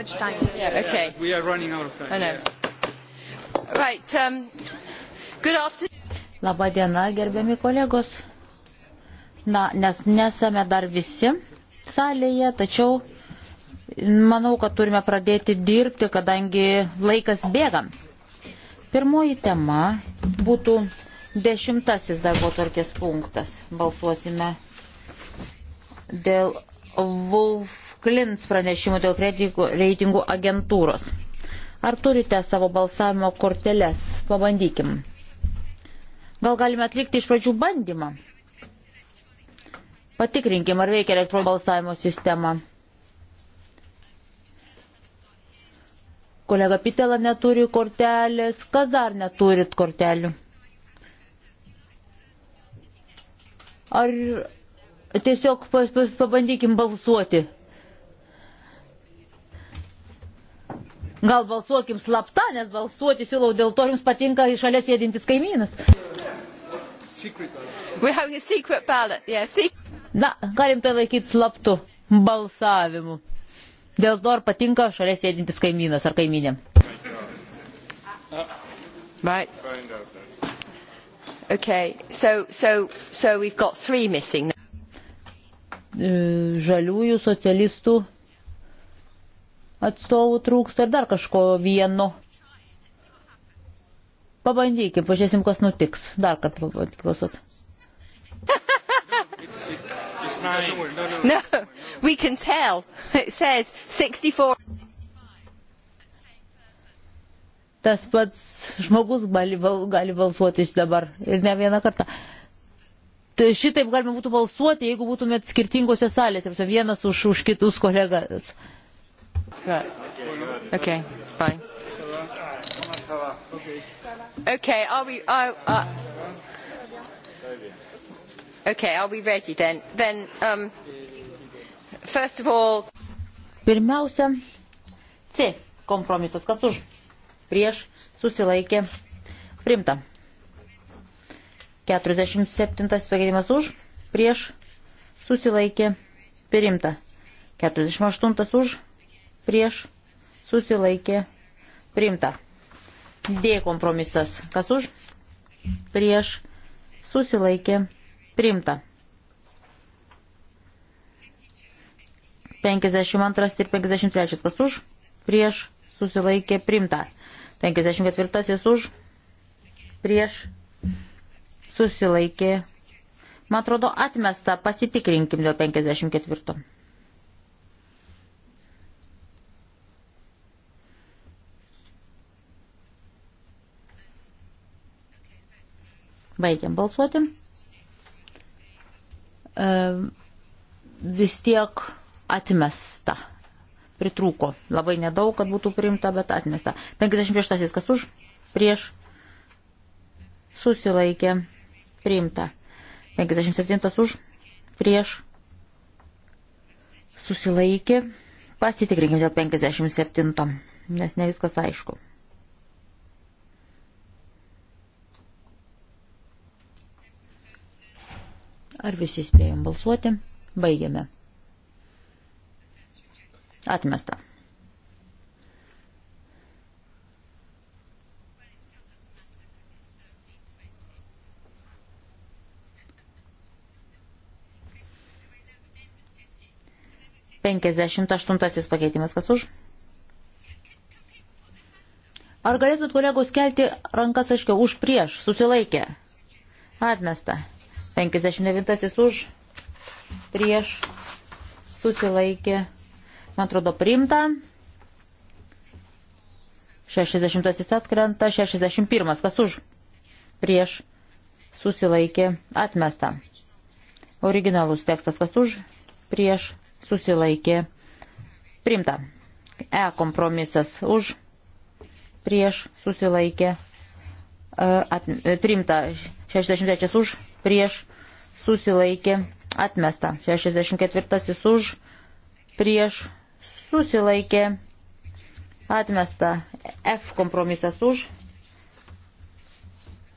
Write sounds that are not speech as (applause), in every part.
much time. Yeah, okay. We are running out of time. I know. Yeah. Right. Um, good afternoon. Labą dieną, gerbiami kolegos. Na, nes nesame dar visi salėje, tačiau manau, kad turime pradėti dirbti, kadangi laikas bėga. Pirmoji tema būtų dešimtasis darbo tvarkės punktas. Balsuosime dėl Wolf Klins pranešimu dėl reitingų agentūros. Ar turite savo balsavimo korteles? Pabandykim. Gal galime atlikti iš pradžių bandymą? Patikrinkim, ar veikia elektroninio balsavimo sistema. Kolega Pitela neturi kortelės. Kas dar neturit kortelių? Ar tiesiog pabandykim balsuoti Gal balsuokim slapta, nes balsuoti siūlau dėl to, jums patinka iš šalia sėdintis kaimynas. Yeah, Na, galim tai laikyti slaptu balsavimu. Dėl to ar patinka šalia sėdintis kaimynas ar kaiminė. Right. Okay. So, so, so we've got three missing. Žaliųjų socialistų atstovų trūksta ir dar kažko vieno. Pabandykim, pažiūrėsim, kas nutiks. Dar kartą pabandykim pasot. no, we can tell. It says 64. Tas pats žmogus gali, gali balsuoti iš dabar ir ne vieną kartą. Tai šitaip galima būtų balsuoti, jeigu būtumėt skirtingose salėse, vienas už, už kitus kolegas. Uh, Right. Okay, fine. Okay, are we... Are, are, okay, are we ready then? Then, um, first of all... Pirmiausia, C kompromisas. Kas už? Prieš susilaikė. Primta. 47 pakeitimas už. Prieš susilaikė. Primta. 48 už prieš susilaikė priimta. D kompromisas. Kas už? Prieš susilaikė priimta. 52 ir 53 kas už? Prieš susilaikė priimta. 54 už? Prieš susilaikė. Man atrodo, atmesta. Pasitikrinkim dėl 54. Baigiam balsuoti. E, vis tiek atmesta. Pritrūko. Labai nedaug, kad būtų priimta, bet atmesta. 56. Kas už? Prieš. Susilaikė. Priimta. 57. Už. Prieš. Susilaikė. Pasitikrinkim dėl 57. Nes ne viskas aišku. Ar visi spėjom balsuoti? Baigiame. Atmesta. Penkiasdešimt aštuntasis pakeitimas kas už? Ar galėtumėt kolegos kelti rankas aiškiau už prieš, susilaikę? Atmesta. 59 už, prieš, susilaikė, man atrodo, priimta. 60 atkrenta, 61 kas už, prieš, susilaikė, atmesta. Originalus tekstas kas už, prieš, susilaikė, priimta. E kompromisas už, prieš, susilaikė, e, at, e, priimta. 63 už, prieš susilaikė atmesta. 64 už prieš susilaikė atmesta. F kompromisas už.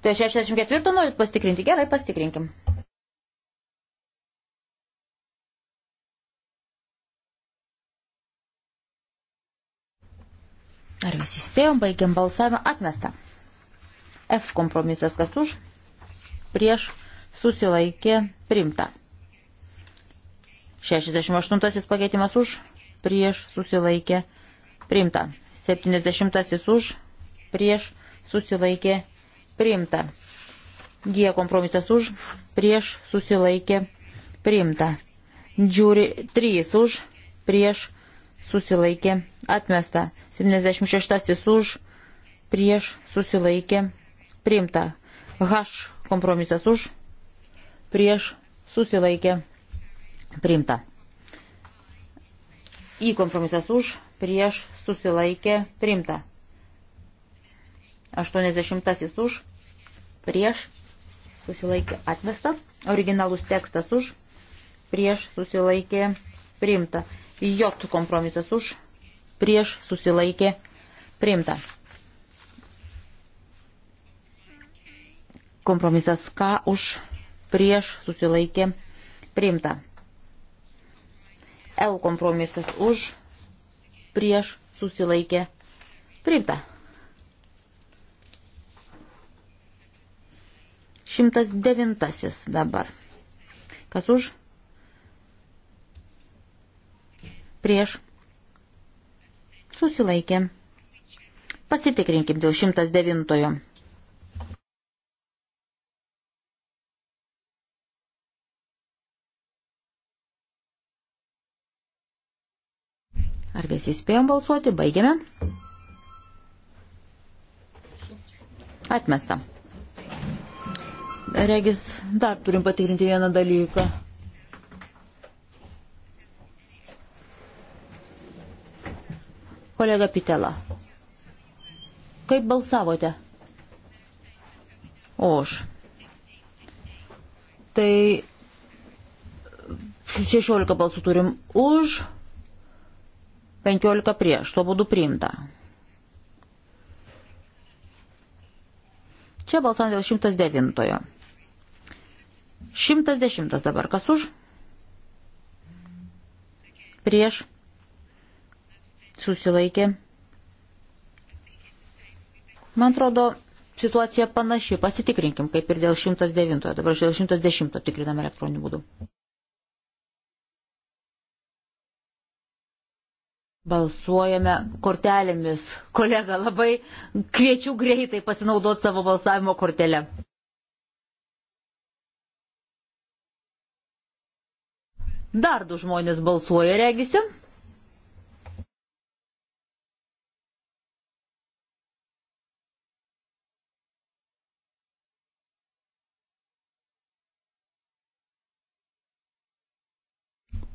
Tai 64 norit pastikrinti. Gerai, pastikrinkim. Ar visi spėjom, baigiam balsavimą, atmesta. F kompromisas kas už, prieš susilaikė primta. 68 pakeitimas už, prieš susilaikė primta. 70 už, prieš susilaikė primta. G kompromisas už, prieš susilaikė primta. Džiūri 3 už, prieš susilaikė atmesta. 76 už, prieš susilaikė primta. H kompromisas už, prieš susilaikė priimta. Į kompromisas už prieš susilaikė priimta. 80 už prieš susilaikė atmesta. Originalus tekstas už prieš susilaikė priimta. J kompromisas už prieš susilaikė priimta. Kompromisas K už prieš prieš susilaikė priimta. L kompromisas už prieš susilaikė priimta. 109 dabar. Kas už? Prieš. Susilaikė. Pasitikrinkim dėl 109. Ar visi spėjom balsuoti? Baigiame. Atmesta. Regis, dar turim patikrinti vieną dalyką. Kolega Pitela, kaip balsavote? O aš. Tai 16 balsų turim už. 15 prieš, tuo būdu priimta. Čia balsuojant dėl 109. 110 dabar kas už? Prieš. Susilaikė. Man atrodo, situacija panaši. Pasitikrinkim, kaip ir dėl 109. Dabar dėl 110 tikrinam elektroniniu būdu. Balsuojame kortelėmis. Kolega, labai kviečiu greitai pasinaudoti savo balsavimo kortelę. Dar du žmonės balsuoja, regisi.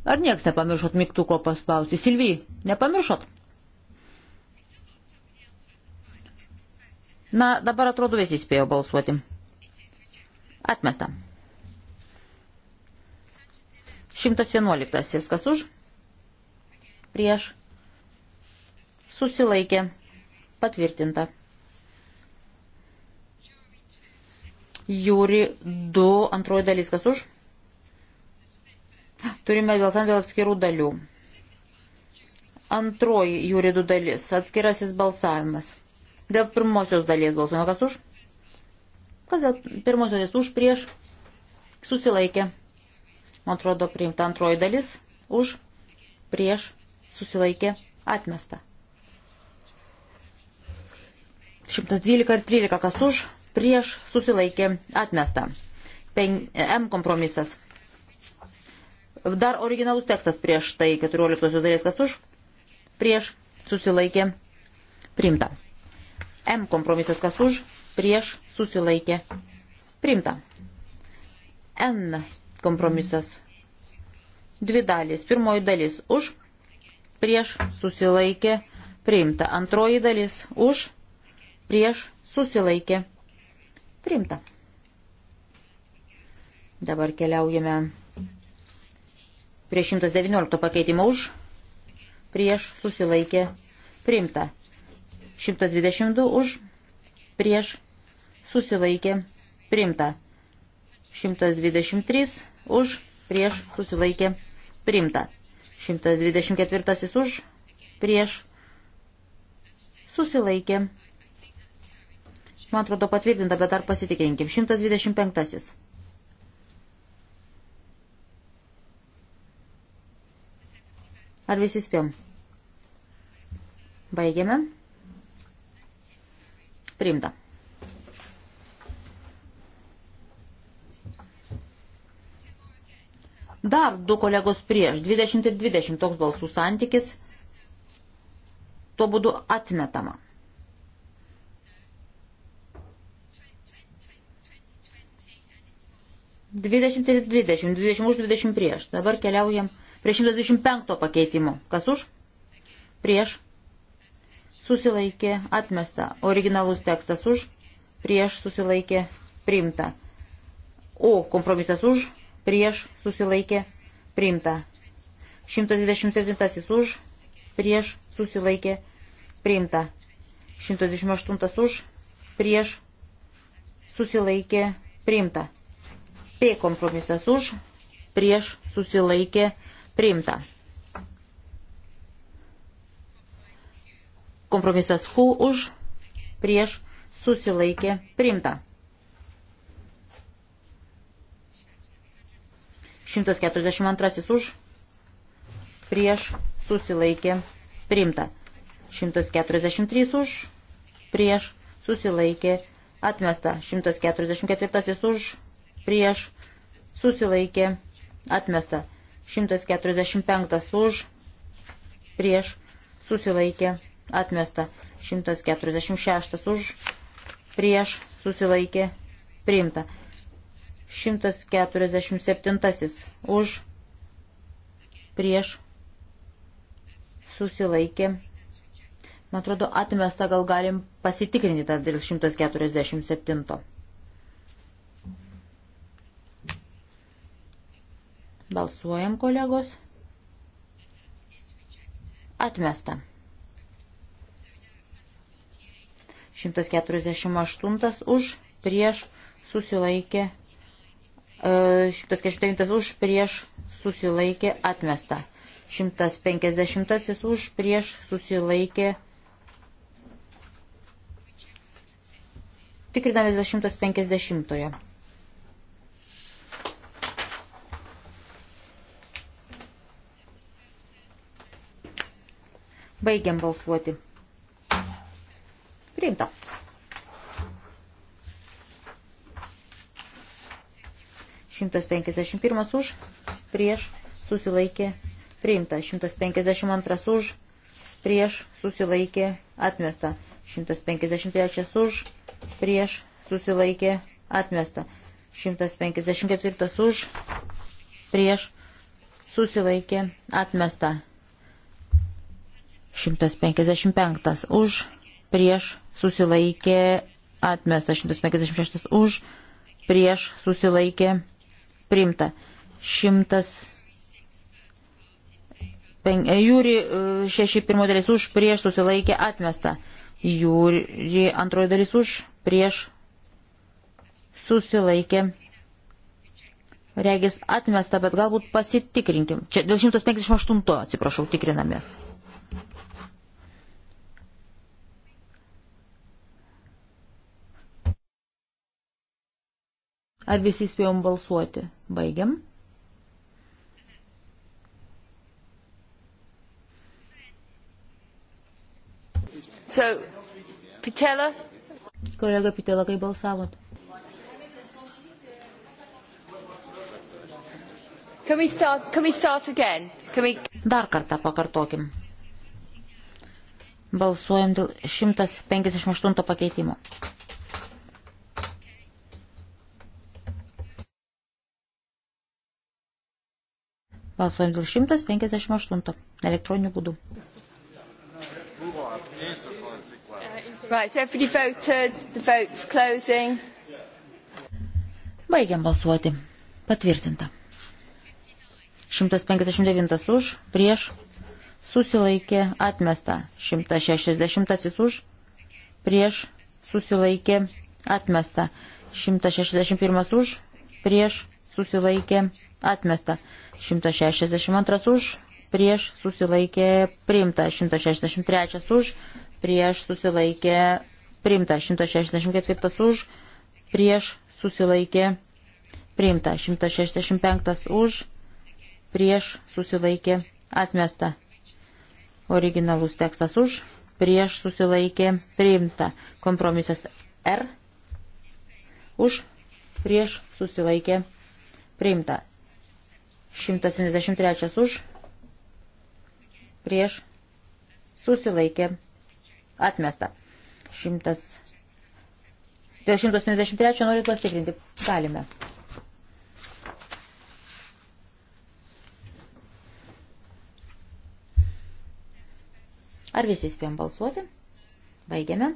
Ar nieks nepamiršot mygtuko paspausti? Silvy, nepamiršot? Na, dabar atrodo visi spėjo balsuoti. Atmesta. 111. Kas už? Prieš. Susilaikė. Patvirtinta. Jūri 2. Antroji dalis. Kas už? Turime dėl ten dėl atskirų dalių. Antroji jūridų dalis, atskirasis balsavimas. Dėl pirmosios dalies balsuojame, kas už? Kas dėl pirmosios dalies už, prieš? Susilaikė. Man atrodo, priimta antroji dalis, už, prieš, susilaikė, atmesta. 112 ar 13, kas už, prieš, susilaikė, atmesta. Pen, M kompromisas, Dar originalus tekstas prieš tai, 14 dalies kas už, prieš susilaikė primta. M kompromisas kas už, prieš susilaikė primta. N kompromisas. Dvi dalys. Pirmoji dalis už, prieš susilaikė priimta. Antroji dalis už, prieš susilaikė priimta. Dabar keliaujame prie 119 pakeitimo už, prieš susilaikė priimta. 122 už, prieš susilaikė priimta. 123 už, prieš susilaikė priimta. 124 už, prieš susilaikė. Man atrodo patvirtinta, bet dar pasitikrinkim. 125. Ar visi spėjom? Baigiame. Priimta. Dar du kolegos prieš, 20 ir 20 toks balsų santykis, tuo būdu atmetama. 20 ir 20, 20 už 20 prieš. Dabar keliaujam Prie 125 pakeitimo. Kas už? Prieš. Susilaikė atmesta. Originalus tekstas už. Prieš susilaikė priimta. O kompromisas už. Prieš susilaikė priimta. 127 už. Prieš susilaikė priimta. 128 už. Prieš susilaikė priimta. P kompromisas už. Prieš susilaikė priimta Priimta. Kompromisas Q už, prieš, susilaikė, priimta. 142 už, prieš, susilaikė, priimta. 143 už, prieš, susilaikė, atmesta. 144 už, prieš, susilaikė, atmesta. 145 už, prieš, susilaikė, atmesta. 146 už, prieš, susilaikė, priimta. 147 už, prieš, susilaikė. Man atrodo, atmesta gal galim pasitikrinti tą dėl 147. Balsuojam, kolegos. Atmesta. 148 už, prieš, susilaikė. 149 e, už, prieš, susilaikė, atmesta. 150 už, prieš, susilaikė. Tikrinamės 150. -ojo. Baigiam balsuoti. Priimta. Šimtas penkiasdešimt pirmas už, prieš, susilaikė, priimta. Šimtas penkiasdešimt antras už, prieš, susilaikė, atmesta. 153 už, prieš, susilaikė, atmesta. 154 už, prieš, susilaikė, atmesta. 155 už, prieš susilaikė atmesta, 156 už, prieš susilaikė primta. 100. E, Jūri 6 e, pirmo dalis už, prieš susilaikė atmesta. Jūri antroji dalis už, prieš susilaikė. Regis atmesta, bet galbūt pasitikrinkim. Čia dėl 158, atsiprašau, tikrinamės. Ar visi spėjom balsuoti? Baigiam. So, Pitela. Kolega Pitela, kaip balsavot? Can we start, can we start again? Can we... Dar kartą pakartokim. Balsuojam dėl 158 pakeitimo. Balsuojam dėl 158 elektroninių būdų. Right, so everybody voted, the vote's closing. Baigiam balsuoti. Patvirtinta. 159 už, prieš, susilaikė, atmesta. 160 už, prieš, susilaikė, atmesta. 161 už, prieš, susilaikė, atmesta atmesta. 162 už, prieš susilaikė priimta. 163 už, prieš susilaikė priimta. 164 už, prieš susilaikė priimta. 165 už, prieš susilaikė atmesta. Originalus tekstas už, prieš susilaikė priimta. Kompromisas R už, prieš susilaikė priimta. 173 už, prieš, susilaikė, atmesta. 100, dėl 173 noriu pasitikrinti, galime. Ar visi spėjom balsuoti? Baigiame.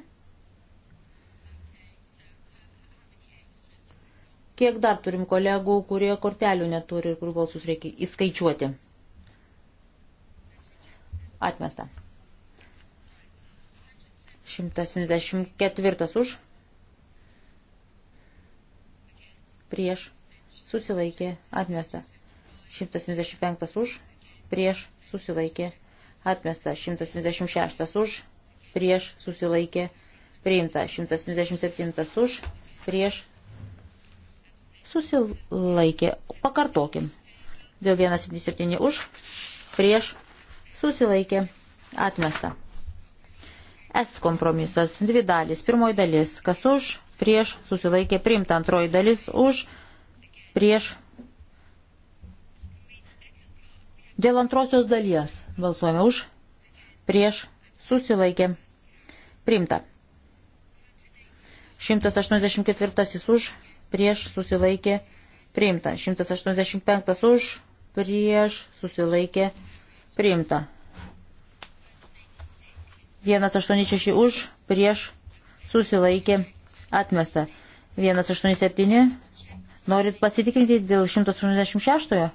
Kiek dar turim kolegų, kurie kortelių neturi ir kur balsus reikia įskaičiuoti? Atmesta. 174 už. Prieš. Susilaikė. Atmesta. 175 už. Prieš. Susilaikė. Atmesta. 176 už. Prieš. Susilaikė. Priimta. 177 už. Prieš susilaikė. Pakartokim. Dėl 177 už, prieš, susilaikė, atmesta. S kompromisas, dvi dalis, pirmoji dalis, kas už, prieš, susilaikė, priimta antroji dalis, už, prieš. Dėl antrosios dalies balsuojame už, prieš, susilaikė, priimta. 184 už, prieš susilaikė priimta. 185 už, prieš susilaikė priimta. 186 už, prieš susilaikė atmesta. 187. Norit pasitikrinti dėl 186? -ojo?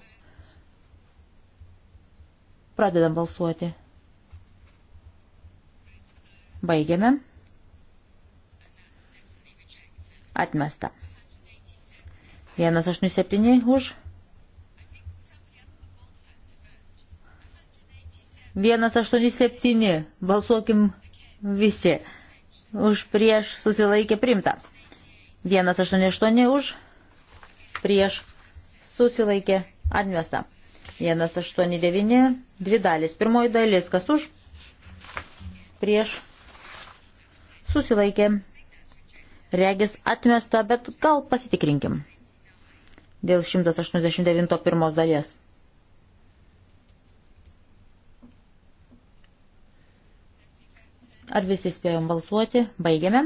Pradedam balsuoti. Baigiame. Atmesta. 187 už. 187. Balsuokim visi. Už prieš susilaikė primta. 188 už. Prieš susilaikė atmesta. 189. Dvi dalis. Pirmoji dalis. Kas už? Prieš susilaikė. Regis atmesta, bet gal pasitikrinkim dėl 189 pirmos dalies. Ar visi spėjom balsuoti? Baigiame.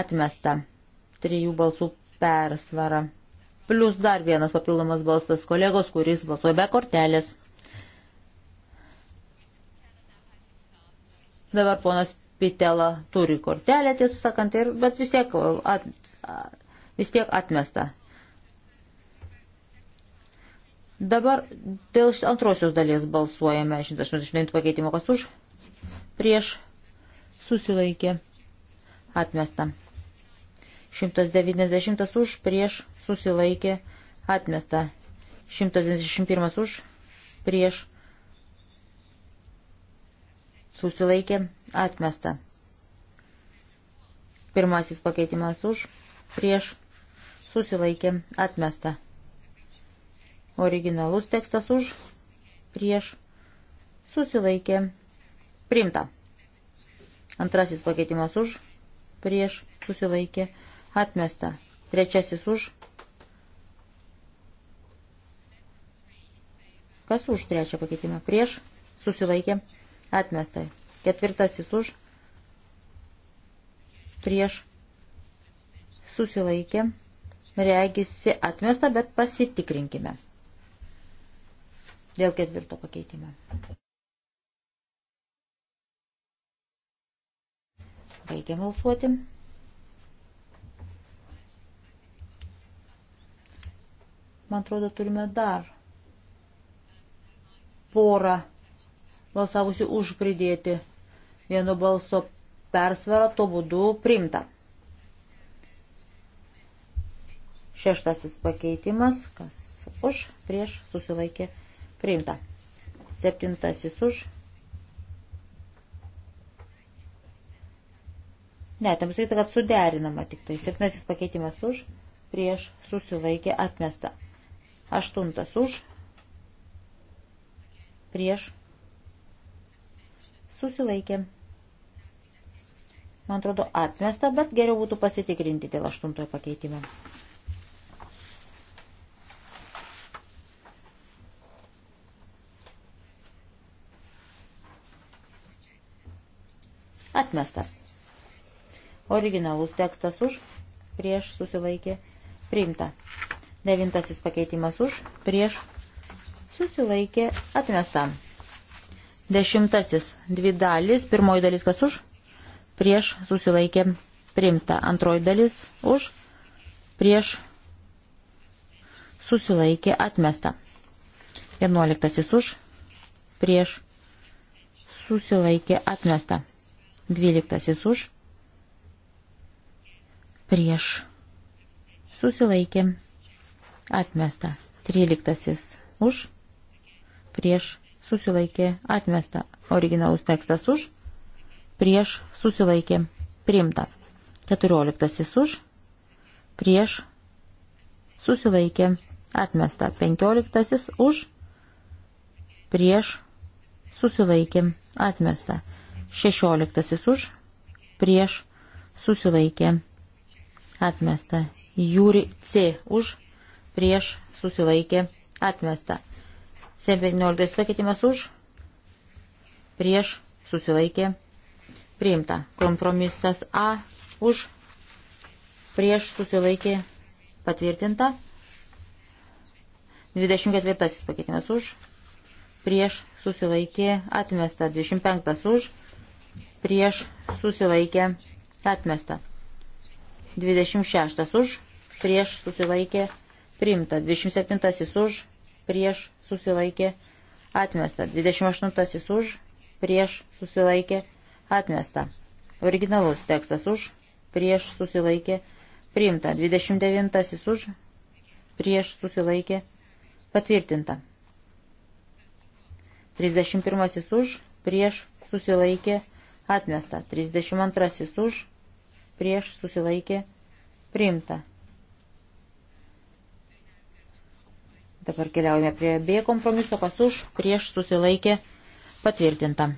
Atmesta. Trijų balsų persvara. Plus dar vienas papildomas balsas kolegos, kuris balsuoja be kortelės. Dabar ponas Pitela turi kortelę, tiesą sakant, ir, bet vis tiek at, vis tiek atmesta. Dabar dėl antrosios dalies balsuojame 189 pakeitimo, kas už, prieš, susilaikė, atmesta. 190 už, prieš, susilaikė, atmesta. 191 už, prieš, susilaikė, atmesta. Pirmasis pakeitimas už, prieš susilaikė atmesta. Originalus tekstas už prieš susilaikė primta. Antrasis pakeitimas už prieš susilaikė atmesta. Trečiasis už Kas už trečią pakeitimą? Prieš susilaikė atmestai. Ketvirtasis už prieš susilaikė, regisi atmesta, bet pasitikrinkime. Dėl ketvirto pakeitimo. Reikia balsuoti. Man atrodo, turime dar porą balsavusių už pridėti vieno balso persvarą, to būdu primta. Šeštasis pakeitimas, kas už, prieš, susilaikė, priimta. Septintasis už. Ne, tam sakyti, kad suderinama tik tai. Septintasis pakeitimas už, prieš, susilaikė, atmesta. Aštuntas už, prieš, susilaikė. Man atrodo, atmesta, bet geriau būtų pasitikrinti dėl aštuntojo pakeitimo. Atmesta. Originalus tekstas už, prieš susilaikė, priimta. Devintasis pakeitimas už, prieš susilaikė, atmesta. Dešimtasis, dvi dalis, pirmoji dalis kas už, prieš susilaikė, priimta. Antroji dalis už, prieš susilaikė, atmesta. Vienuoliktasis už, prieš susilaikė, atmesta. Dvyliktasis už. Prieš. Susilaikė. Atmesta. Tryliktasis už. Prieš. Susilaikė. Atmesta. Originalus tekstas už. Prieš. Susilaikė. Primta. Keturioliktasis už. Prieš. Susilaikė. Atmesta. Penkioliktasis už. Prieš. Susilaikė. Atmesta. 16 už, prieš, susilaikė, atmesta. Jūri C už, prieš, susilaikė, atmesta. 17 pakeitimas už, prieš, susilaikė, priimta. Kompromisas A už, prieš, susilaikė, patvirtinta. 24 pakeitimas už, prieš, susilaikė, atmesta. 25 už, prieš, susilaikė, atmesta prieš susilaikė atmesta. 26 už, prieš susilaikė priimta. 27 už, prieš susilaikė atmesta. 28 už, prieš susilaikė atmesta. Originalus tekstas už, prieš susilaikė priimta. 29 už, prieš susilaikė patvirtinta. 31 už, prieš susilaikė atmesta atmesta. 32 už, prieš susilaikė, priimta. Dabar keliaujame prie B kompromiso, kas už, prieš susilaikė, patvirtinta.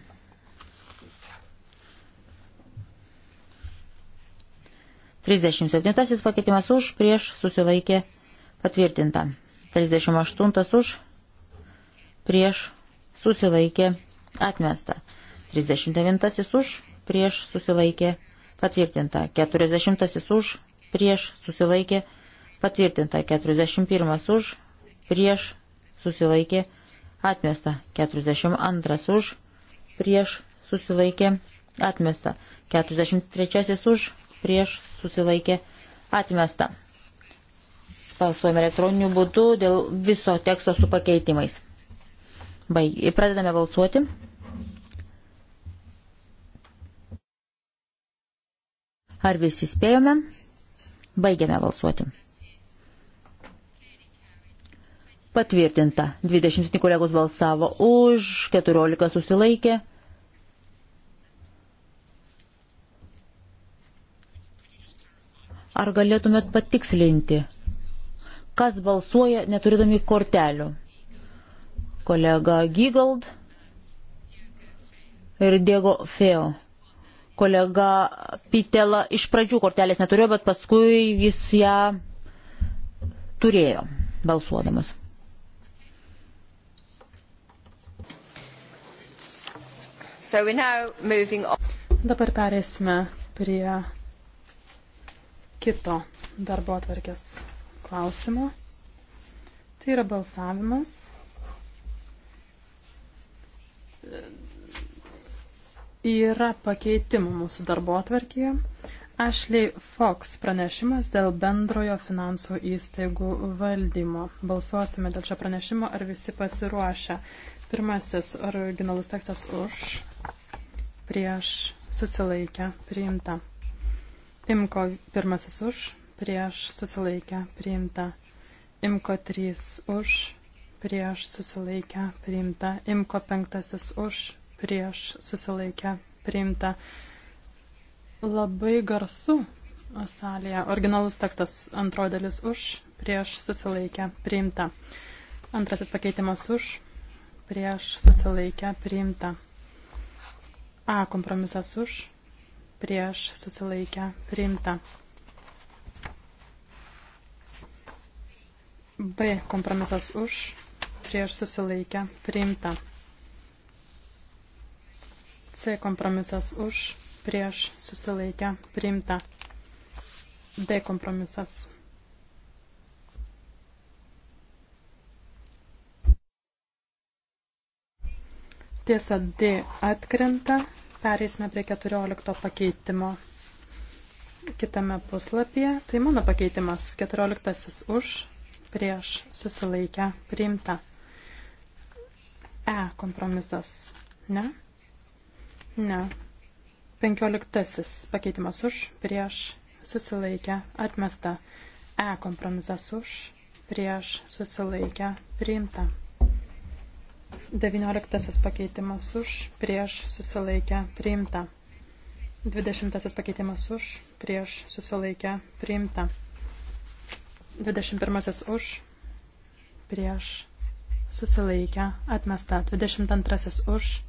Trisdešimt septintasis pakeitimas už, prieš susilaikė, patvirtinta. Trisdešimt aštuntas už, prieš susilaikė, atmesta. 39 už, prieš susilaikė patvirtinta. 40 už, prieš susilaikė patvirtinta. 41 už, prieš susilaikė atmesta. 42 už, prieš susilaikė atmesta. 43 už, prieš susilaikė atmesta. Balsuojame elektroniniu būdu dėl viso teksto su pakeitimais. Baig... Pradedame balsuoti. Ar visi spėjome? Baigiame balsuoti. Patvirtinta. 20 kolegos balsavo už, 14 susilaikė. Ar galėtumėt patikslinti, kas balsuoja neturėdami kortelių? Kolega Gigald ir Diego Feo. Kolega Pitela iš pradžių kortelės neturėjo, bet paskui jis ją turėjo balsuodamas. So Dabar perėsime prie kito darbo atvarkės klausimo. Tai yra balsavimas yra pakeitimų mūsų darbo atverkėje. Ashley Fox pranešimas dėl bendrojo finansų įstaigų valdymo. Balsuosime dėl šio pranešimo, ar visi pasiruošę. Pirmasis originalus tekstas už, prieš, susilaikę, priimta. Imko pirmasis už, prieš, susilaikę, priimta. Imko trys už, prieš, susilaikę, priimta. Imko penktasis už, prieš susilaikę priimta. Labai garsu salėje. Originalus tekstas antroji dalis už, prieš susilaikę priimta. Antrasis pakeitimas už, prieš susilaikę priimta. A kompromisas už, prieš susilaikę priimta. B kompromisas už, prieš susilaikę priimta. C kompromisas už, prieš susilaikę priimta. D kompromisas. Tiesa, D atkrenta. Pereisime prie 14 pakeitimo kitame puslapyje. Tai mano pakeitimas 14 už, prieš susilaikę priimta. E kompromisas. Ne? Ne. Penkioliktasis pakeitimas už, prieš, susilaikę, atmesta. E kompromisas už, prieš, susilaikę, priimta. Devynioliktasis pakeitimas už, prieš, susilaikę, priimta. Dvidešimtasis pakeitimas už, prieš, susilaikę, priimta. Dvidešimt pirmasis už, prieš, susilaikę, atmesta. Dvidešimt antrasis už,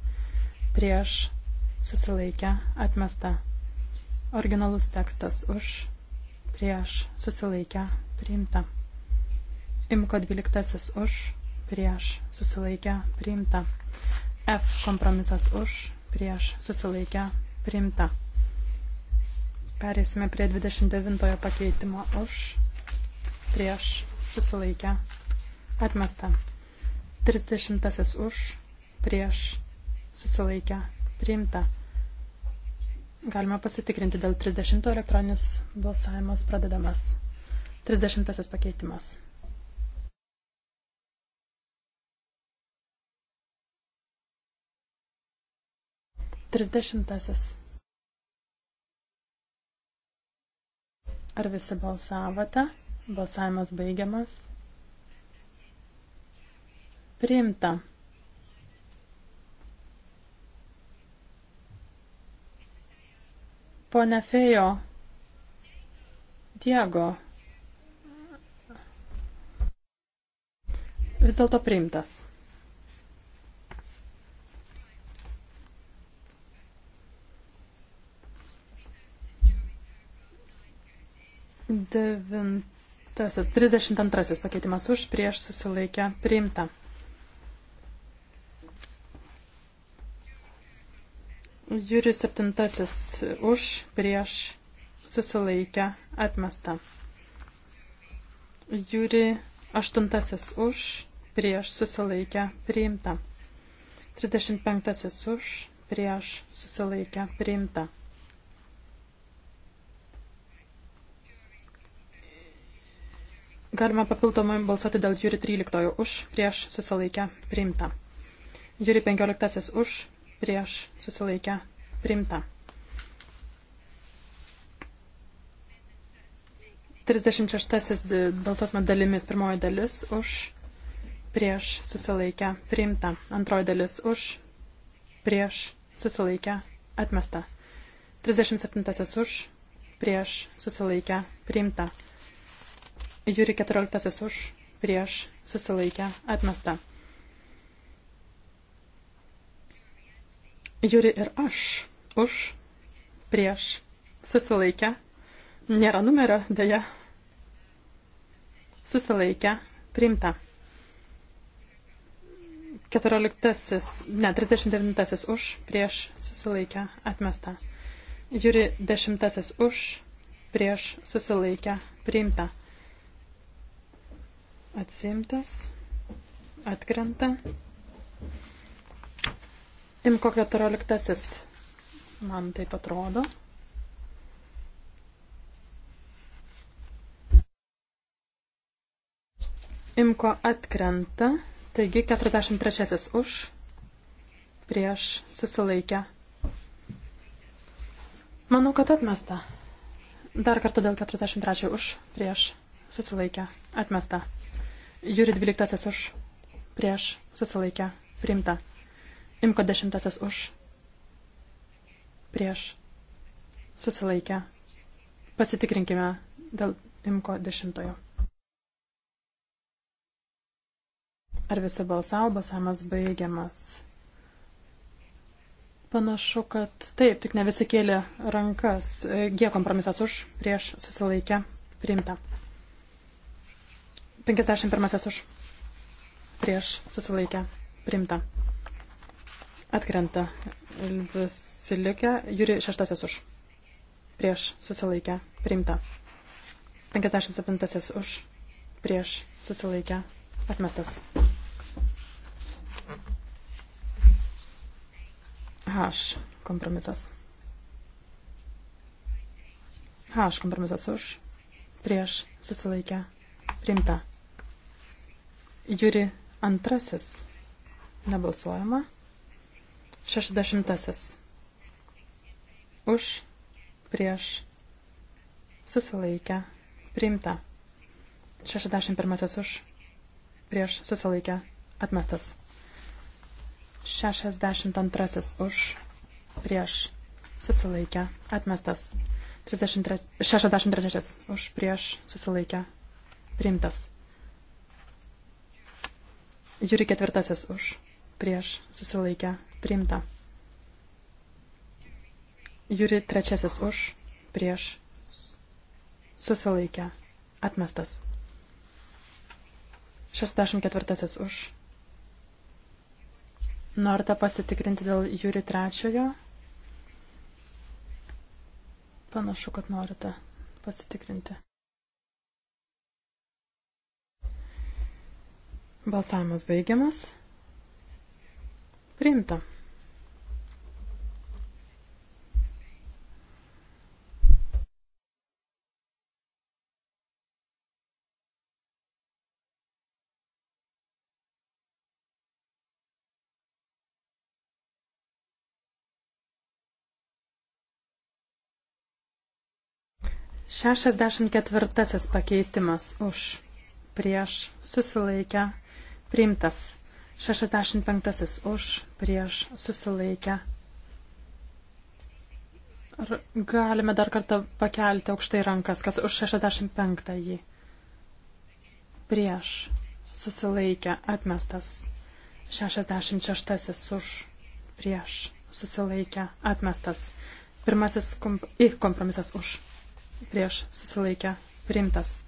prieš, susilaikę, atmesta. Originalus tekstas už, prieš, susilaikę, priimta. Imko 12 už, prieš, susilaikę, priimta. F kompromisas už, prieš, susilaikę, priimta. Pereisime prie 29 pakeitimo už, prieš, susilaikę, atmesta. 30 už, prieš, susilaikę, Priimta. Galima pasitikrinti dėl 30 elektroninis balsavimas pradedamas. 30 pakeitimas. Trisdešimtasis. Ar visi balsavote? Balsavimas baigiamas. Priimta. Pone Fejo, Diego. Vis dėlto priimtas. Devintasis, trisdešimt antrasis pakeitimas už prieš susilaikę priimta. Jūri septintasis už, prieš, susilaikę, atmesta. Jūri aštuntasis už, prieš, susilaikę, priimta. 35 už, prieš, susilaikę, priimta. Galima papildomai balsuoti dėl jūri 13 už, prieš, susilaikę, priimta. Jūri 15 už, prieš susilaikę primta. 36 balsuosime dalimis. Pirmoji dalis už, prieš susilaikę priimta. Antroji dalis už, prieš susilaikę atmesta. 37 už, prieš susilaikę priimta. Jūri 14 už, prieš susilaikę atmesta. Juri ir aš už, prieš, susilaikę, nėra numerio, dėja, susilaikę, priimta. 14, ne, 39 už, prieš, susilaikę, atmesta. Juri 10 už, prieš, susilaikę, priimta. Atsimtas, atkrenta. Imko 14. Man taip atrodo. Imko atkrenta, taigi 43 už, prieš susilaikę. Manau, kad atmesta. Dar kartą dėl 43 už, prieš susilaikę, atmesta. Jūri 12 už, prieš susilaikę, priimta. Imko dešimtasis už. Prieš. Susilaikę. Pasitikrinkime dėl Imko dešimtojo. Ar visi balsavo, balsavimas baigiamas. Panašu, kad taip, tik ne visi kėlė rankas. G kompromisas už, prieš susilaikę, priimta. 51 už, prieš susilaikę, priimta. Atkrenta. Visi likę. Jūri šeštasis už. Prieš susilaikę. Priimta. 57 už. Prieš susilaikę. Atmestas. H. Kompromisas. H. Kompromisas už. Prieš susilaikę. Priimta. Jūri antrasis. Nebalsuojama. Šešdešimtasis. Už, prieš, susilaikę, priimta. Šešdešimt pirmasis už, prieš, susilaikę, atmestas. Šešdešimt antrasis už, prieš, susilaikę, atmestas. 63, 63 už, prieš, susilaikę, priimtas. Jūri ketvirtasis už, prieš, susilaikę, Priimta. Juri trečiasis už, prieš, susilaikę, atmestas. 64 už. Norite pasitikrinti dėl Juri trečiojo? Panašu, kad norite pasitikrinti. Balsavimas baigiamas. Priimta. 64 pakeitimas už prieš susilaikę priimtas. 65 už prieš susilaikę. Ar galime dar kartą pakelti aukštai rankas, kas už 65 jį prieš susilaikė atmestas. 66 už prieš susilaikė atmestas. Pirmasis komp į kompromisas už prieš susilaikę priimtas.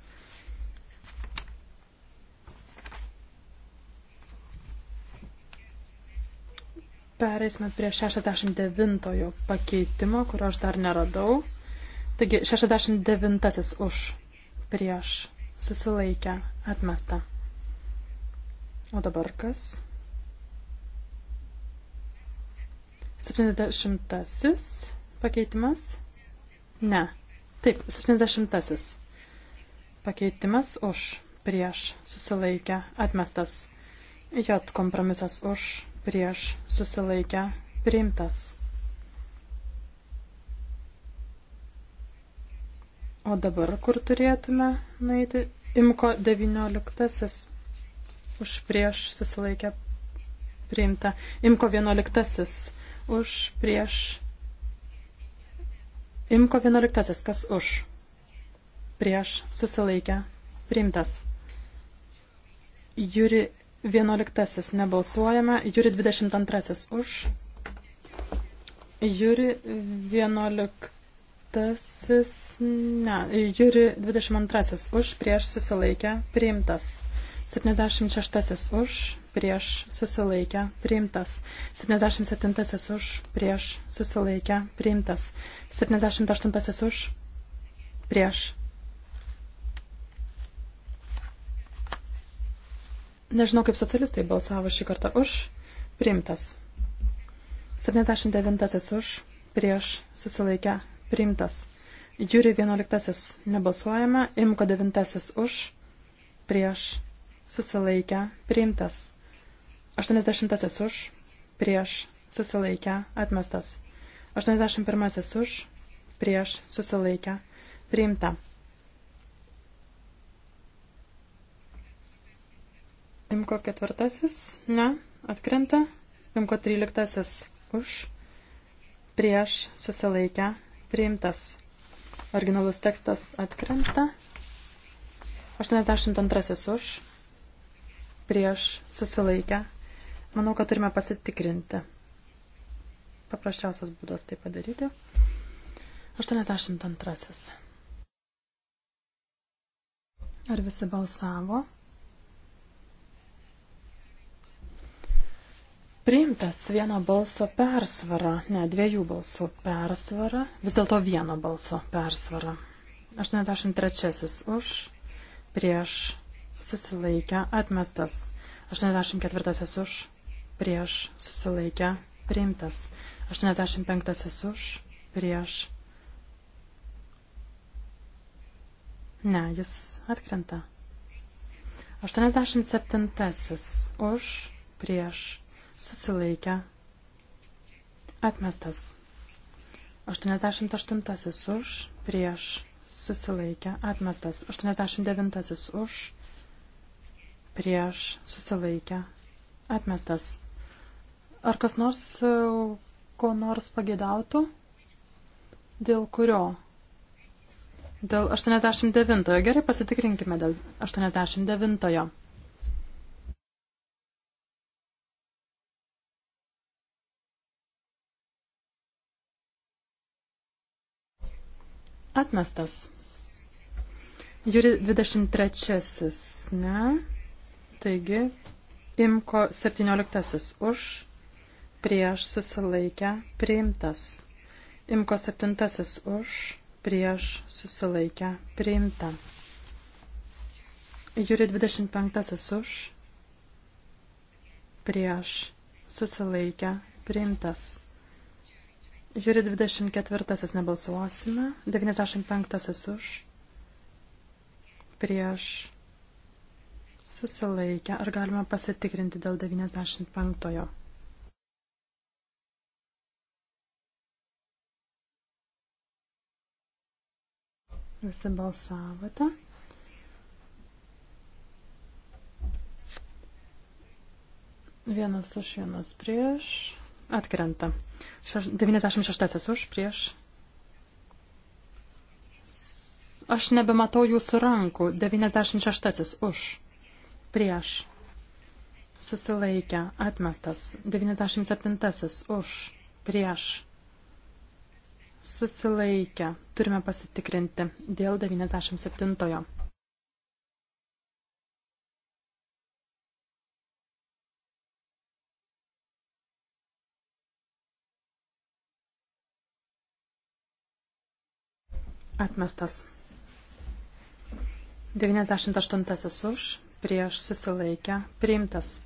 Pereisime prie 69 pakeitimo, kurio aš dar neradau. Taigi 69 už prieš susilaikę atmesta. O dabar kas? 70 pakeitimas? Ne. Taip, 70. Pakeitimas už prieš susilaikę atmestas. J kompromisas už prieš susilaikę priimtas. O dabar kur turėtume nueiti? Imko 19. Už prieš susilaikę priimta. Imko 11. Už prieš Imko 11. Kas už? Prieš susilaikę priimtas. Juri 11. Nebalsuojame. Juri 22. Už. Juri 11. Ne. Juri 22. Už. Prieš susilaikę priimtas. 76. Už prieš susilaikę priimtas. 77 už prieš susilaikę priimtas. 78 už prieš. Nežinau, kaip socialistai balsavo šį kartą už priimtas. 79 už prieš susilaikę priimtas. Jūri 11 nebalsuojame, imko 9 už prieš susilaikę priimtas. 80 už, prieš, susilaikę, atmestas. 81 už, prieš, susilaikę, priimta. Imko ketvirtasis, ne, atkrenta. Imko tryliktasis už, prieš, susilaikę, priimtas. Originalus tekstas atkrenta. 82 už, prieš, susilaikę, Manau, kad turime pasitikrinti. Paprasčiausias būdas tai padaryti. 82. Ar visi balsavo? Priimtas vieno balso persvara, ne dviejų balsų persvara, vis dėlto vieno balso persvara. 83 už, prieš, susilaikę, atmestas. 84 už, prieš susilaikę priimtas. 85 už prieš. Ne, jis atkrenta. 87 už prieš susilaikę atmestas. 88 už prieš susilaikę atmestas. 89 už prieš susilaikę atmestas. Ar kas nors e, ko nors pagėdautų? Dėl kurio? Dėl 89-ojo. Gerai, pasitikrinkime dėl 89-ojo. Atmestas. Juri 23-asis, ne? Taigi, imko 17-asis už prieš susilaikę priimtas. Imko septintasis už, prieš susilaikę priimta. Jūri 25 už, prieš susilaikę priimtas. Jūri 24 nebalsuosime, 95 už, prieš susilaikę. Ar galima pasitikrinti dėl 95? -ojo? Visi balsavote. Vienas už, vienas prieš. Atkrenta. 96 už, prieš. Aš nebematau jūsų rankų. 96 už, prieš. Susilaikę. Atmestas. 97 už, prieš susilaikę. Turime pasitikrinti dėl 97-ojo. Atmestas. 98-asis už, prieš susilaikę, priimtas.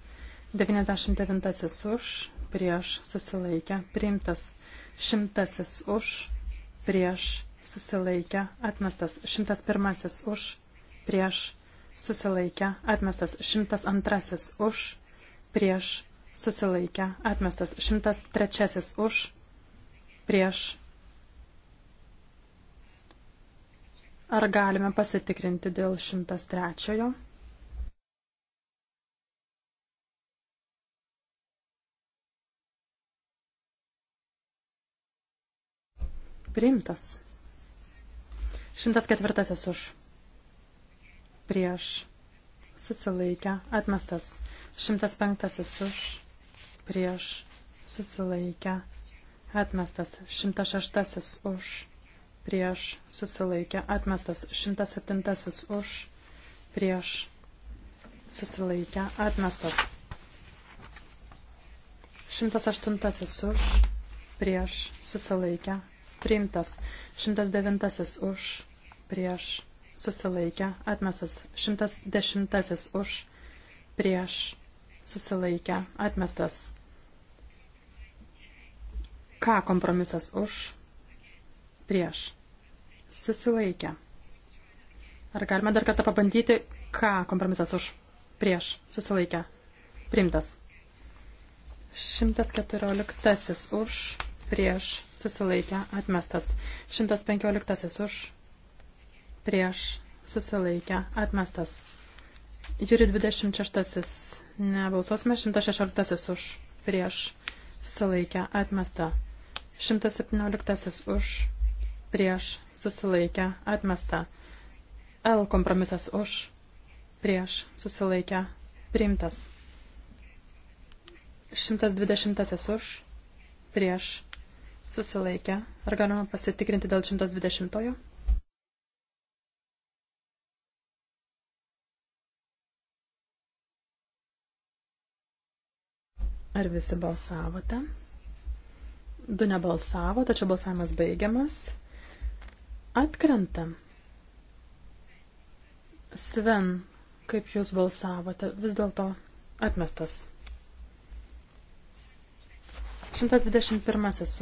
99-asis už, prieš susilaikę, priimtas. Šimtasis už, prieš, susilaikę, atmestas. Šimtas pirmasis už, prieš, susilaikę, atmestas. Šimtas antrasis už, prieš, susilaikę, atmestas. Šimtas trečiasis už, prieš, Ar galime pasitikrinti dėl 103? priimtas. 104 už. Prieš. Susilaikę. Atmestas. 105 už. Prieš. Susilaikę. Atmestas. 106 už. Prieš. Susilaikę. Atmestas. 107 už. Prieš. Susilaikę. Atmestas. 108 už prieš susilaikę priimtas. 109 už prieš susilaikę atmestas. 110 už prieš susilaikę atmestas. Ką kompromisas už prieš susilaikę? Ar galime dar kartą pabandyti, ką kompromisas už prieš susilaikę priimtas? 114 už prieš susilaikę atmestas. 115 už prieš susilaikę atmestas. Jūri 26 nebalsuosime, 116 už prieš susilaikę atmestą. 117 už prieš susilaikę atmestą. L kompromisas už prieš susilaikę priimtas. 120 už prieš Susilaikę. Ar galima pasitikrinti dėl 120-ojo? Ar visi balsavote? Du nebalsavo, tačiau balsavimas baigiamas. Atkrenta. Sven, kaip jūs balsavote, vis dėlto atmestas. 121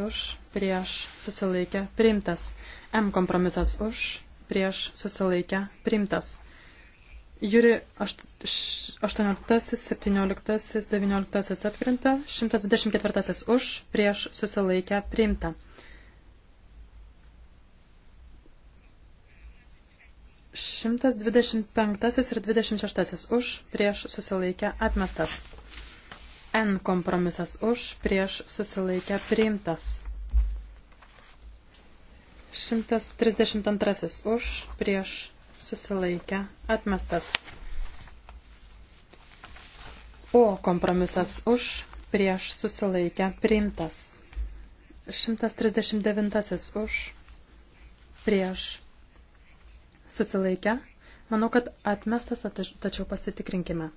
už, prieš susilaikę priimtas. M kompromisas už, prieš susilaikę priimtas. Juri 18, 17, 19 atkrinta, 124 už, prieš susilaikę priimta. 125 ir 26 už, prieš susilaikę atmestas. N kompromisas už, prieš susilaikę priimtas. 132 už, prieš susilaikę atmestas. O kompromisas už, prieš susilaikę priimtas. 139 už, prieš susilaikę. Manau, kad atmestas, tačiau pasitikrinkime.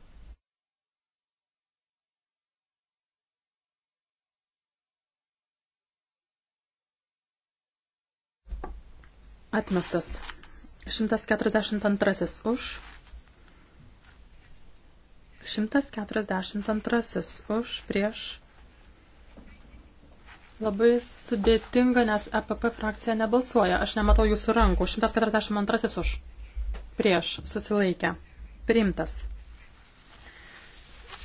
Atmestas. 142 už. 142 už prieš. Labai sudėtinga, nes EPP frakcija nebalsuoja. Aš nematau jūsų rankų. 142 už. Prieš. Susilaikę. Priimtas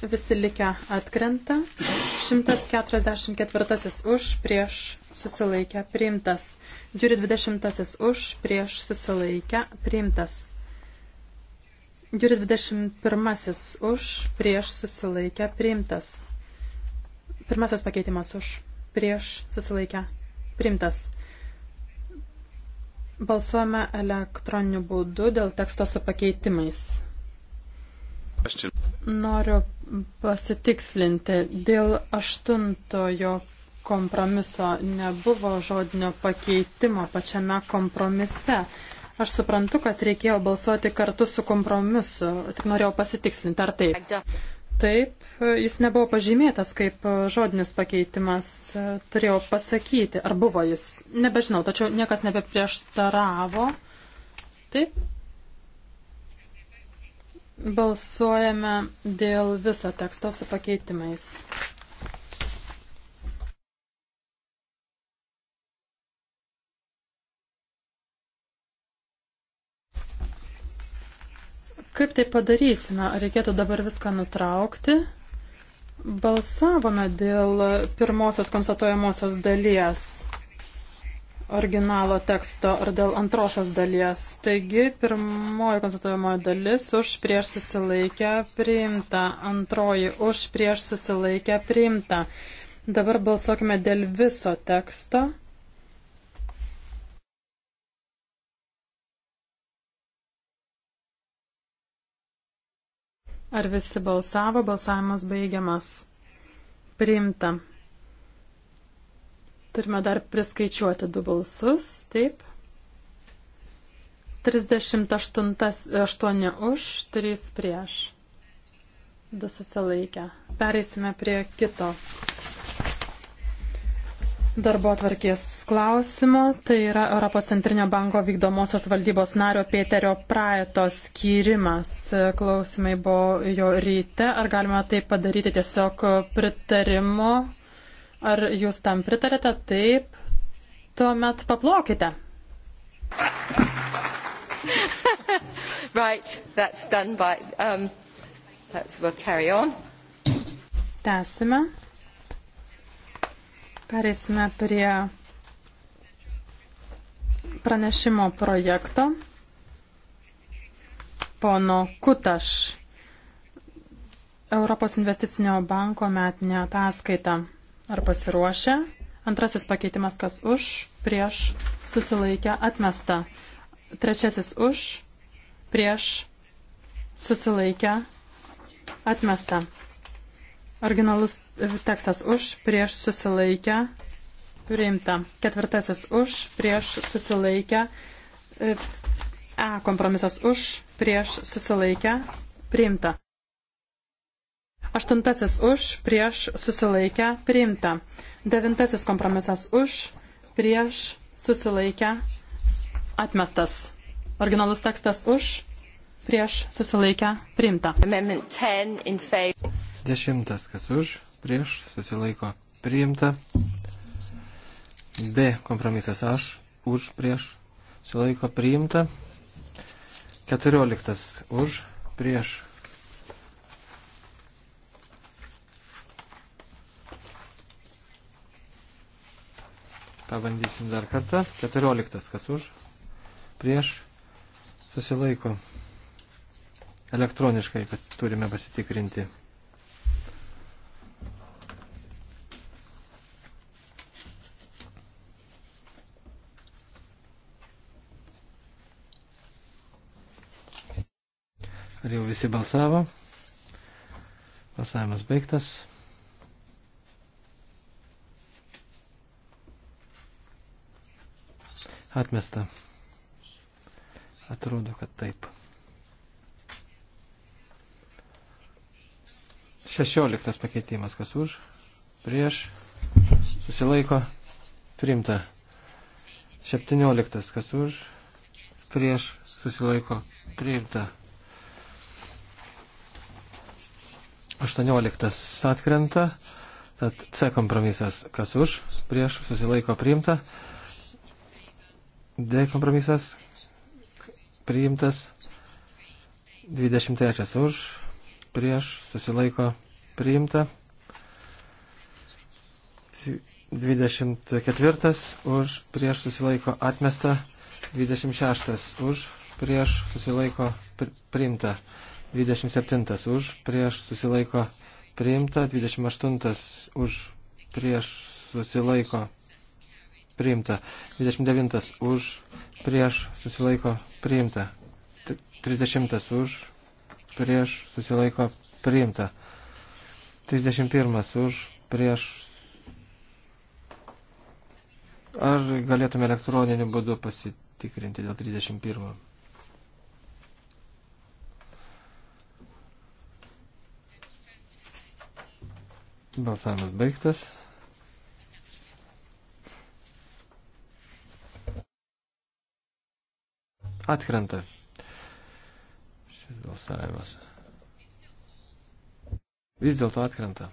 visi likę atkrenta. 144 už, prieš susilaikę priimtas. Jūri 20 už, prieš susilaikę priimtas. Jūri 21 už, prieš susilaikę priimtas. Pirmasis pakeitimas už, prieš susilaikę priimtas. Balsuojame elektroniniu būdu dėl teksto su pakeitimais. Noriu pasitikslinti. Dėl aštuntojo kompromiso nebuvo žodinio pakeitimo pačiame kompromise. Aš suprantu, kad reikėjo balsuoti kartu su kompromisu. Tik norėjau pasitikslinti, ar taip. Taip, jis nebuvo pažymėtas kaip žodinis pakeitimas. Turėjau pasakyti, ar buvo jis. Nebežinau, tačiau niekas nebeprieštaravo. Taip, Balsuojame dėl viso teksto su pakeitimais. Kaip tai padarysime? Reikėtų dabar viską nutraukti. Balsavome dėl pirmosios konstatuojamosios dalies originalo teksto ar dėl antrosios dalies. Taigi, pirmoji konstatuojamoji dalis už prieš susilaikę priimta, antroji už prieš susilaikę priimta. Dabar balsuokime dėl viso teksto. Ar visi balsavo? Balsavimas baigiamas. Priimta. Turime dar priskaičiuoti du balsus, taip. 38 už, 3 prieš. Du susilaikę. Pereisime prie kito darbo atvarkės klausimo. Tai yra Europos centrinio banko vykdomosios valdybos nario Pėterio Praeto skyrimas. Klausimai buvo jo ryte. Ar galima tai padaryti tiesiog pritarimo Ar jūs tam pritarėte? Taip. Tuomet paplokite. (laughs) right, that's done by. Um, that's, we'll carry on. Tęsime. Pereisime prie pranešimo projekto. Pono Kutaš, Europos investicinio banko metinė ataskaita. Ar pasiruošę? Antrasis pakeitimas kas už, prieš, susilaikę, atmesta. Trečiasis už, prieš, susilaikę, atmesta. Originalus tekstas už, prieš, susilaikę, priimta. Ketvirtasis už, prieš, susilaikę, E kompromisas už, prieš, susilaikę, priimta. Aštuntasis už, prieš susilaikę priimta. Devintasis kompromisas už, prieš susilaikę atmestas. Originalus tekstas už, prieš susilaikę priimta. Dešimtas, kas už, prieš susilaiko priimta. B kompromisas aš, už, prieš susilaiko priimta. Keturioliktas už, prieš Pabandysim dar kartą. 14. Kas už? Prieš susilaiko. Elektroniškai turime pasitikrinti. Ar jau visi balsavo? Balsavimas baigtas. Atmesta. Atrodo, kad taip. Šešioliktas pakeitimas, kas už, prieš, susilaiko, priimta. Septynioliktas, kas už, prieš, susilaiko, priimta. Aštuonioliktas atkrenta, tad C kompromisas, kas už, prieš, susilaiko, priimta. D kompromisas priimtas 23 už, prieš susilaiko priimta 24 už, prieš susilaiko atmesta 26 už, prieš susilaiko priimta 27 už, prieš susilaiko priimta 28 už, prieš susilaiko priimta. 29 už, prieš susilaiko priimta. 30 už, prieš susilaiko priimta. 31 už, prieš. Ar galėtume elektroniniu būdu pasitikrinti dėl 31? Balsavimas baigtas. Atkrenta šis balsavimas. Vis dėlto atkrenta.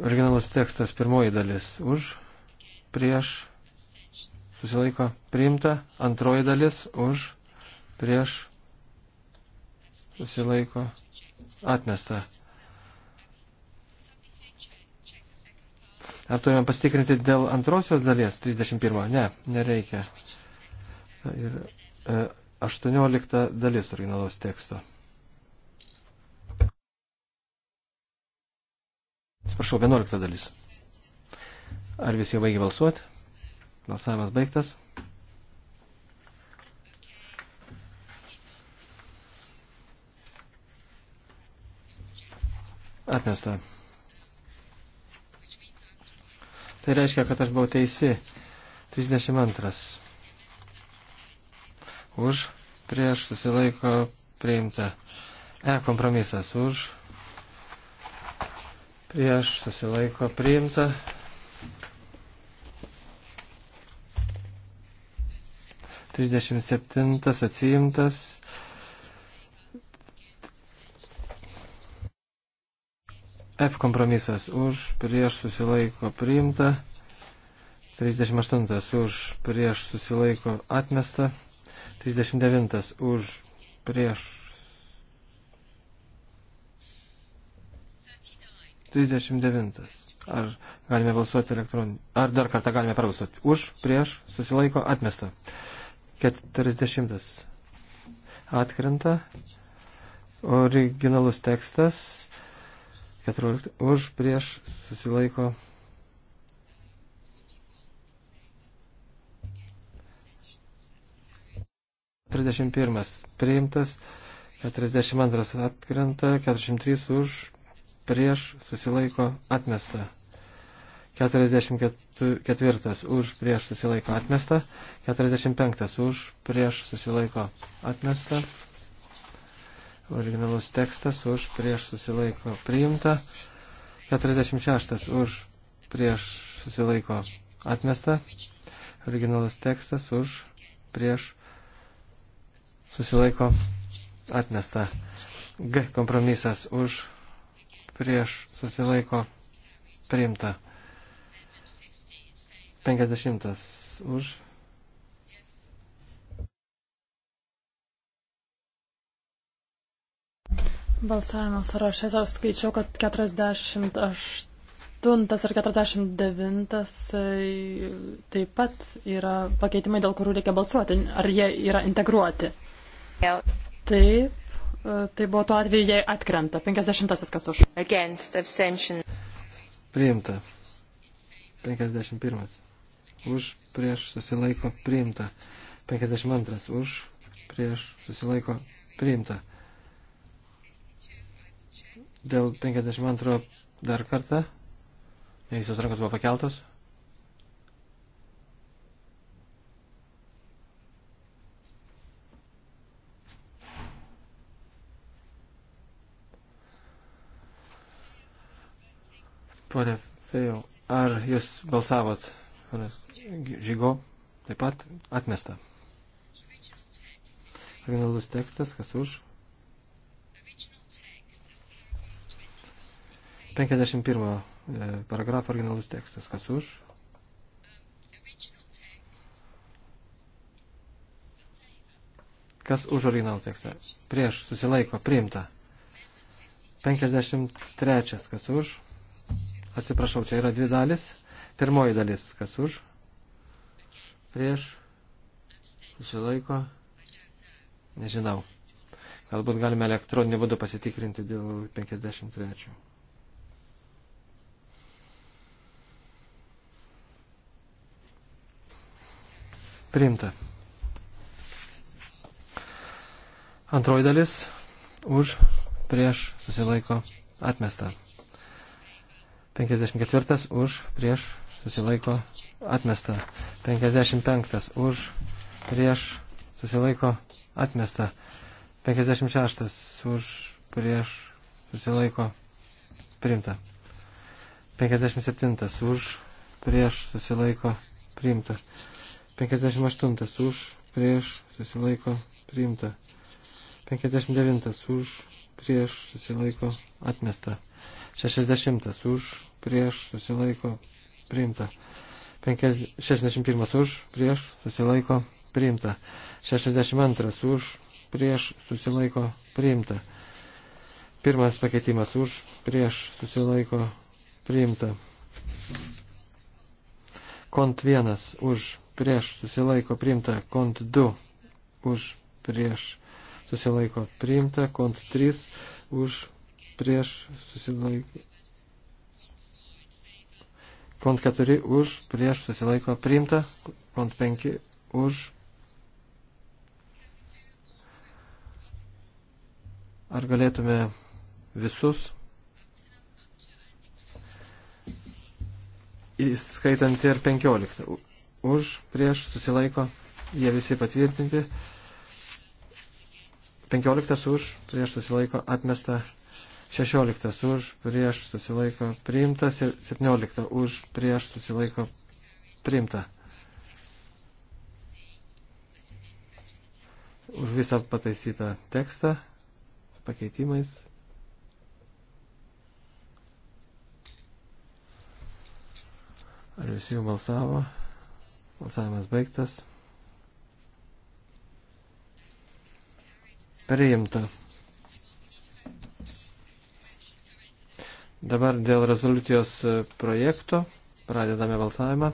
Originalus tekstas pirmoji dalis už, prieš, susilaiko priimta, antroji dalis už, prieš, susilaiko atmesta. Ar turime pasitikrinti dėl antrosios dalies 31? Ne, nereikia. Ir 18 e, dalis originalaus teksto. Atsiprašau, 11 dalis. Ar visi jau baigė balsuoti? Balsavimas baigtas. Atmesta. Tai reiškia, kad aš buvau teisi. 32. Už, prieš, susilaiko, priimta. E kompromisas už, prieš, susilaiko, priimta. Trisdešimt septintas atsiimtas, F kompromisas už, prieš susilaiko priimta. 38 už, prieš susilaiko atmesta. 39 už, prieš. 39. Ar galime balsuoti elektroninį? Ar dar kartą galime prabalsuoti? Už, prieš, susilaiko, atmesta. 40. Atkrenta. Originalus tekstas 14 už prieš susilaiko. Trisdešimt pirmas priimtas, keturiasdešimt antras atkrenta, keturiasdešimt trys už, prieš susilaiko atmesta. 44 už prieš susilaiko atmesta, 45 už prieš susilaiko atmesta, originalus tekstas už prieš susilaiko priimta, 46 už prieš susilaiko atmesta, originalus tekstas už prieš susilaiko atmesta. G kompromisas už prieš susilaiko priimta. 50 už Balsavimo sąraše aš skaičiau, kad 48 ir 49 e, taip pat yra pakeitimai, dėl kurių reikia balsuoti. Ar jie yra integruoti? Taip. E, tai buvo tuo atveju, jei atkrenta. 50 kas už. Against abstention. Priimta. 51. Už prieš susilaiko priimta. 52. Už prieš susilaiko priimta. Dėl 52 dar kartą. Ne visos rankos buvo pakeltos. Pone Fejau, ar jūs balsavot, ponas Žygo, taip pat atmesta? Originalus tekstas, kas už? 51 e, paragrafą originalus tekstas. Kas už? Kas už originalų tekstą? Prieš susilaiko priimta. 53. Kas už? Atsiprašau, čia yra dvi dalis. Pirmoji dalis. Kas už? Prieš susilaiko. Nežinau. Galbūt galime elektroniniu būdu pasitikrinti dėl 53. Priimta. Antroji dalis už prieš susilaiko atmesta. 54 už prieš susilaiko atmesta. 55 už prieš susilaiko atmesta. 56 už prieš susilaiko priimta. 57 už prieš susilaiko priimta. 58 už, prieš, susilaiko, priimta. 59 už, prieš, susilaiko, atmesta. 60 už, prieš, susilaiko, priimta. 61 už, prieš, susilaiko, priimta. 62 už, prieš, susilaiko, priimta. Pirmas pakeitimas už, prieš, susilaiko, priimta. Kont vienas už, prieš susilaiko priimta, kont 2 už prieš susilaiko priimta, kont 3 už prieš susilaiko. Kont 4 už prieš susilaiko priimta, kont 5 už. Ar galėtume visus? įskaitant ir 15 už, prieš, susilaiko, jie visi patvirtinti. 15 už, prieš, susilaiko, atmesta. 16 už, prieš, susilaiko, priimta. 17 už, prieš, susilaiko, priimta. Už visą pataisytą tekstą pakeitimais. Ar visi jau balsavo? Balsavimas baigtas. Priimta. Dabar dėl rezoliucijos projekto pradedame balsavimą.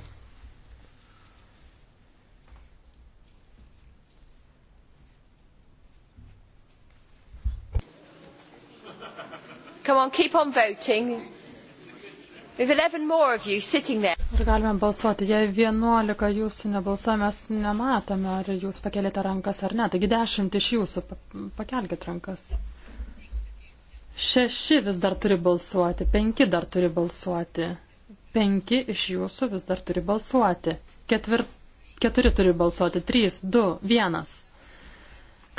Come on, keep on voting. Ar galime balsuoti, jei 11 jūsų nebalsuoja, mes nematome, ar jūs pakelite rankas ar ne. Taigi 10 iš jūsų pakelkite rankas. Šeši vis dar turi balsuoti, penki dar turi balsuoti, penki iš jūsų vis dar turi balsuoti, Ketvir... keturi turi balsuoti, trys, du, vienas.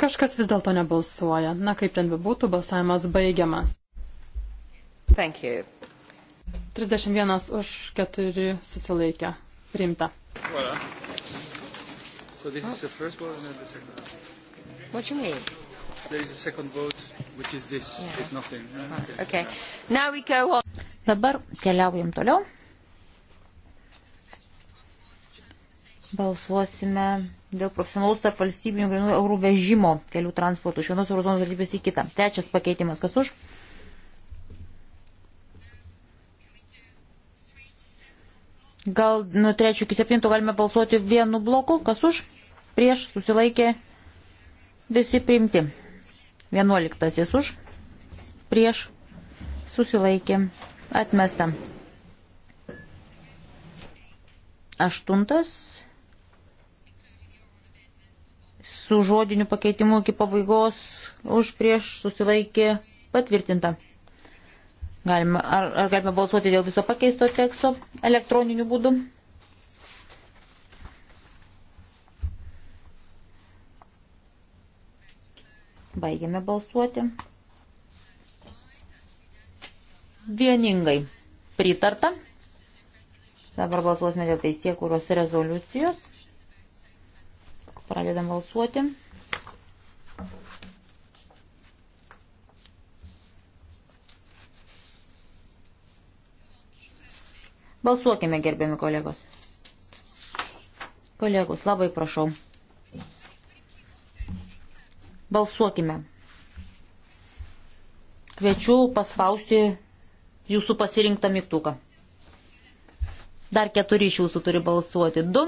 Kažkas vis dėlto nebalsuoja. Na kaip ten bebūtų, balsavimas baigiamas. Thank you. 31 už 4 susilaikę. Priimta. Voilà. So this is the first vote and then the second vote. What do you mean? There is a second vote, which is this. Yeah. It's nothing. No? Okay. okay. Now we go on. Dabar keliaujam toliau. Balsuosime dėl profesionalaus tarp valstybinių grinų eurų vežimo kelių transportų iš vienos eurozonos valstybės į kitą. Trečias pakeitimas. Kas už? Gal nuo 3 iki 7 galime balsuoti vienu bloku, kas už, prieš, susilaikė, visi priimti. 11 už, prieš, susilaikė, atmesta. 8 su žodiniu pakeitimu iki pabaigos už, prieš, susilaikė, patvirtinta. Galime, ar, ar galime balsuoti dėl viso pakeisto teksto elektroniniu būdu? Baigiame balsuoti. Vieningai pritarta. Dabar balsuosime dėl teisė, kurios rezoliucijos. Pradedam balsuoti. Balsuokime, gerbiami kolegos. Kolegos, labai prašau. Balsuokime. Kviečiu paspausti jūsų pasirinktą mygtuką. Dar keturi iš jūsų turi balsuoti. Du.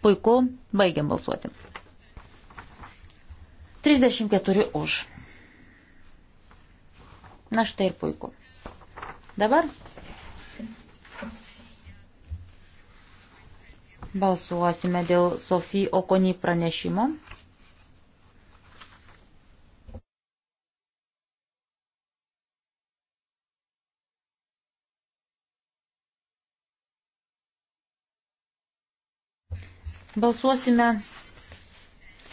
Puiku, baigiam balsuoti. 34 už. Na štai ir puiku. Dabar Balsuosime dėl Sofijos Okonį pranešimo. Balsuosime.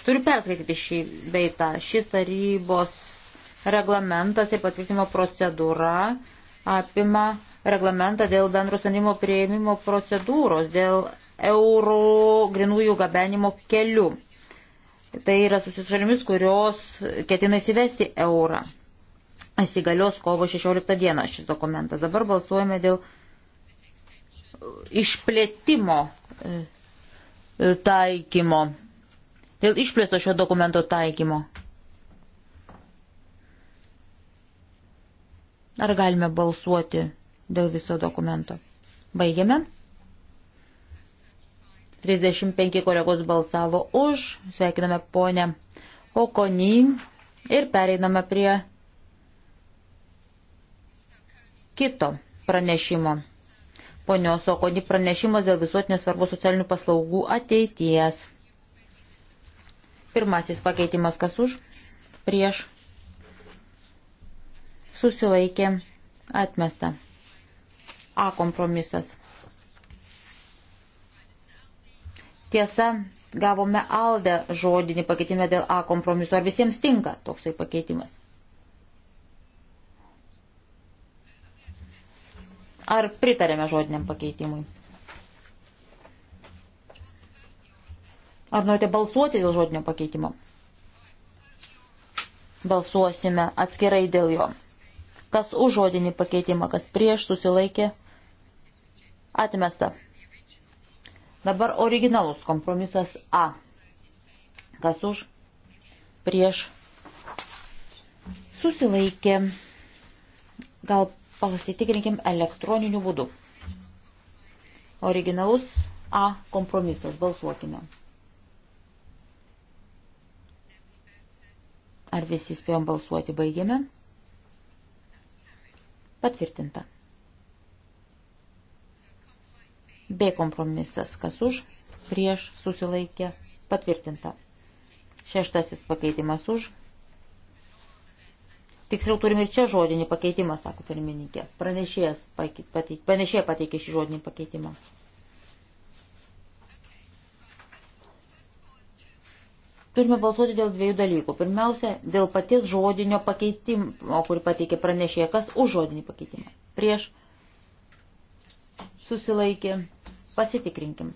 Turiu perskaityti šį beitą. Šis tarybos reglamentas ir patvirtimo procedūra apima reglamentą dėl bendro sprendimo prieimimo procedūros, dėl eurų grinųjų gabenimo keliu. Tai yra susišalimis, kurios ketina įsivesti eurą. Įsigalios kovo 16 dieną šis dokumentas. Dabar balsuojame dėl išplėtimo e, e, taikymo. Dėl išplėsto šio dokumento taikymo. Ar galime balsuoti dėl viso dokumento? Baigiame. 35 kolegos balsavo už. Sveikiname ponę Okonį ir pereiname prie kito pranešimo. Ponios Okonį pranešimas dėl visuotinės svarbos socialinių paslaugų ateities. Pirmasis pakeitimas kas už? Prieš. Susilaikė. Atmesta. A kompromisas. Tiesa, gavome aldę žodinį pakeitimą dėl A kompromiso. Ar visiems tinka toksai pakeitimas? Ar pritarėme žodiniam pakeitimui? Ar norite balsuoti dėl žodinio pakeitimo? Balsuosime atskirai dėl jo. Kas už žodinį pakeitimą, kas prieš susilaikė, atmesta. Dabar originalus kompromisas A. Kas už? Prieš. Susilaikė. Gal pasitikrinkim elektroniniu būdu. Originalus A kompromisas. Balsuokime. Ar visi spėjom balsuoti? Baigėme. Patvirtinta. B kompromisas, kas už, prieš, susilaikė, patvirtinta. Šeštasis pakeitimas už. Tiksliau turime ir čia žodinį pakeitimą, sako pirmininkė. Pranešėjas pateik, pranešėja pateikė šį žodinį pakeitimą. turime balsuoti dėl dviejų dalykų. Pirmiausia, dėl paties žodinio pakeitimo, kurį pateikė pranešėjas, už žodinį pakeitimą. Prieš susilaikė Pasitikrinkim.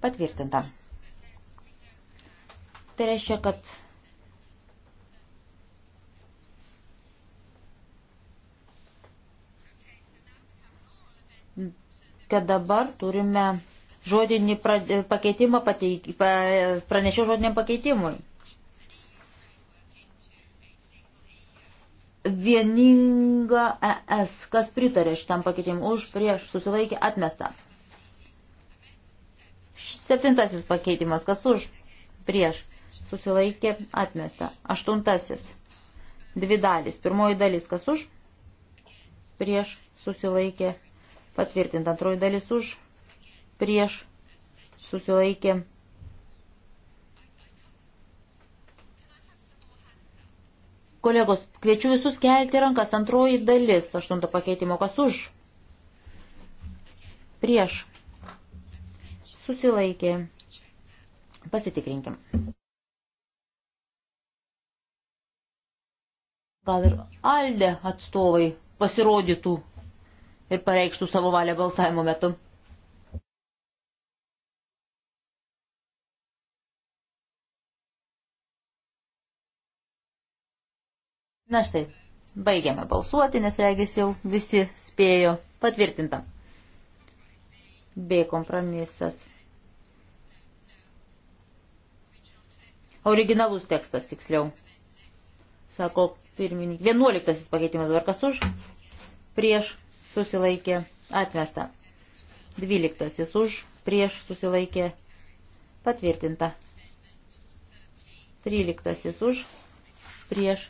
Patvirtinta. Tai reiškia, kad kad dabar turime žodinį pakeitimą pateik, pranešiau žodiniam pakeitimui. Vieninga ES, kas pritarė šitam pakeitimui, už prieš susilaikė atmestą. Septintasis pakeitimas, kas už prieš susilaikė atmestą. Aštuntasis. Dvi dalis. Pirmoji dalis, kas už prieš susilaikė atmestą Patvirtinta antroji dalis už, prieš, susilaikė. Kolegos, kviečiu visus kelti rankas. Antroji dalis aštunto pakeitimo kas už. Prieš. Susilaikė. Pasitikrinkim. Gal ir Alde atstovai pasirodytų ir pareikštų savo valią balsavimo metu. Na štai, baigiame balsuoti, nes regis jau visi spėjo patvirtinta. B kompromisas. Originalus tekstas tiksliau. Sako pirmininkas. Vienuoliktasis pakeitimas dabar kas už? Prieš susilaikė atmesta. 12 už, prieš susilaikė patvirtinta. 13 už, prieš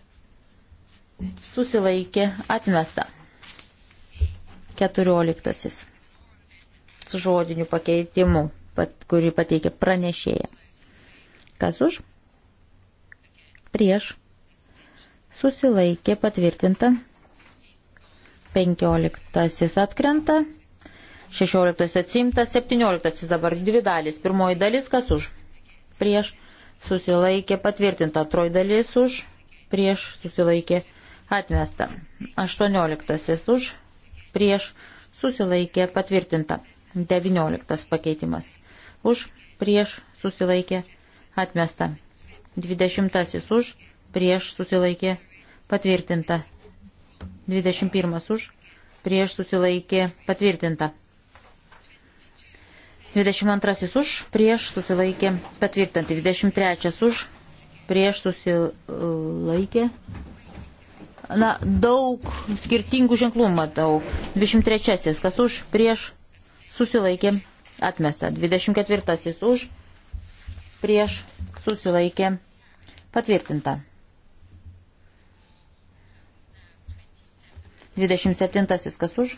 susilaikė atmesta. 14 su žodiniu pakeitimu, pat, kurį pateikė pranešėja. Kas už? Prieš. Susilaikė patvirtinta. 15 atkrenta, 16 atsimtas, 17 dabar dvi dalis. Pirmoji dalis kas už? Prieš susilaikė patvirtinta, antroji dalis už, prieš susilaikė atmesta, 18 už, prieš susilaikė patvirtinta, 19 pakeitimas už, prieš susilaikė atmesta, 20 už, prieš susilaikė patvirtinta, 21 už, prieš susilaikė patvirtinta. 22 už, prieš susilaikė patvirtinta. 23 už, prieš susilaikė. Na, daug skirtingų ženklų matau. 23 kas už, prieš susilaikė atmesta. 24 už, prieš susilaikė patvirtinta. 27 kas už,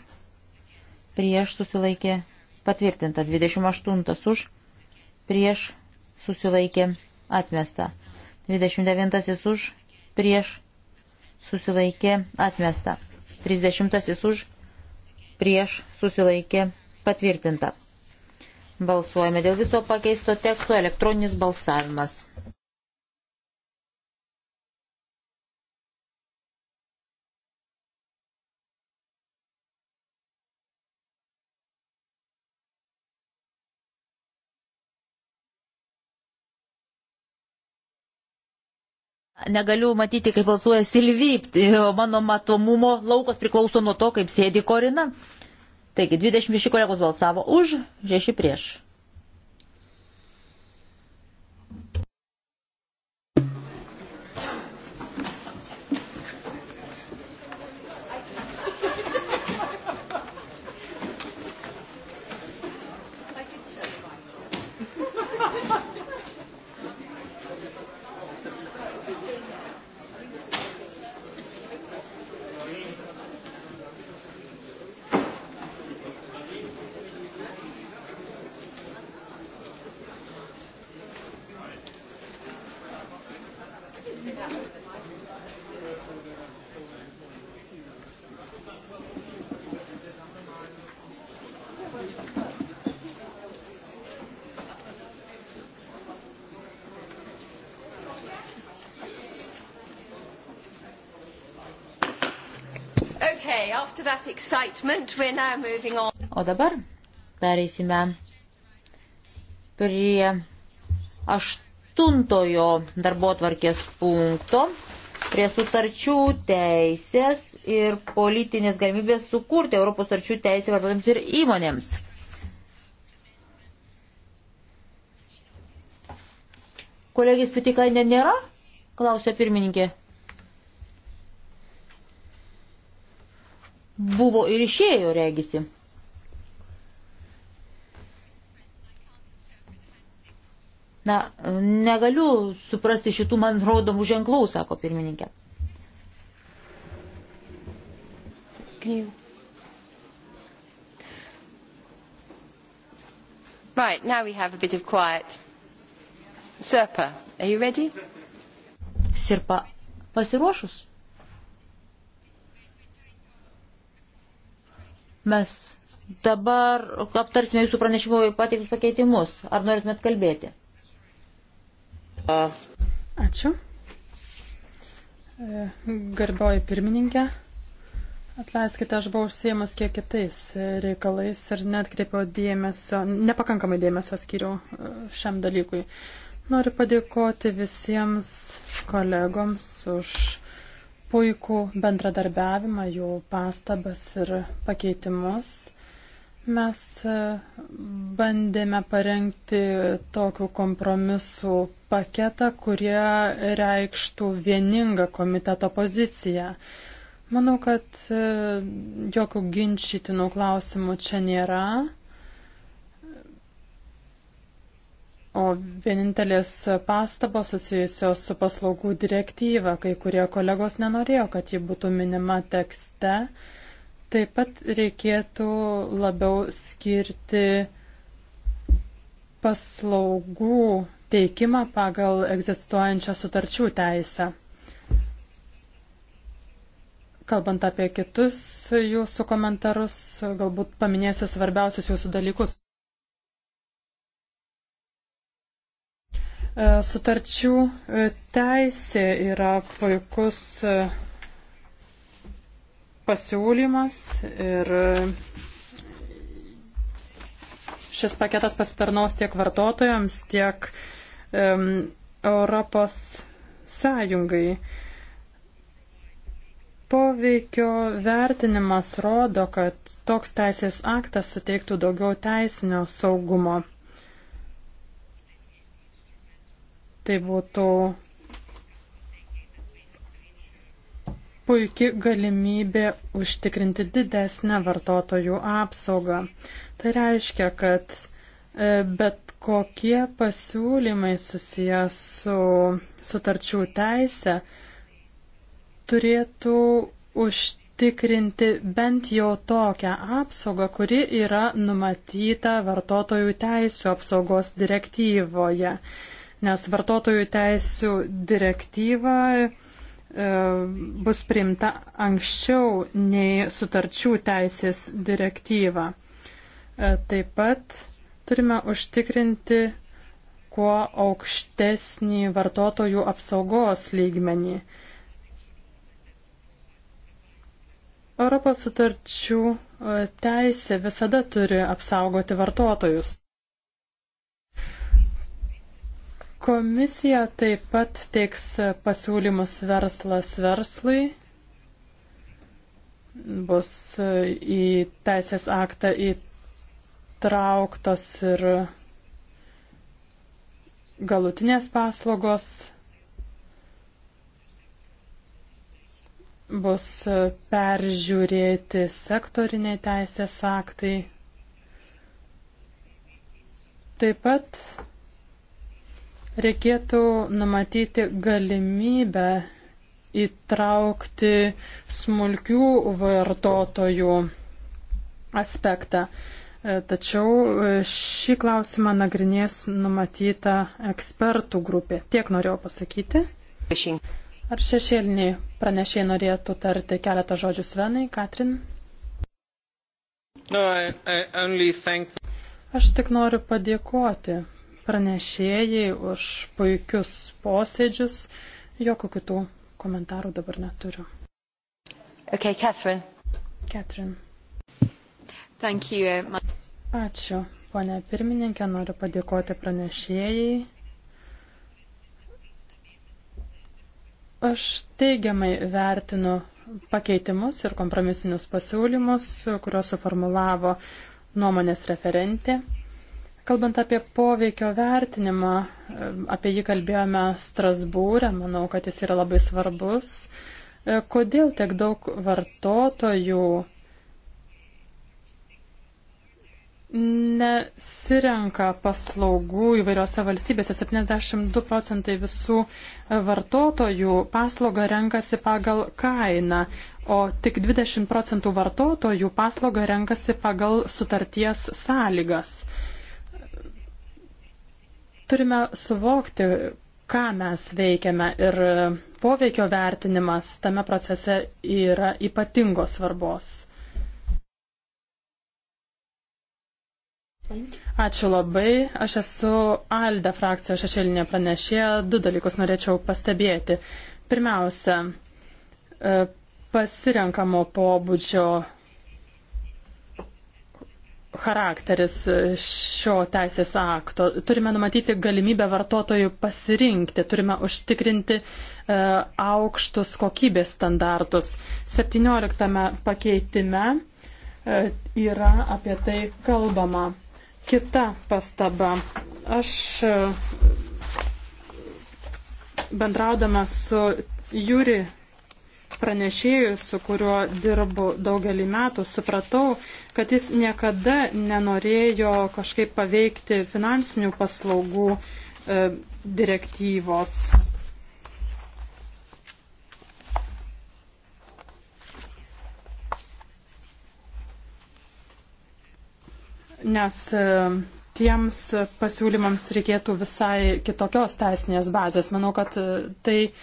prieš susilaikė patvirtinta, 28 už, prieš susilaikė atmesta, 29 už, prieš susilaikė atmesta, 30 už, prieš susilaikė patvirtinta. Balsuojame dėl viso pakeisto teksto elektroninis balsavimas. negaliu matyti, kaip balsuoja Silvypt, mano matomumo laukas priklauso nuo to, kaip sėdi Korina. Taigi 26 kolegos balsavo už, 6 prieš. O dabar pereisime prie aštuntojo darbo tvarkės punkto, prie sutarčių teisės ir politinės galimybės sukurti Europos sutarčių teisę vartotojams ir įmonėms. Kolegės Pitikai nėra? Klausė pirmininkė. buvo ir išėjo, regisi. Na, negaliu suprasti šitų man rodomų ženklų, sako pirmininkė. New. Right, now we have a bit of quiet. Sirpa, are you ready? Sirpa, pasiruošus? Mes dabar aptarsime jūsų pranešimo ir pateiktus pakeitimus. Ar norėtumėt kalbėti? Ačiū. E, garbioji pirmininkė, atleiskite, aš buvau užsiemas kiek kitais reikalais ir netkreipiau dėmesio, nepakankamai dėmesio skiriau e, šiam dalykui. Noriu padėkoti visiems kolegoms už puikų bendradarbiavimą, jų pastabas ir pakeitimus. Mes e, bandėme parengti tokių kompromisų paketą, kurie reikštų vieningą komiteto poziciją. Manau, kad e, jokių ginčytinų klausimų čia nėra. O vienintelės pastabos susijusios su paslaugų direktyva, kai kurie kolegos nenorėjo, kad ji būtų minima tekste, taip pat reikėtų labiau skirti paslaugų teikimą pagal egzistuojančią sutarčių teisę. Kalbant apie kitus jūsų komentarus, galbūt paminėsiu svarbiausius jūsų dalykus. E, sutarčių e, teisė yra puikus e, pasiūlymas ir šis paketas pasitarnaus tiek vartotojams, tiek um, Europos Sąjungai. Poveikio vertinimas rodo, kad toks teisės aktas suteiktų daugiau teisinio saugumo. Tai būtų puikia galimybė užtikrinti didesnę vartotojų apsaugą. Tai reiškia, kad e, bet kokie pasiūlymai susiję su sutarčių teise turėtų užtikrinti bent jau tokią apsaugą, kuri yra numatyta vartotojų teisų apsaugos direktyvoje nes vartotojų teisų direktyva e, bus priimta anksčiau nei sutarčių teisės direktyva. E, taip pat turime užtikrinti kuo aukštesnį vartotojų apsaugos lygmenį. Europos sutarčių e, teisė visada turi apsaugoti vartotojus. Komisija taip pat teiks pasiūlymus verslas verslui. Bus į teisės aktą įtrauktos ir galutinės paslaugos. Bus peržiūrėti sektoriniai teisės aktai. Taip pat Reikėtų numatyti galimybę įtraukti smulkių vartotojų aspektą. E, tačiau e, šį klausimą nagrinės numatyta ekspertų grupė. Tiek norėjau pasakyti. Ar šešėliniai pranešėjai norėtų tarti keletą žodžių Svenai, Katrin? No, I, I Aš tik noriu padėkoti pranešėjai už puikius posėdžius. Jokių kitų komentarų dabar neturiu. Okay, Catherine. Catherine. Thank you. Eh, My... Ačiū, ponė pirmininkė, noriu padėkoti pranešėjai. Aš teigiamai vertinu pakeitimus ir kompromisinius pasiūlymus, kuriuos suformulavo nuomonės referentė. Kalbant apie poveikio vertinimą, apie jį kalbėjome Strasbūrę, manau, kad jis yra labai svarbus. E, kodėl tiek daug vartotojų nesirenka paslaugų įvairiose valstybėse? 72 procentai visų vartotojų paslaugą renkasi pagal kainą, o tik 20 procentų vartotojų paslaugą renkasi pagal sutarties sąlygas turime suvokti, ką mes veikiame ir poveikio vertinimas tame procese yra ypatingos svarbos. Ačiū labai. Aš esu Alde frakcijos šešėlinė pranešėja. Du dalykus norėčiau pastebėti. Pirmiausia, e, pasirenkamo pobūdžio charakteris šio teisės akto. Turime numatyti galimybę vartotojų pasirinkti, turime užtikrinti e, aukštus kokybės standartus. 17 pakeitime e, yra apie tai kalbama. Kita pastaba. Aš e, bendraudama su Jūri pranešėjui, su kuriuo dirbu daugelį metų, supratau, kad jis niekada nenorėjo kažkaip paveikti finansinių paslaugų e, direktyvos. Nes e, tiems pasiūlymams reikėtų visai kitokios teisinės bazės. Manau, kad e, tai e,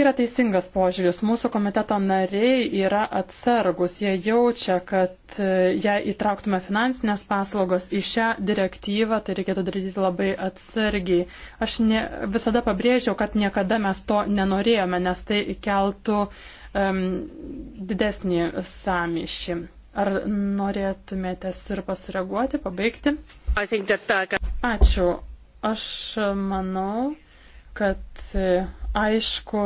yra teisingas požiūris. Mūsų komiteto nariai yra atsargus. Jie jaučia, kad e, jei įtrauktume finansinės paslaugas į šią direktyvą, tai reikėtų daryti labai atsargiai. Aš ne, visada pabrėžiau, kad niekada mes to nenorėjome, nes tai keltų um, didesnį samišį. Ar norėtumėte ir pasireaguoti, pabaigti? Uh, Ačiū. Aš manau, kad e, aišku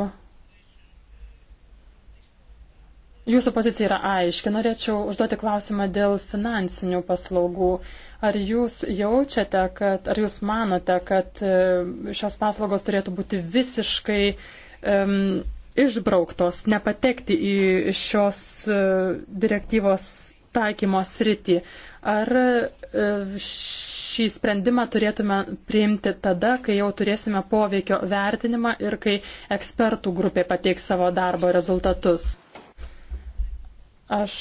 Jūsų pozicija yra aiški. Norėčiau užduoti klausimą dėl finansinių paslaugų. Ar jūs jaučiate, kad, ar jūs manote, kad e, šios paslaugos turėtų būti visiškai um, išbrauktos, nepatekti į šios uh, direktyvos taikymo sritį? Ar uh, šį sprendimą turėtume priimti tada, kai jau turėsime poveikio vertinimą ir kai ekspertų grupė pateiks savo darbo rezultatus? Aš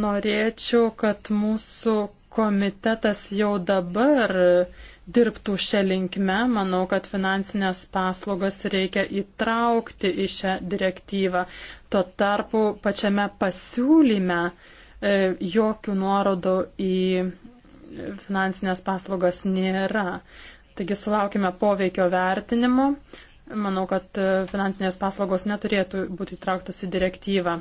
norėčiau, kad mūsų komitetas jau dabar dirbtų šią linkmę. Manau, kad finansinės paslaugas reikia įtraukti į šią direktyvą. Tuo tarpu pačiame pasiūlyme e, jokių nuorodų į finansinės paslaugas nėra. Taigi sulaukime poveikio vertinimo. Manau, kad e, finansinės paslaugos neturėtų būti įtrauktas į direktyvą.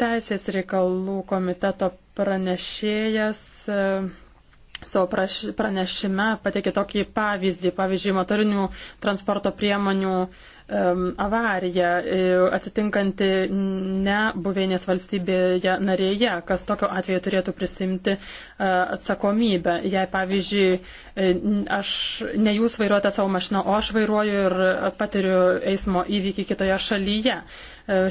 Teisės reikalų komiteto pranešėjas e, savo pranešime pateikė tokį pavyzdį, pavyzdžiui, motorinių transporto priemonių uh, avarija e, atsitinkanti ne buveinės valstybėje narėje, kas tokiu atveju turėtų prisimti e, atsakomybę. Jei, pavyzdžiui, e, aš ne jūs vairuojate savo mašiną, o aš vairuoju ir patiriu eismo įvykį kitoje šalyje,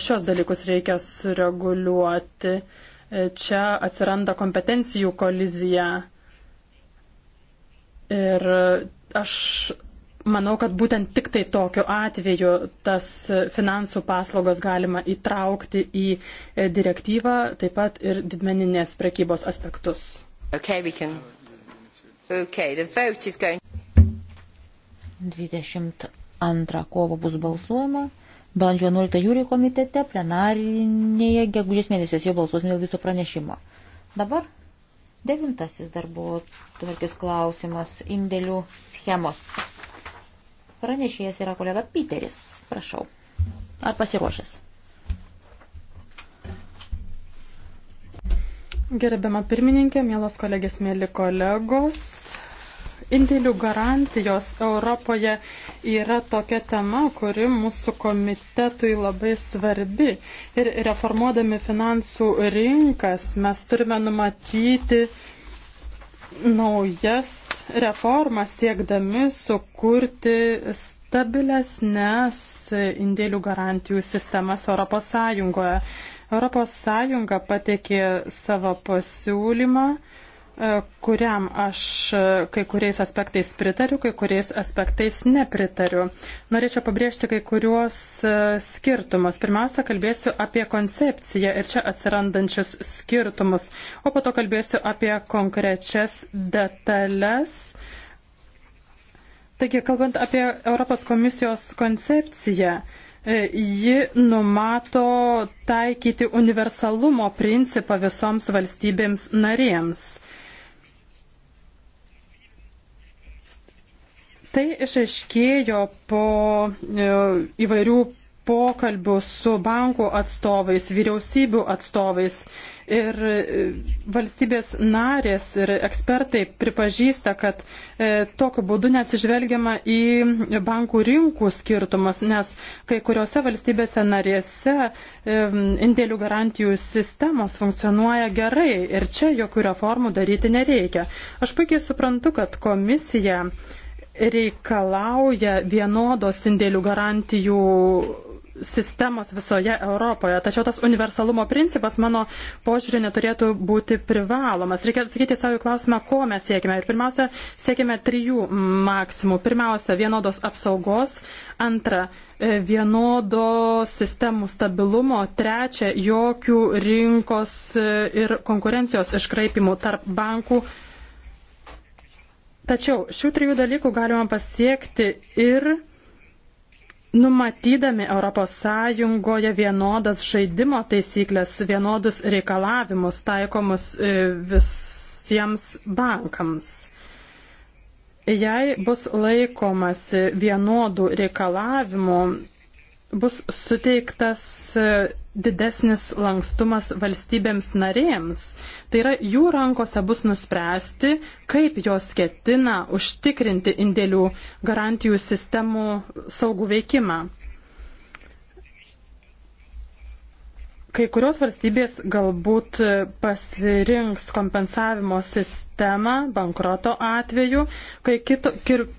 šios dalykus reikia sureguliuoti. Čia atsiranda kompetencijų kolizija. Ir aš manau, kad būtent tik tai tokiu atveju tas finansų paslaugas galima įtraukti į e, direktyvą, taip pat ir didmeninės prekybos aspektus. Okay, can... okay, 22 kovo bus balsuojama. Balandžio 11 jūrį komitete, plenarinėje gegužės mėnesios jau balsuosime dėl viso pranešimo. Dabar devintasis darbo tvarkės klausimas indėlių schemos. Pranešėjas yra kolega Piteris. Prašau. Ar pasiruošęs? Gerbiama pirmininkė, mielos kolegės, mėly kolegos. Indėlių garantijos Europoje yra tokia tema, kuri mūsų komitetui labai svarbi. Ir reformuodami finansų rinkas mes turime numatyti naujas reformą siekdami sukurti stabilesnės indėlių garantijų sistemas Europos Sąjungoje. Europos Sąjunga pateikė savo pasiūlymą E, kuriam aš e, kai kuriais aspektais pritariu, kai kuriais aspektais nepritariu. Norėčiau pabrėžti kai kuriuos e, skirtumus. Pirmiausia, kalbėsiu apie koncepciją ir čia atsirandančius skirtumus, o po to kalbėsiu apie konkrečias detalės. Taigi, kalbant apie Europos komisijos koncepciją, ji numato taikyti universalumo principą visoms valstybėms narėms. Tai išaiškėjo po e, įvairių pokalbių su bankų atstovais, vyriausybių atstovais ir e, valstybės narės ir ekspertai pripažįsta, kad e, tokiu būdu neatsižvelgiama į bankų rinkų skirtumas, nes kai kuriuose valstybėse narėse indėlių garantijų sistemos funkcionuoja gerai ir čia jokių reformų daryti nereikia. Aš puikiai suprantu, kad komisija reikalauja vienodos indėlių garantijų sistemos visoje Europoje. Tačiau tas universalumo principas mano požiūrė neturėtų būti privalomas. Reikia atsakyti savo klausimą, ko mes siekime. Ir pirmiausia, siekime trijų maksimų. Pirmiausia, vienodos apsaugos. Antra, e, vienodo sistemų stabilumo. Trečia, jokių rinkos e, ir konkurencijos iškraipimų tarp bankų Tačiau šių trijų dalykų galima pasiekti ir numatydami ES vienodas žaidimo taisyklės, vienodus reikalavimus taikomus e, visiems bankams. Jei bus laikomasi vienodų reikalavimų, bus suteiktas e, didesnis lankstumas valstybėms narėms. Tai yra jų rankose bus nuspręsti, kaip jos ketina užtikrinti indėlių garantijų sistemų saugų veikimą. Kai kurios valstybės galbūt pasirinks kompensavimo sistemą bankroto atveju, kai kito,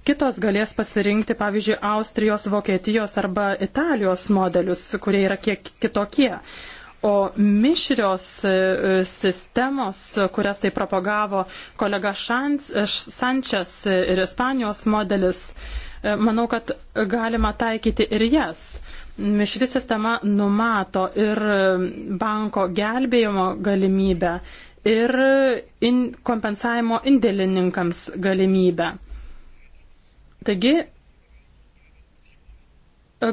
kitos galės pasirinkti, pavyzdžiui, Austrijos, Vokietijos arba Italijos modelius, kurie yra kiek kitokie. O mišrios e, sistemos, kurias tai propagavo kolega Šans, e, Sančias ir Ispanijos modelis, e, manau, kad galima taikyti ir jas. Mišri sistema numato ir banko gelbėjimo galimybę, ir in, kompensavimo indėlininkams galimybę. Taigi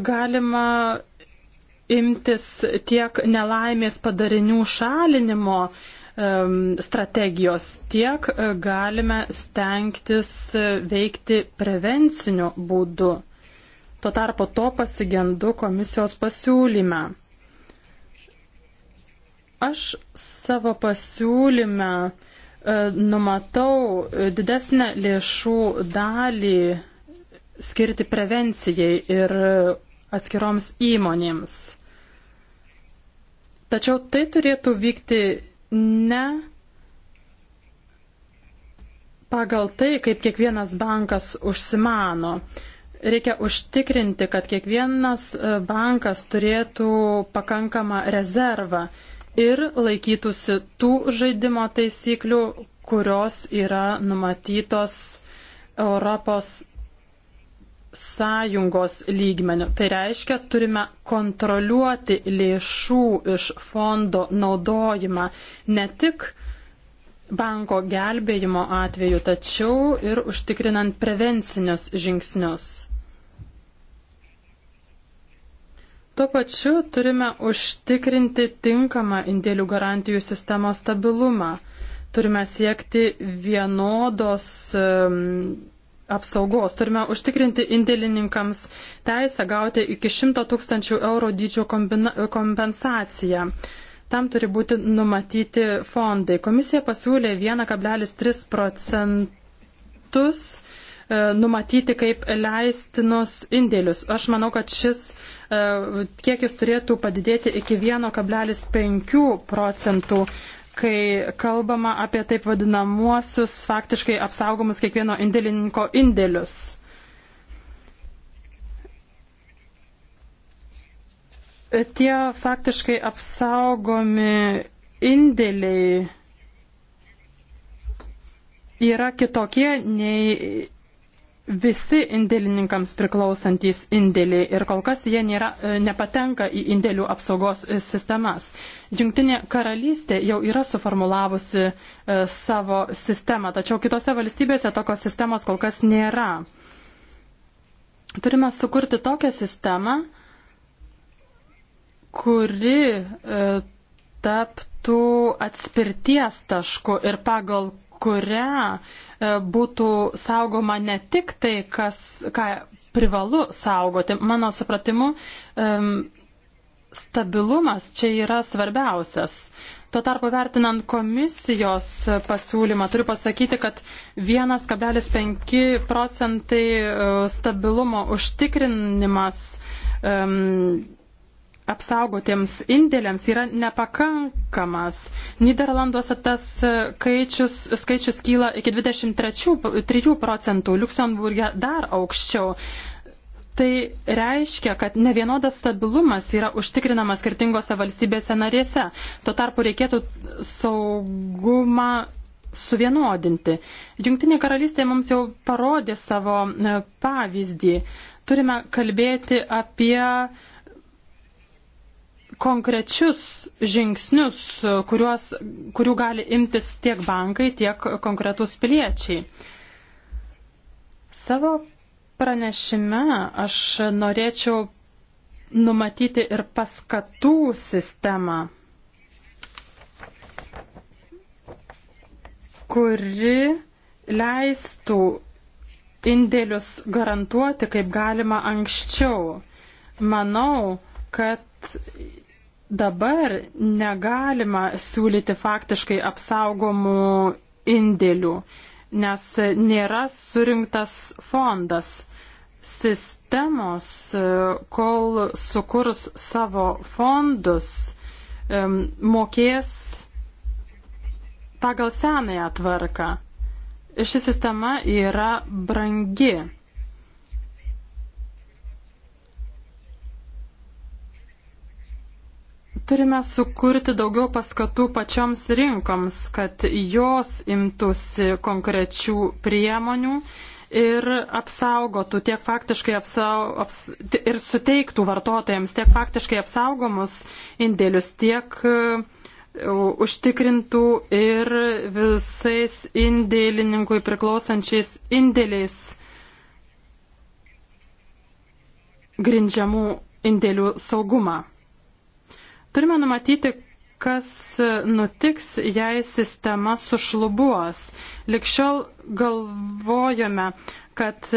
galima imtis tiek nelaimės padarinių šalinimo strategijos, tiek galime stengtis veikti prevenciniu būdu. Tuo tarpu to pasigendu komisijos pasiūlyme. Aš savo pasiūlyme e, numatau didesnę lėšų dalį skirti prevencijai ir atskiroms įmonėms. Tačiau tai turėtų vykti ne pagal tai, kaip kiekvienas bankas užsimano. Reikia užtikrinti, kad kiekvienas e, bankas turėtų pakankamą rezervą ir laikytųsi tų žaidimo taisyklių, kurios yra numatytos Europos sąjungos lygmenių. Tai reiškia, turime kontroliuoti lėšų iš fondo naudojimą ne tik uh, banko gelbėjimo atveju, tačiau ir užtikrinant prevencinius žingsnius. Tuo pačiu turime užtikrinti tinkamą indėlių garantijų sistemos stabilumą. Turime siekti vienodos apsaugos. Turime užtikrinti indėlininkams teisę gauti iki 100 tūkstančių eurų dydžio kompensaciją. Tam turi būti numatyti fondai. Komisija pasiūlė 1,3 procentus e, numatyti kaip leistinus indėlius. Aš manau, kad šis e, kiekis turėtų padidėti iki 1,5 procentų kai kalbama apie taip vadinamuosius faktiškai apsaugomus kiekvieno indėlininko indėlius. tie faktiškai apsaugomi indėliai yra kitokie nei visi indėlininkams priklausantys indėliai ir kol kas jie nėra, e, nepatenka į indėlių apsaugos sistemas. Junktinė karalystė jau yra suformulavusi e, savo sistemą, tačiau kitose valstybėse tokios sistemos kol kas nėra. Turime sukurti tokią sistemą, kuri e, taptų atspirties tašku ir pagal kurią e, būtų saugoma ne tik tai, kas, ką privalu saugoti. Mano supratimu, e, stabilumas čia yra svarbiausias. Tuo tarpu vertinant komisijos pasiūlymą, turiu pasakyti, kad 1,5 procentai stabilumo užtikrinimas um, apsaugotiems indėliams yra nepakankamas. Niderlanduose tas skaičius, skaičius kyla iki 23 procentų, Luksemburgė dar aukščiau. Tai reiškia, kad ne vienodas stabilumas yra užtikrinamas skirtingose valstybėse narėse. Tuo tarpu reikėtų saugumą suvienodinti. Junktinė karalystė mums jau parodė savo e, pavyzdį. Turime kalbėti apie uh, konkrečius žingsnius, kuriuos, kurių gali imtis tiek bankai, tiek konkretus piliečiai. Savo pranešime aš norėčiau numatyti ir paskatų sistemą, kuri leistų indėlius garantuoti kaip galima anksčiau. Manau, kad dabar negalima siūlyti faktiškai apsaugomų indėlių, nes nėra surinktas fondas. Sistemos, e, kol sukurs savo fondus, e, mokės pagal senąją tvarką. Ši sistema yra brangi. Turime sukurti daugiau paskatų pačioms rinkoms, kad jos imtųsi konkrečių priemonių ir apsaugotų tiek faktiškai apsau, aps, ir suteiktų vartotojams tiek faktiškai apsaugomus indėlius, tiek uh, užtikrintų ir visais indėlininkui priklausančiais indėliais grindžiamų indėlių saugumą. Turime numatyti, kas nutiks, jei sistema sušlubuos. Likščiau galvojome, kad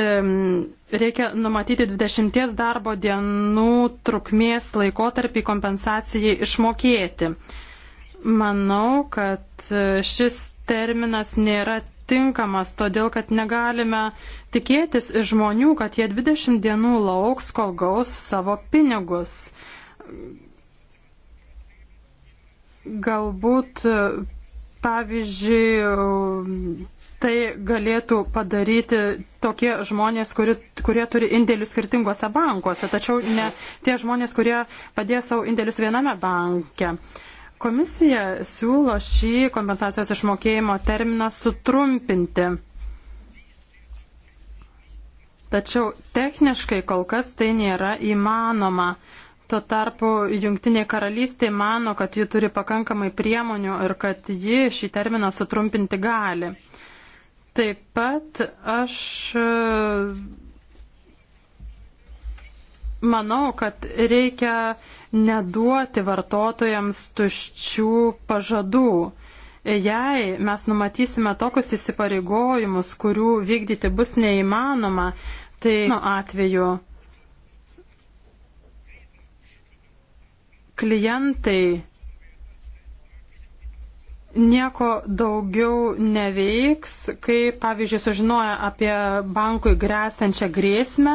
reikia numatyti 20 darbo dienų trukmės laikotarpį kompensacijai išmokėti. Manau, kad e, šis terminas nėra tinkamas, todėl kad negalime tikėtis iš žmonių, kad jie 20 dienų lauks, kol gaus savo pinigus Galbūt, pavyzdžiui, tai galėtų padaryti tokie žmonės, kuri, kurie turi indėlius skirtingose bankuose, tačiau ne tie žmonės, kurie padės savo indėlius viename banke. Komisija siūlo šį kompensacijos išmokėjimo terminą sutrumpinti. Tačiau techniškai kol kas tai nėra įmanoma. Tuo tarpu Junktinė karalystė mano, kad ji turi pakankamai priemonių ir kad ji šį terminą sutrumpinti gali. Taip pat aš e, manau, kad reikia neduoti vartotojams tuščių pažadų. Jei mes numatysime tokius įsipareigojimus, kurių vykdyti bus neįmanoma, tai nu, atveju klientai nieko daugiau neveiks, kai, pavyzdžiui, sužinoja apie bankui grėsančią grėsmę,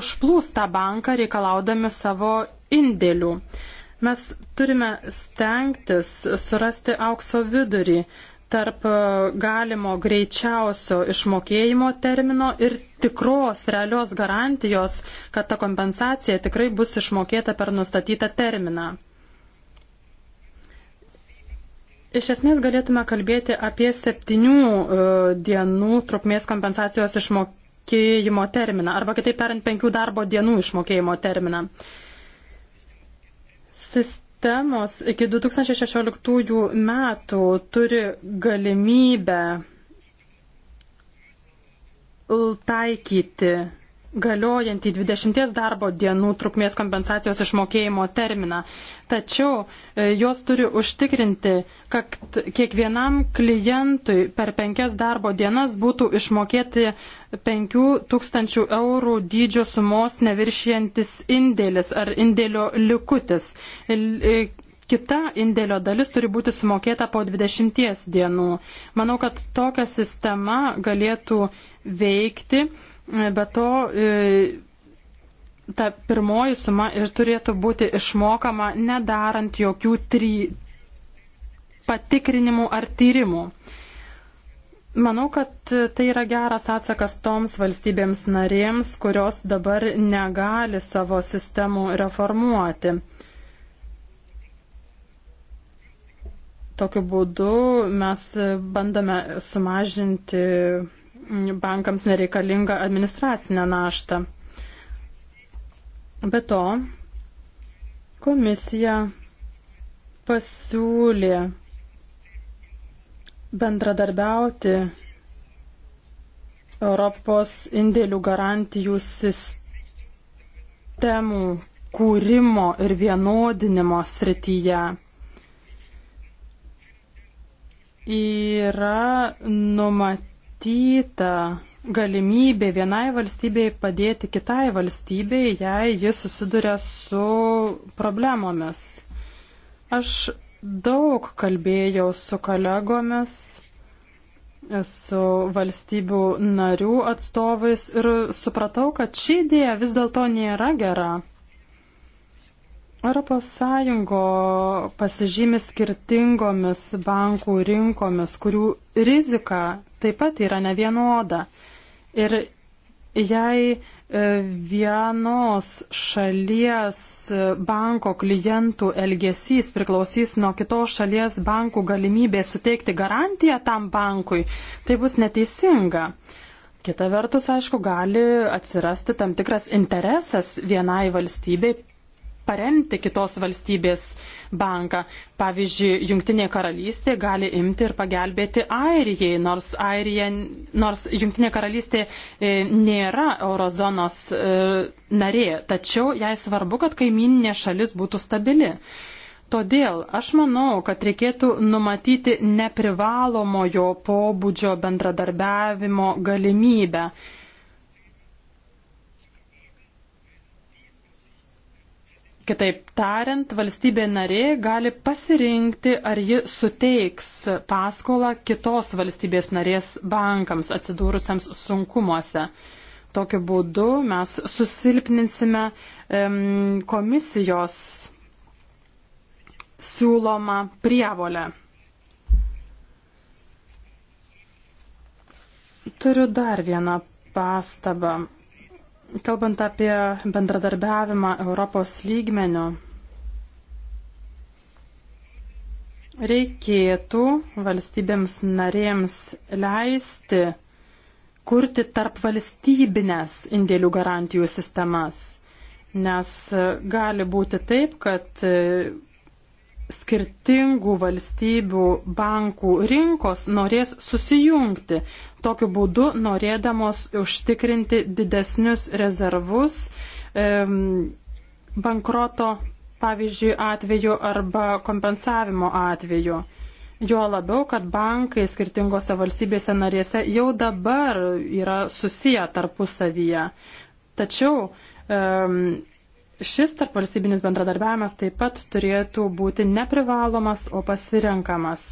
užplūs tą banką reikalaudami savo indėlių. Mes turime stengtis surasti aukso vidurį tarp e, galimo greičiausio išmokėjimo termino ir tikros realios garantijos, kad ta kompensacija tikrai bus išmokėta per nustatytą terminą. Iš esmės galėtume kalbėti apie septynių e, dienų trukmės kompensacijos išmokėjimo terminą, arba kitaip tariant, penkių darbo dienų išmokėjimo terminą. Sistema sistemos iki 2016 metų turi galimybę taikyti galiojantį 20 darbo dienų trukmės kompensacijos išmokėjimo terminą. Tačiau e, jos turi užtikrinti, kad kiekvienam klientui per penkias darbo dienas būtų išmokėti 5000 eurų dydžio sumos neviršijantis indėlis ar indėlio likutis. E, kita indėlio dalis turi būti sumokėta po 20 dienų. Manau, kad tokia sistema galėtų veikti Be to, e, ta pirmoji suma ir turėtų būti išmokama nedarant jokių try... patikrinimų ar tyrimų. Manau, kad tai yra geras atsakas toms valstybėms narėms, kurios dabar negali savo sistemų reformuoti. Tokiu būdu mes bandome sumažinti bankams nereikalingą administracinę naštą. Be to, komisija pasiūlė bendradarbiauti Europos indėlių garantijų sistemų kūrimo ir vienodinimo srityje. Yra numatyti numatyta galimybė vienai valstybei padėti kitai valstybei, jei jis susiduria su problemomis. Aš daug kalbėjau su kolegomis, su valstybių narių atstovais ir supratau, kad ši idėja vis dėlto nėra gera. Europos Sąjungo pasižymi skirtingomis bankų rinkomis, kurių rizika taip pat yra nevienoda. Ir jei e, vienos šalies e, banko klientų elgesys priklausys nuo kitos šalies bankų galimybės suteikti garantiją tam bankui, tai bus neteisinga. Kita vertus, aišku, gali atsirasti tam tikras interesas vienai valstybei paremti kitos valstybės banką. Pavyzdžiui, Junktinė karalystė gali imti ir pagelbėti Airijai, nors, Airija, nors Junktinė karalystė e, nėra eurozonos e, narė, tačiau jai svarbu, kad kaimininė šalis būtų stabili. Todėl aš manau, kad reikėtų numatyti neprivalomojo pobūdžio bendradarbiavimo galimybę. Kitaip tariant, valstybė narė gali pasirinkti, ar ji suteiks paskolą kitos valstybės narės bankams atsidūrusiems sunkumuose. Tokiu būdu mes susilpninsime um, komisijos siūlomą prievolę. Turiu dar vieną pastabą. Kalbant apie bendradarbiavimą Europos lygmenių, reikėtų valstybėms narėms leisti kurti tarp valstybinės indėlių garantijų sistemas, nes gali būti taip, kad skirtingų valstybių bankų rinkos norės susijungti, tokiu būdu norėdamos užtikrinti didesnius rezervus um, bankroto, pavyzdžiui, atveju arba kompensavimo atveju. Jo labiau, kad bankai skirtingose valstybėse narėse jau dabar yra susiję tarpusavyje. Tačiau um, Šis tarpvalstybinis bendradarbiavimas taip pat turėtų būti neprivalomas, o pasirenkamas.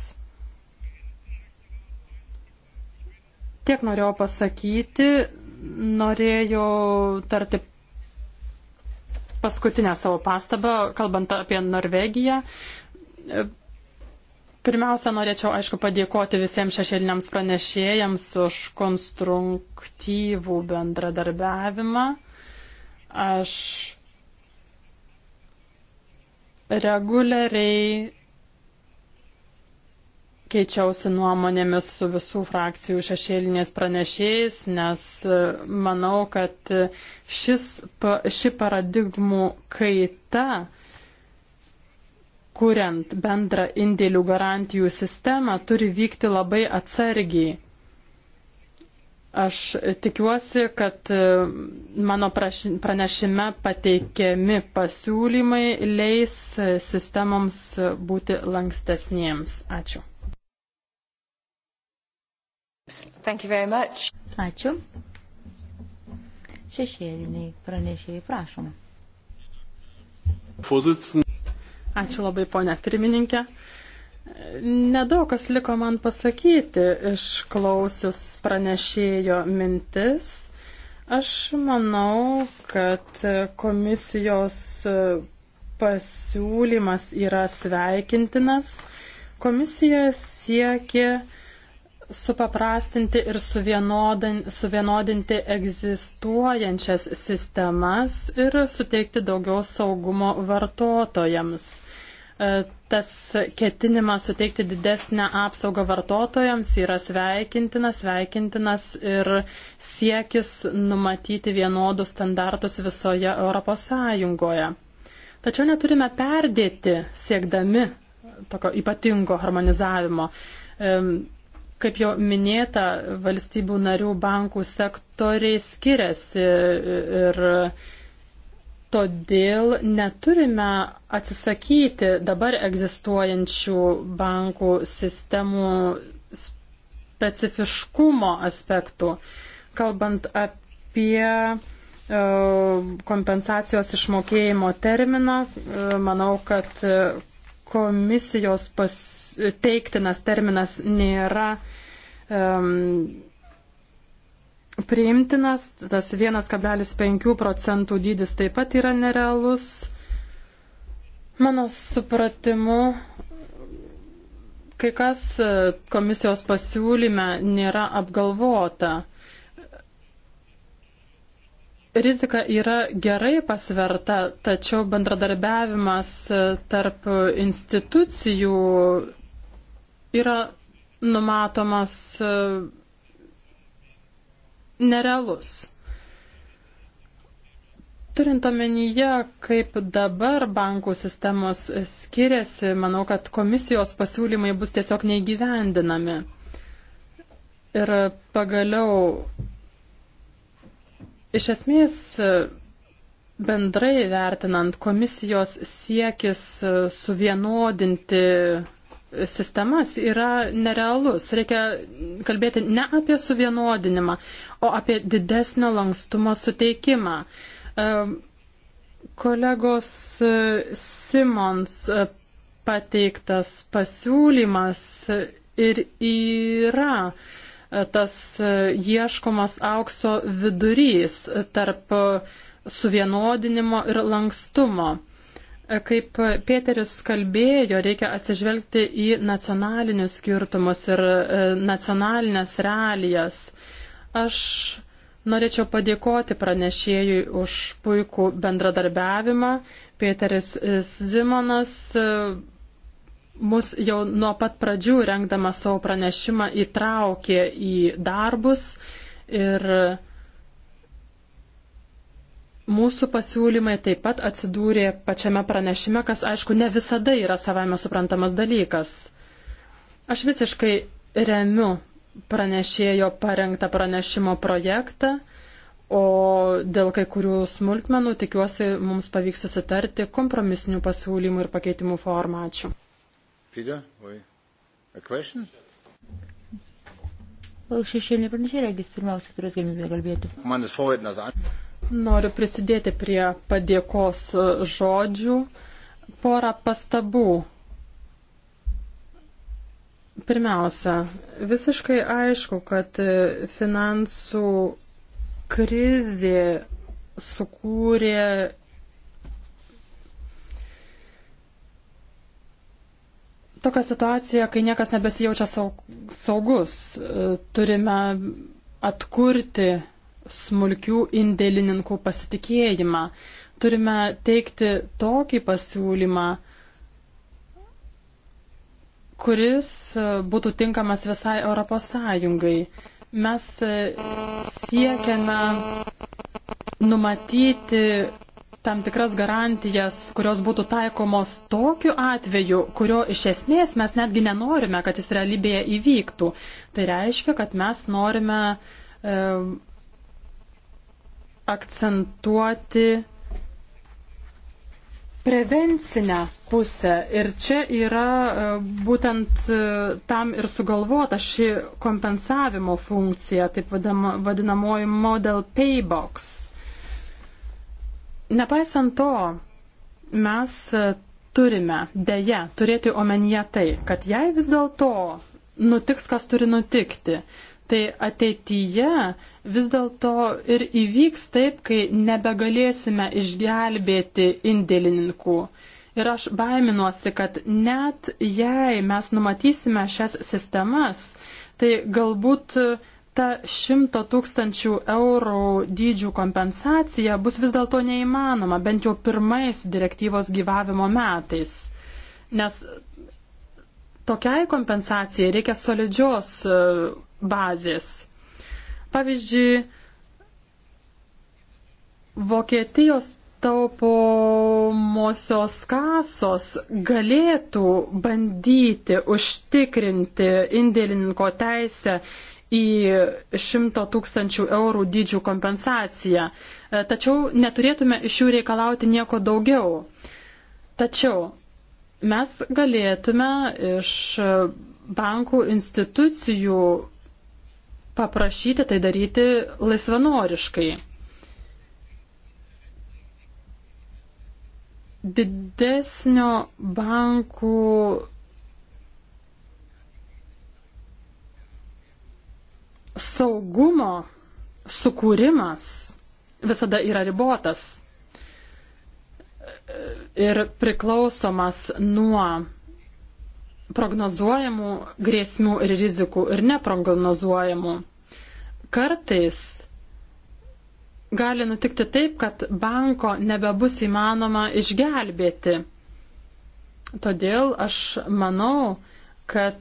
Tiek norėjau pasakyti, norėjau tarti paskutinę savo pastabą, kalbant apie Norvegiją. Pirmiausia, norėčiau, aišku, padėkoti visiems šešėliniams pranešėjams už konstruktyvų bendradarbiavimą. Aš reguliariai keičiausi nuomonėmis su visų frakcijų šešėliniais pranešėjais, nes e, manau, kad šis, ši paradigmų kaita, kuriant bendrą indėlių garantijų sistemą, turi vykti labai atsargiai. Aš tikiuosi, kad e, mano pranešime pateikiami pasiūlymai leis e, sistemoms e, būti lankstesniems. Ačiū. Ačiū. Šešėliniai pranešėjai, prašom. Ačiū labai, ponia pirmininkė. Nedaug kas liko man pasakyti išklausius pranešėjo mintis. Aš manau, kad komisijos pasiūlymas yra sveikintinas. Komisija siekia supaprastinti ir suvienodinti egzistuojančias sistemas ir suteikti daugiau saugumo vartotojams. E, tas ketinimas suteikti didesnę apsaugą vartotojams yra sveikintinas, sveikintinas ir siekis numatyti vienodus standartus visoje Europos Sąjungoje. Tačiau neturime perdėti siekdami tokio ypatingo harmonizavimo. E, kaip jau minėta, valstybių narių bankų sektoriai skiriasi ir, ir Todėl neturime atsisakyti dabar egzistuojančių bankų sistemų specifiškumo aspektų. Kalbant apie e, kompensacijos išmokėjimo terminą, e, manau, kad komisijos pas, teiktinas terminas nėra um, priimtinas, tas 1,5 procentų dydis taip pat yra nerealus. Mano supratimu, kai kas e, komisijos pasiūlyme nėra apgalvota rizika yra gerai pasverta, tačiau bendradarbiavimas e, tarp institucijų yra numatomas e, nerealus. Turint omenyje, kaip dabar bankų sistemos skiriasi, manau, kad komisijos pasiūlymai bus tiesiog neįgyvendinami. Ir pagaliau, iš esmės, bendrai vertinant, komisijos siekis suvienodinti sistemas yra nerealus. Reikia kalbėti ne apie suvienodinimą, o apie didesnio lankstumo suteikimą. Kolegos e, Simons e, pateiktas pasiūlymas ir yra e, tas ieškomas aukso vidurys tarp suvienodinimo ir lankstumo. Kaip Pėteris kalbėjo, reikia atsižvelgti į nacionalinius skirtumus ir e, nacionalinės realijas. Aš norėčiau padėkoti pranešėjui už puikų bendradarbiavimą. Pėteris Zimonas e, mus jau nuo pat pradžių rengdamas savo pranešimą įtraukė į darbus ir Mūsų pasiūlymai taip pat atsidūrė pačiame pranešime, kas aišku ne visada yra savame suprantamas dalykas. Aš visiškai remiu pranešėjo parengtą pranešimo projektą, o dėl kai kurių smulkmenų tikiuosi mums pavyks susitarti kompromisinių pasiūlymų ir pakeitimų formą. Ačiū. Peter, Šešėlinė pranešėja, regis, pirmiausia, turės galimybę kalbėti. Noriu prisidėti prie padėkos žodžių. Porą pastabų. Pirmiausia, visiškai aišku, kad finansų krizė sukūrė tokią situaciją, kai niekas nebesijaučia saugus. Turime atkurti smulkių indėlininkų pasitikėjimą. Turime teikti tokį pasiūlymą, kuris būtų tinkamas visai Europos Sąjungai. Mes siekiame numatyti tam tikras garantijas, kurios būtų taikomos tokiu atveju, kurio iš esmės mes netgi nenorime, kad jis realybėje įvyktų. Tai reiškia, kad mes norime e, akcentuoti prevencinę pusę. Ir čia yra e, būtent e, tam ir sugalvota ši kompensavimo funkcija, taip vadinamoji model paybox. Nepaisant to, mes e, turime dėje turėti omenyje tai, kad jei vis dėlto nutiks, kas turi nutikti, tai ateityje vis dėlto ir įvyks taip, kai nebegalėsime išgelbėti indėlininkų. Ir aš baiminuosi, kad net jei mes numatysime šias sistemas, tai galbūt ta šimto tūkstančių eurų dydžių kompensacija bus vis dėlto neįmanoma, bent jau pirmais direktyvos gyvavimo metais. Nes tokiai kompensacijai reikia solidžios e, bazės. Pavyzdžiui, Vokietijos taupomosios kasos galėtų bandyti užtikrinti indėlininko teisę į 100 tūkstančių eurų dydžių kompensaciją, e, tačiau neturėtume iš jų reikalauti nieko daugiau. Tačiau mes galėtume iš bankų institucijų paprašyti tai daryti laisvanoriškai. Didesnio bankų saugumo sukūrimas visada yra ribotas ir priklausomas nuo prognozuojamų grėsmių ir rizikų ir neprognozuojamų. Kartais gali nutikti taip, kad banko nebebus įmanoma išgelbėti. Todėl aš manau, kad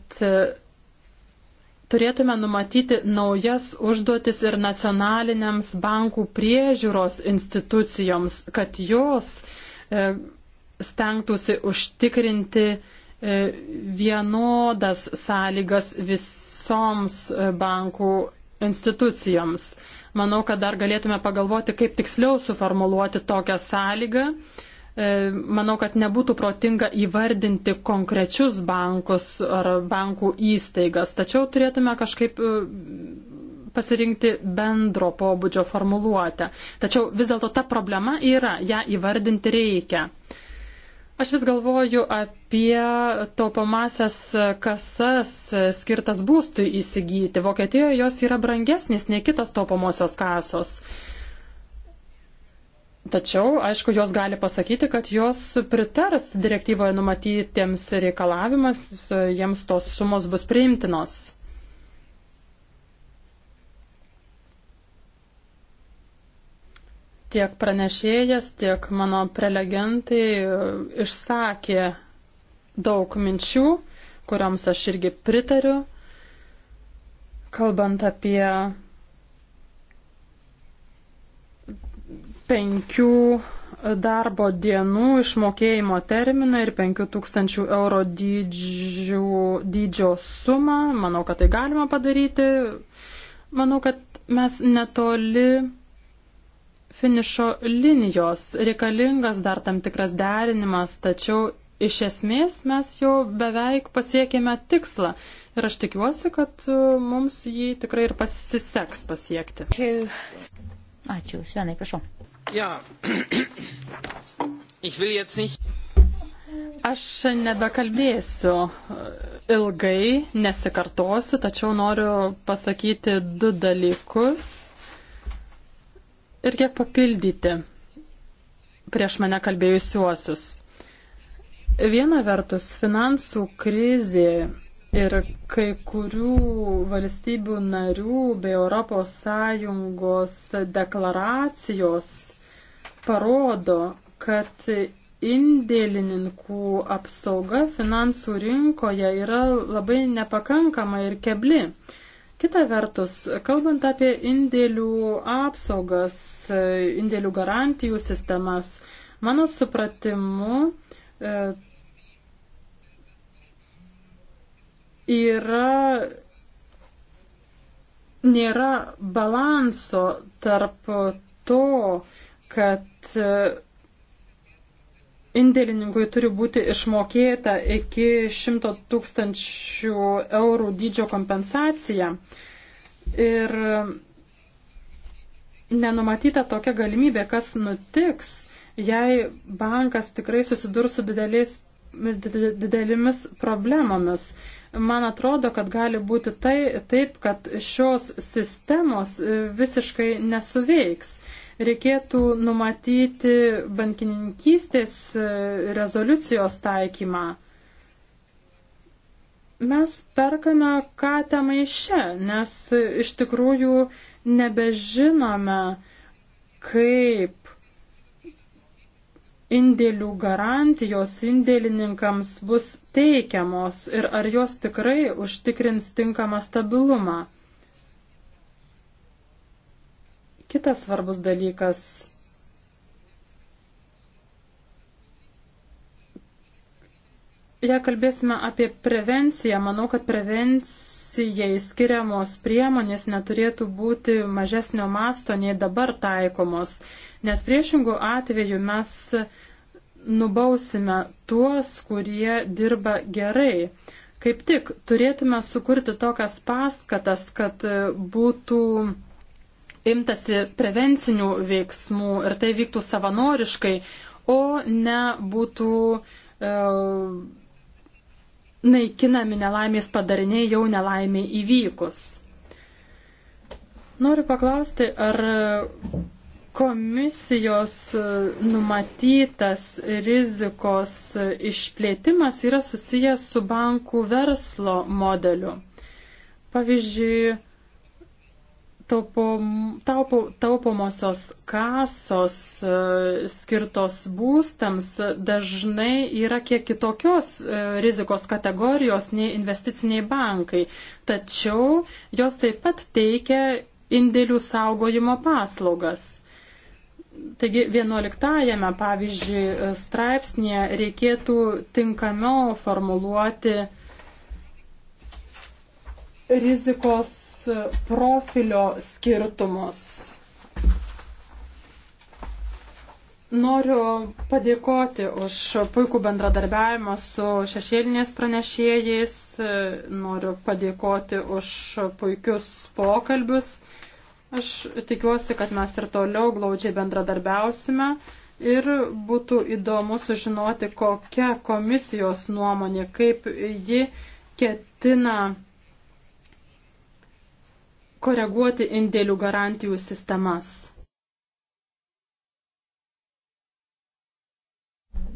turėtume numatyti naujas užduotis ir nacionaliniams bankų priežiūros institucijoms, kad jos e, stengtųsi užtikrinti E, vienodas sąlygas visoms e, bankų institucijoms. Manau, kad dar galėtume pagalvoti, kaip tiksliau suformuluoti tokią sąlygą. E, manau, kad nebūtų protinga įvardinti konkrečius bankus ar bankų įstaigas, tačiau turėtume kažkaip pasirinkti bendro pobūdžio formuluotę. Tačiau vis dėlto ta problema yra, ją įvardinti reikia. Uh, Aš vis galvoju apie taupomasias kasas skirtas būstui įsigyti. Vokietijoje jos yra brangesnės nei kitos taupomosios kasos. Tačiau, aišku, jos gali pasakyti, kad jos pritars direktyvoje numatytiems reikalavimams, jiems tos sumos bus priimtinos. tiek pranešėjas, tiek mano prelegentai e, išsakė daug minčių, kuriams aš irgi pritariu, kalbant apie penkių darbo dienų išmokėjimo terminą ir 5000 euro dydžių, dydžio sumą. Manau, kad tai galima padaryti. Manau, kad mes netoli finišo linijos. Reikalingas dar tam tikras derinimas, tačiau iš esmės mes jau beveik pasiekėme tikslą. Ir aš tikiuosi, kad e, mums jį tikrai ir pasiseks pasiekti. Ačiū, Svenai, prašau. Ja. (clears throat) Ich will jetzt nicht. Aš nebekalbėsiu e, ilgai, nesikartosiu, tačiau noriu pasakyti du dalykus Irgi papildyti prieš mane kalbėjusiuosius. Viena vertus, finansų krizė ir kai kurių valstybių narių bei ES deklaracijos parodo, kad indėlininkų apsauga finansų rinkoje yra labai nepakankama ir kebli. Kita vertus, kalbant apie indėlių apsaugas, indėlių garantijų sistemas, mano supratimu e, yra nėra balanso tarp to, kad indėlininkui turi būti išmokėta iki 100 tūkstančių eurų dydžio kompensacija. Ir nenumatyta tokia galimybė, kas nutiks, jei bankas tikrai susidurs su dideliais, didelėmis problemomis. Man atrodo, kad gali būti tai, taip, kad šios sistemos visiškai nesuveiks reikėtų numatyti bankininkystės e, rezoliucijos taikymą. Mes perkame katę maiše, nes e, iš tikrųjų nebežinome, kaip indėlių garantijos indėlininkams bus teikiamos ir ar jos tikrai užtikrins tinkamą stabilumą. Kitas svarbus dalykas Jei kalbėsime apie prevenciją, manau, kad prevencijai skiriamos priemonės neturėtų būti mažesnio masto nei dabar taikomos, nes priešingų atveju mes nubausime tuos, kurie dirba gerai. Kaip tik turėtume sukurti tokias paskatas, kad būtų imtasi prevencinių veiksmų ir tai vyktų savanoriškai, o ne būtų e, naikinami nelaimės padariniai jau nelaimė įvykus. Noriu paklausti, ar komisijos numatytas rizikos išplėtimas yra susijęs su bankų verslo modeliu. Pavyzdžiui, taupomosios kasos e, skirtos būstams dažnai yra kiek kitokios e, rizikos kategorijos nei investiciniai bankai, tačiau jos taip pat teikia indėlių saugojimo paslaugas. Taigi 11-ame, pavyzdžiui, straipsnėje reikėtų tinkamiau formuluoti uh, rizikos profilio skirtumus. Noriu padėkoti už puikų bendradarbiavimą su šešėlinės pranešėjais, noriu padėkoti už puikius pokalbius. Aš tikiuosi, kad mes ir toliau glaudžiai bendradarbiausime ir būtų įdomu sužinoti, kokia komisijos nuomonė, kaip ji ketina koreguoti indėlių garantijų sistemas.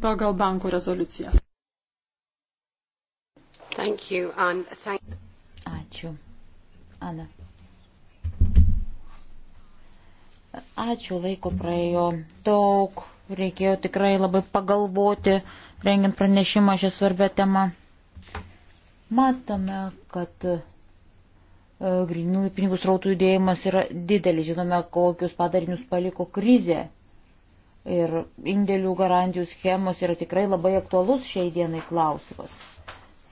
pagal bankų rezoliucijas. Thank you, Anne. Thank... Ačiū. Ana. Ačiū, laiko praėjo daug. Reikėjo tikrai labai pagalvoti, rengiant pranešimą šią svarbę temą. Matome, kad E, grinųjų pinigų srautų judėjimas yra didelis. Žinome, kokius padarinius paliko krizė. Ir indėlių garantijų schemos yra tikrai labai aktualus šiai dienai klausimas.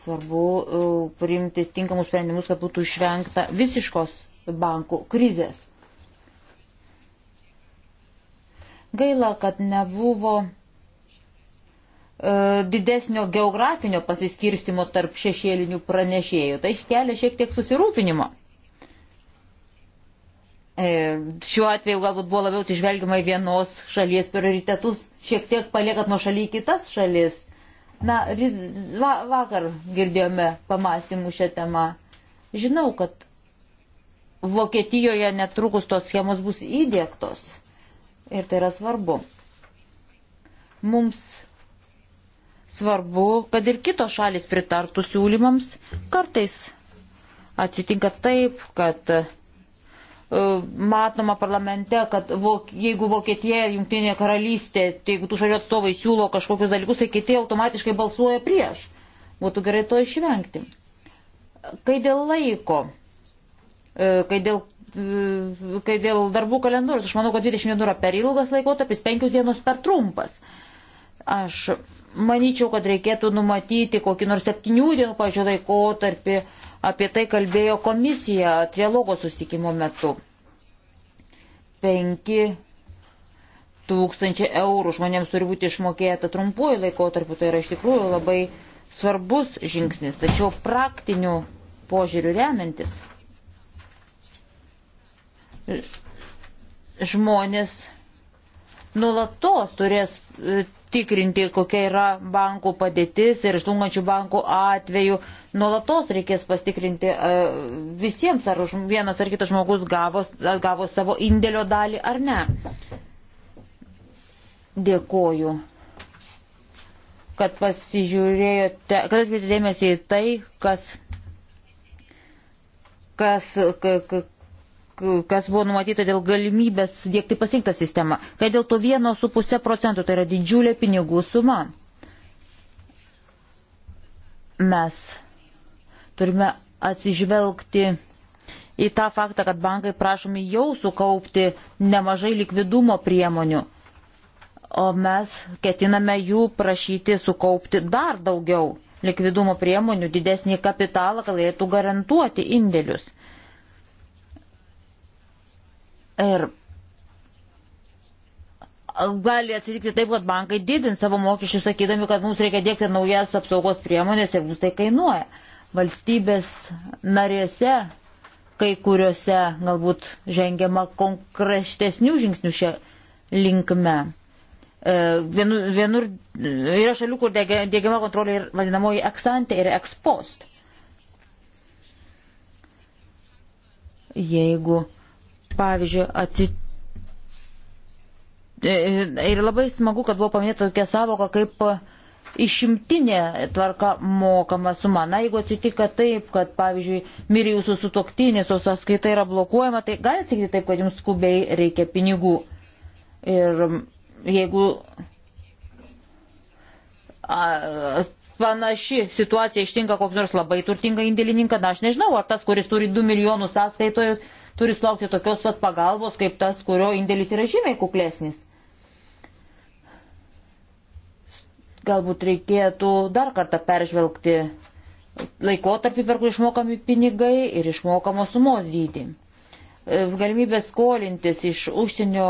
Svarbu e, priimti tinkamus sprendimus, kad būtų išvengta visiškos bankų krizės. Gaila, kad nebuvo E, didesnio geografinio pasiskirstimo tarp šešėlinių pranešėjų. Tai iškelia šiek tiek susirūpinimo. E, šiuo atveju galbūt buvo labiau atsižvelgiama į vienos šalies prioritetus, šiek tiek paliekat nuo šaly kitas šalis. Na, va, vakar girdėjome pamastymų šią temą. Žinau, kad Vokietijoje netrukus tos schemos bus įdėktos. Ir tai yra svarbu. Mums Svarbu, kad ir kitos šalis pritartų siūlymams. Kartais atsitinka taip, kad e, matoma parlamente, kad jeigu Vokietija, Junktinė karalystė, tai jeigu tų šalių atstovai siūlo kažkokius dalykus, tai kiti automatiškai balsuoja prieš. Būtų gerai to išvengti. Kai dėl laiko, e, kai dėl, e, kai dėl darbų kalendorius, aš manau, kad 20 dienų yra per ilgas laikotarpis, 5 dienos per trumpas. Aš Maničiau, kad reikėtų numatyti kokį nors septynių dienų, pažiūrėjau, laikotarpį. Apie tai kalbėjo komisija trialogo sustikimo metu. 5 tūkstančiai eurų žmonėms turi būti išmokėta trumpuoju laikotarpiu. Tai yra iš tikrųjų labai svarbus žingsnis. Tačiau praktiniu požiūriu remiantis žmonės nulatos turės užtikrinti, kokia yra bankų padėtis ir žlungančių bankų atveju. Nuolatos reikės pastikrinti e, visiems, ar vienas ar kitas žmogus gavo, gavo savo indėlio dalį ar ne. Dėkoju, kad pasižiūrėjote, kad atkreipėte dėmesį į tai, kas, kas, kas kas buvo numatyta dėl galimybės dėkti pasirinktą sistemą, kad dėl to 1,5 procentų tai yra didžiulė pinigų suma. Mes turime atsižvelgti į tą faktą, kad bankai prašomi jau sukaupti nemažai likvidumo priemonių, o mes ketiname jų prašyti sukaupti dar daugiau likvidumo priemonių, didesnį kapitalą, kad galėtų garantuoti indėlius. Ir gali atsitikti taip, kad bankai didins savo mokesčius, sakydami, kad mums reikia dėkti naujas apsaugos priemonės ir mums tai kainuoja. Valstybės narėse, kai kuriuose galbūt žengiama konkreštesnių žingsnių šią linkme. E, vienu, vienur e, yra šalių, kur dėgiama kontrolė ir vadinamoji eksante ir ekspost. Jeigu Pavyzdžiui, atsitikti. E, e, ir labai smagu, kad buvo paminėta tokia savoka kaip išimtinė tvarka mokama suma. Na, jeigu atsitika taip, kad, pavyzdžiui, mirė jūsų sutoktinis, o sąskaita yra blokuojama, tai gali atsitikti taip, kad jums skubiai reikia pinigų. Ir jeigu a, panaši situacija ištinka koks nors labai turtinga indėlininką, na, aš nežinau, ar tas, kuris turi 2 milijonus sąskaitoje, turi sulaukti tokios pat pagalbos, kaip tas, kurio indėlis yra žymiai kuklesnis. Galbūt reikėtų dar kartą peržvelgti laikotarpį, per kurį išmokami pinigai ir išmokamos sumos dydį. E, galimybė skolintis iš užsienio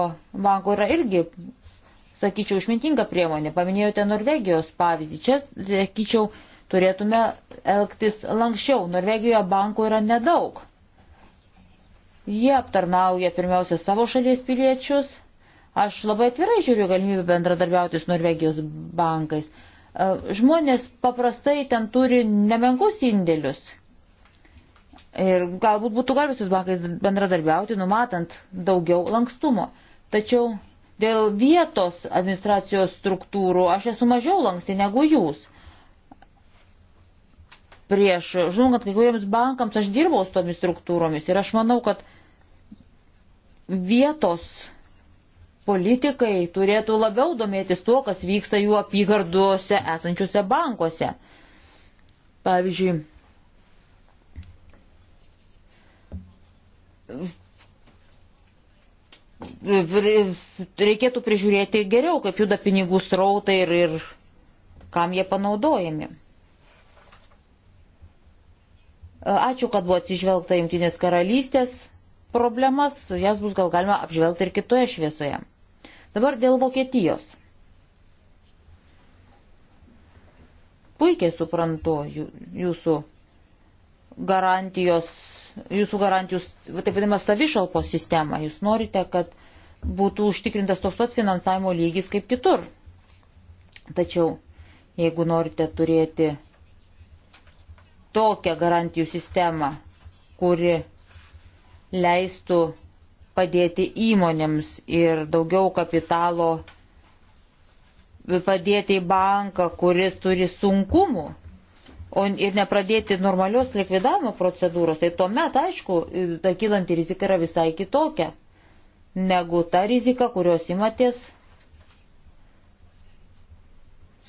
banko yra irgi, sakyčiau, išmintinga priemonė. Paminėjote Norvegijos pavyzdį. Čia, sakyčiau, turėtume elgtis lankščiau. Norvegijoje bankų yra nedaug. Jie aptarnauja pirmiausia savo šalies piliečius. Aš labai atvirai žiūriu galimybę bendradarbiauti su Norvegijos bankais. E, žmonės paprastai ten turi nemenkus indėlius. Ir galbūt būtų galima su bankais bendradarbiauti, numatant daugiau lankstumo. Tačiau dėl vietos administracijos struktūrų aš esu mažiau lanksti negu jūs. Prieš, žinau, kad kai kuriems bankams aš dirbau su tomis struktūromis ir aš manau, kad vietos politikai turėtų labiau domėtis tuo, kas vyksta jų apygardose esančiuose bankuose. Pavyzdžiui, reikėtų prižiūrėti geriau, kaip juda pinigų srautai ir, ir kam jie panaudojami. Ačiū, kad buvo atsižvelgta Junktinės karalystės problemas, jas bus gal galima apžvelgti ir kitoje šviesoje. Dabar dėl Vokietijos. Puikiai suprantu jūsų garantijos, jūsų garantijos, taip vadinamas, savišalpos sistemą. Jūs norite, kad būtų užtikrintas toks pat finansavimo lygis kaip kitur. Tačiau, jeigu norite turėti tokią garantijų sistemą, kuri leistų padėti įmonėms ir daugiau kapitalo padėti į banką, kuris turi sunkumų o, ir nepradėti normalios likvidavimo procedūros, tai tuomet, aišku, ta kilanti rizika yra visai kitokia negu ta rizika, kurios imatės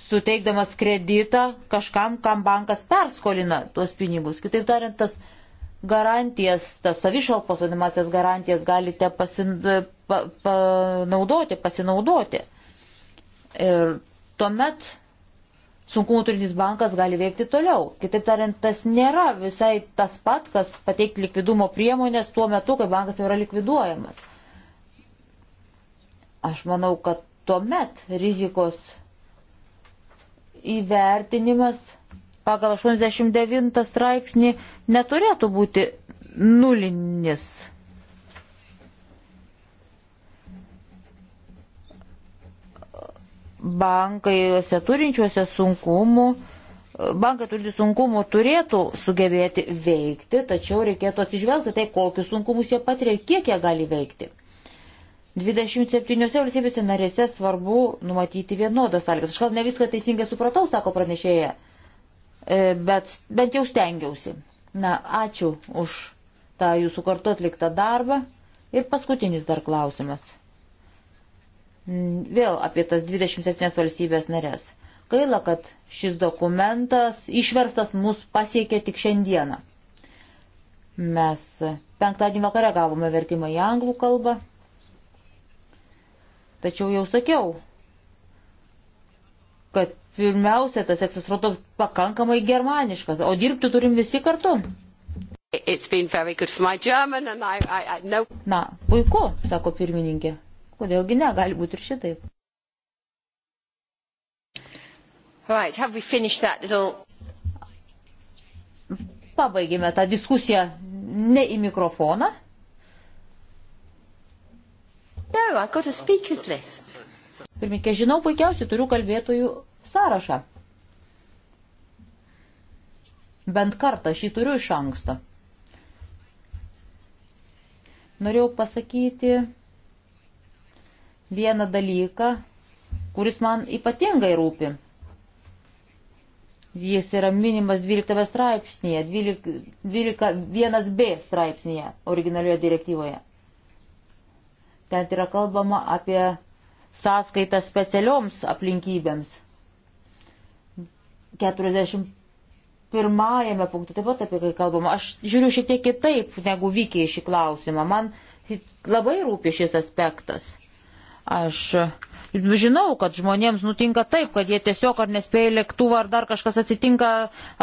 suteikdamas kreditą kažkam, kam bankas perskolina tuos pinigus. Kitaip tariant, tas garantijas, tas savišalpos vadinamasias garantijas galite pasin, pa, panaudoti, pasinaudoti. Ir tuomet sunkumų turintis bankas gali veikti toliau. Kitaip tariant, tas nėra visai tas pat, kas pateikti likvidumo priemonės tuo metu, kai bankas jau yra likviduojamas. Aš manau, kad tuomet rizikos įvertinimas pagal 89 straipsnį neturėtų būti nulinis. Bankai turinčiuose sunkumų, bankai turi sunkumų turėtų sugebėti veikti, tačiau reikėtų atsižvelgti tai, kokius sunkumus jie patiria ir kiek jie gali veikti. 27 valstybėse narėse svarbu numatyti vienodas sąlygas. Aš gal ne viską teisingai supratau, sako pranešėja. E, bet bent jau stengiausi. Na, ačiū už tą jūsų kartu atliktą darbą. Ir paskutinis dar klausimas. Vėl apie tas 27 valstybės narės. Gaila, kad šis dokumentas išverstas mus pasiekė tik šiandieną. Mes penktadienį vakare gavome vertimą į anglų kalbą. Tačiau jau sakiau, kad pirmiausia, tas seksas rodo pakankamai germaniškas, o dirbti turim visi kartu. German, I, I, I, no... Na, puiku, sako pirmininkė. Kodėlgi ne, gali būti ir šitaip. Right, little... Pabaigėme tą diskusiją ne į mikrofoną. No, Pirmininkė, žinau puikiausiai, turiu kalbėtojų sąrašą. Bent kartą šį turiu iš anksto. Norėjau pasakyti vieną dalyką, kuris man ypatingai rūpi. Jis yra minimas 12 straipsnėje, 1b straipsnėje originalioje direktyvoje. Ten yra kalbama apie sąskaitą specialioms aplinkybėms. 41 punkte taip pat apie kai kalbama. Aš žiūriu šiek tiek kitaip negu vykiai šį klausimą. Man labai rūpi šis aspektas. Aš žinau, kad žmonėms nutinka taip, kad jie tiesiog ar nespėja lėktuvą, ar dar kažkas atsitinka,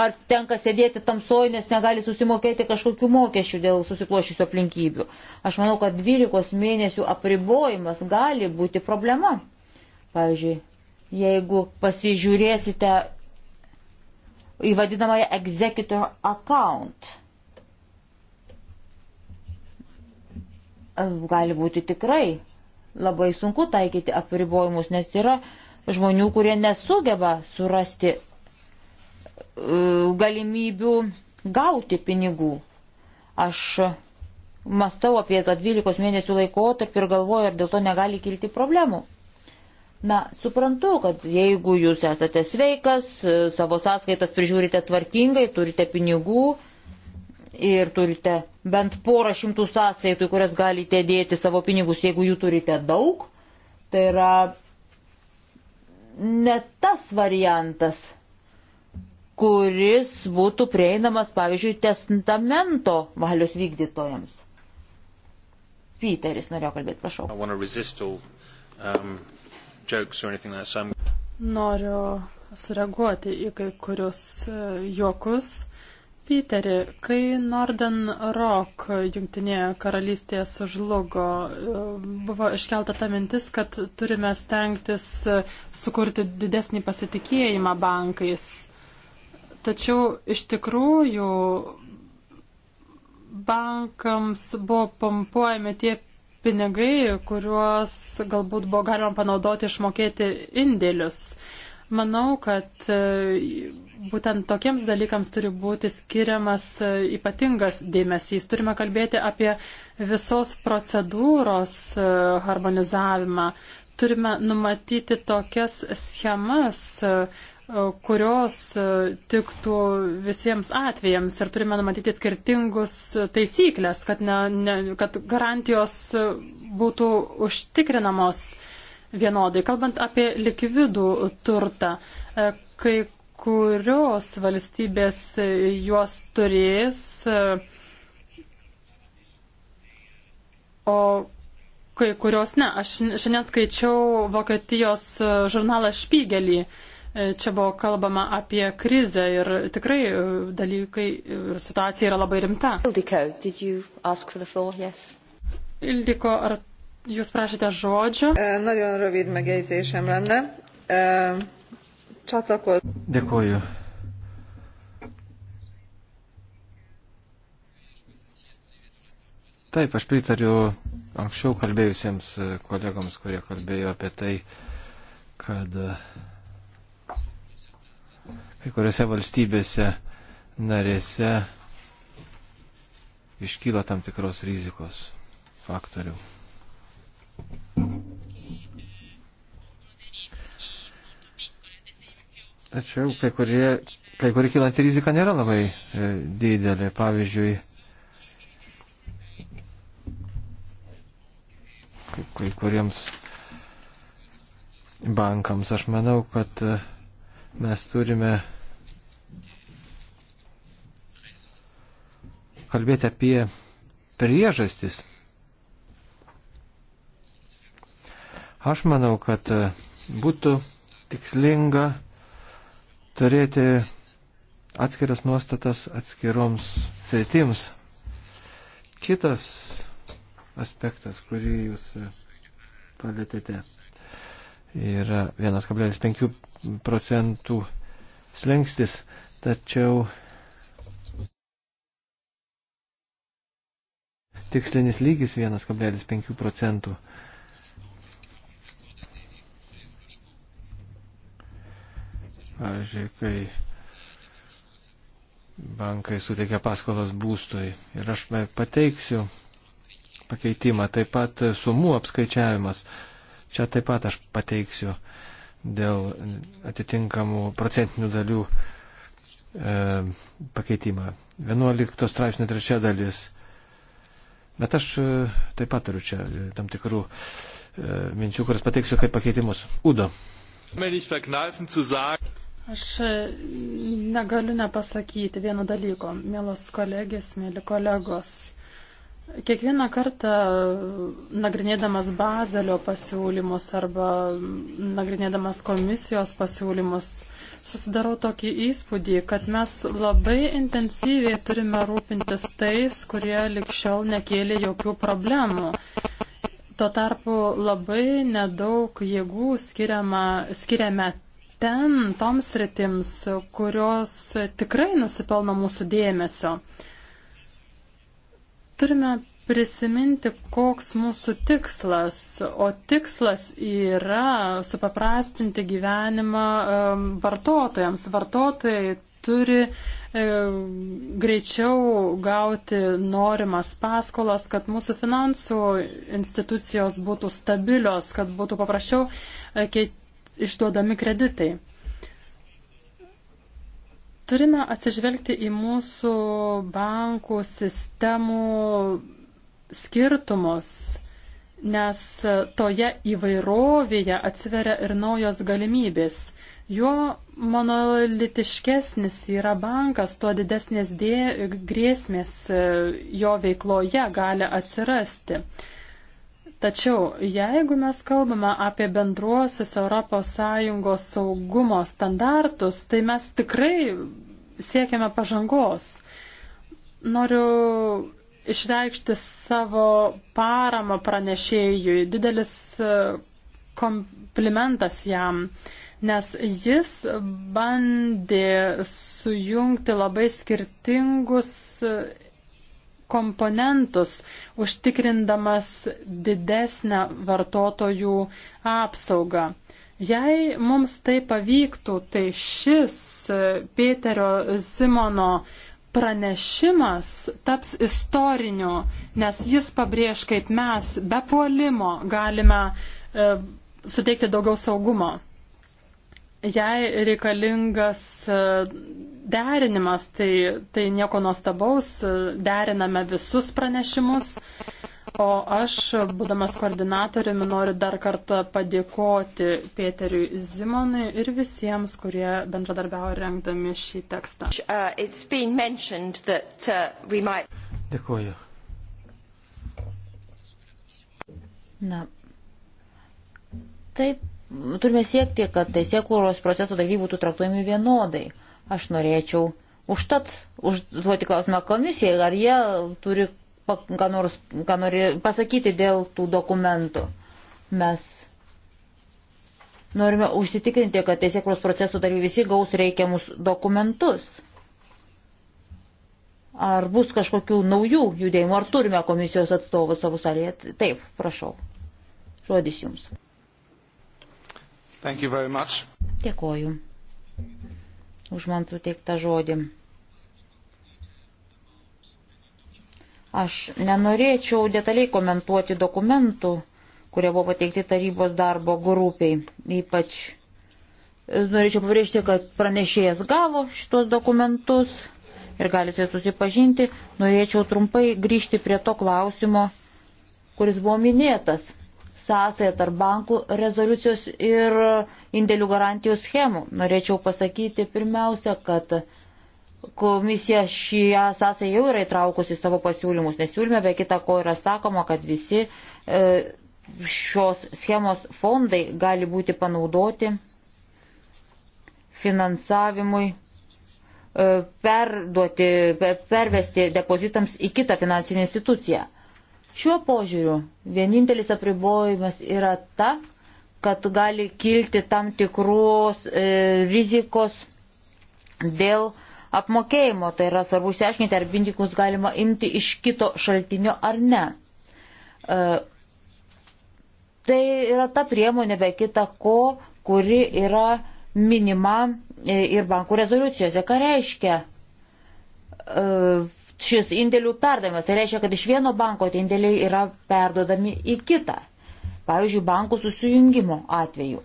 ar tenka sėdėti tamsoje, nes negali susimokėti kažkokių mokesčių dėl susiklošysių aplinkybių. Aš manau, kad 12 mėnesių apribojimas gali būti problema. Pavyzdžiui, jeigu pasižiūrėsite į vadinamąją executor account. Gali būti tikrai labai sunku taikyti apribojimus, nes yra žmonių, kurie nesugeba surasti e, galimybių gauti pinigų. Aš mastau apie tą 12 mėnesių laikotarpį ir galvoju, ar dėl to negali kilti problemų. Na, suprantu, kad jeigu jūs esate sveikas, savo sąskaitas prižiūrite tvarkingai, turite pinigų ir turite bent porą šimtų sąskaitų, kurias galite dėti savo pinigus, jeigu jų turite daug, tai yra ne tas variantas, kuris būtų prieinamas, pavyzdžiui, testamento valios vykdytojams. Peteris norėjo kalbėti, prašau. All, um, jokes or anything like that, so I'm... Noriu sureaguoti į kai kurius e, juokus. Piterį, kai Northern Rock jungtinėje karalystėje sužlugo, e, buvo iškelta ta mintis, kad turime stengtis e, sukurti didesnį pasitikėjimą bankais. Tačiau iš tikrųjų bankams buvo pompuojami tie pinigai, kuriuos galbūt buvo galima panaudoti išmokėti indėlius. Manau, kad e, būtent tokiems dalykams turi būti skiriamas e, ypatingas dėmesys. Turime kalbėti apie visos procedūros e, harmonizavimą. Turime numatyti tokias schemas, kurios e, tiktų visiems atvejams ir turime numatyti skirtingus taisyklės, kad, ne, ne, kad garantijos būtų užtikrinamos vienodai. Kalbant apie likvidų turtą, e, kai kurios valstybės juos turės, e, o kai kurios ne. Aš šiandien skaičiau Vokietijos žurnalą Špygelį. Čia buvo kalbama apie krizę ir tikrai e, dalykai ir situacija yra labai rimta. Ildiko, yes. Ildiko ar jūs prašėte žodžio? E, nagyon rövid megjegyzésem lenne. E, csatlakoz. Dėkuoju. Taip, aš pritariu anksčiau kalbėjusiems kolegoms, kurie kalbėjo apie tai, kad uh, kai kuriuose valstybėse narėse iškyla tam tikros rizikos faktorių. Tačiau kai, kurie, kai kuri kilanti rizika nėra labai e, didelė. Pavyzdžiui, kai, kai kuriems bankams aš manau, kad e, mes turime kalbėti apie priežastis. Aš manau, kad e, būtų tikslinga turėti atskiras nuostatas atskiroms sritims. Kitas aspektas, kurį jūs e, palėtėte, yra 1,5 procentų slengstis, tačiau tikslinis lygis 1,5 procentų. Pavyzdžiui, kai bankai suteikia paskolas būstui ir aš pateiksiu pakeitimą, taip pat sumų apskaičiavimas. Čia taip pat aš pateiksiu dėl atitinkamų procentinių dalių e, pakeitimą. 11 straipsnio trečia dalis. Bet aš e, taip pat turiu čia e, tam tikrų e, minčių, kurias pateiksiu kaip pakeitimus. Udo. Aš e, negaliu nepasakyti vieno dalyko. Mielos kolegės, mėly kolegos. Kiekvieną kartą nagrinėdamas Bazelio pasiūlymus arba nagrinėdamas komisijos pasiūlymus susidarau tokį įspūdį, kad mes labai intensyviai turime rūpintis tais, kurie likščiau nekėlė jokių problemų. Tuo tarpu labai nedaug jėgų skiriama, skiriame ten toms rytims, kurios tikrai nusipelno mūsų dėmesio. Turime prisiminti, koks mūsų tikslas, o tikslas yra supaprastinti gyvenimą vartotojams. Vartotojai turi e, greičiau gauti norimas paskolas, kad mūsų finansų institucijos būtų stabilios, kad būtų paprasčiau e, išduodami kreditai. Turime atsižvelgti į mūsų bankų sistemų skirtumus, nes toje įvairovėje atsiveria ir naujos galimybės. Juo monolitiškesnis yra bankas, tuo didesnės dė... grėsmės jo veikloje gali atsirasti. Tačiau, jeigu mes kalbame apie bendruosius ES saugumo standartus, tai mes tikrai siekiame pažangos. Noriu išreikšti savo paramą pranešėjui, didelis e, komplimentas jam, nes jis bandė sujungti labai skirtingus e, komponentus, užtikrindamas didesnę vartotojų apsaugą. Jei mums tai pavyktų, tai šis Pėterio Simono pranešimas taps istoriniu, nes jis pabrėž, kaip mes be puolimo galime e, suteikti daugiau saugumo jei reikalingas e, derinimas, tai, tai nieko nuostabaus, e, deriname visus pranešimus. O aš, būdamas koordinatoriumi, noriu dar kartą padėkoti Pėteriui Zimonui ir visiems, kurie bendradarbiavo rengdami šį tekstą. Uh, uh, Dėkuoju. Na, taip Nu, turime siekti, kad teisėkūros proceso dalyviai būtų traktuojami vienodai. Aš norėčiau užtat užduoti klausimą komisijai, ar jie turi ką nors ką nori pasakyti dėl tų dokumentų. Mes norime užsitikrinti, kad teisėkūros proceso dalyviai visi gaus reikiamus dokumentus. Ar bus kažkokių naujų judėjimų, ar turime komisijos atstovą savo salėje? Taip, prašau. Žodis jums. Dėkoju už man suteiktą žodį. Aš nenorėčiau detaliai komentuoti dokumentų, kurie buvo pateikti tarybos darbo grupiai. Ypač e, norėčiau pabrėžti, kad pranešėjas gavo šitos dokumentus ir galite susipažinti. Norėčiau trumpai grįžti prie to klausimo, kuris buvo minėtas sąsąją tarp bankų rezoliucijos ir indėlių garantijų schemų. Norėčiau pasakyti pirmiausia, kad komisija šią sąsąją jau yra įtraukusi savo pasiūlymus, nes siūlyme be kita ko yra sakoma, kad visi e, šios schemos fondai gali būti panaudoti finansavimui e, perduoti, pervesti depozitams į kitą finansinę instituciją. Šiuo požiūriu vienintelis apribojimas yra ta, kad gali kilti tam tikros e, rizikos dėl apmokėjimo. Tai yra svarbu išsiaiškinti, ar bindikus galima imti iš kito šaltinio ar ne. E, tai yra ta priemonė be kita ko, kuri yra minima e, ir bankų rezoliucijose. Ką reiškia? E, šis indėlių perdavimas. Tai reiškia, kad iš vieno banko tie indėliai yra perduodami į kitą. Pavyzdžiui, bankų susijungimo atveju.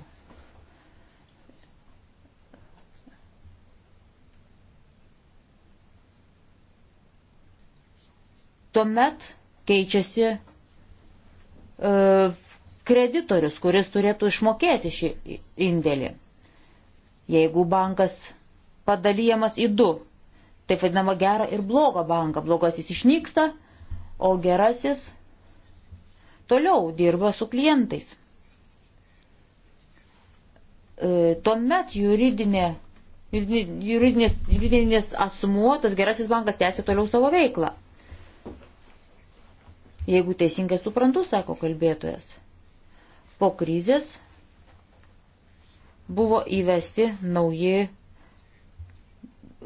Tuomet keičiasi e, kreditorius, kuris turėtų išmokėti šį indėlį. Jeigu bankas padalyjamas į du taip vadinamą gerą ir blogą banką. Blogasis išnyksta, o gerasis toliau dirba su klientais. E, tuomet juridinė, juridinės, juridinės asmuo, tas gerasis bankas tęsia toliau savo veiklą. Jeigu teisingai suprantu, sako kalbėtojas, po krizės buvo įvesti nauji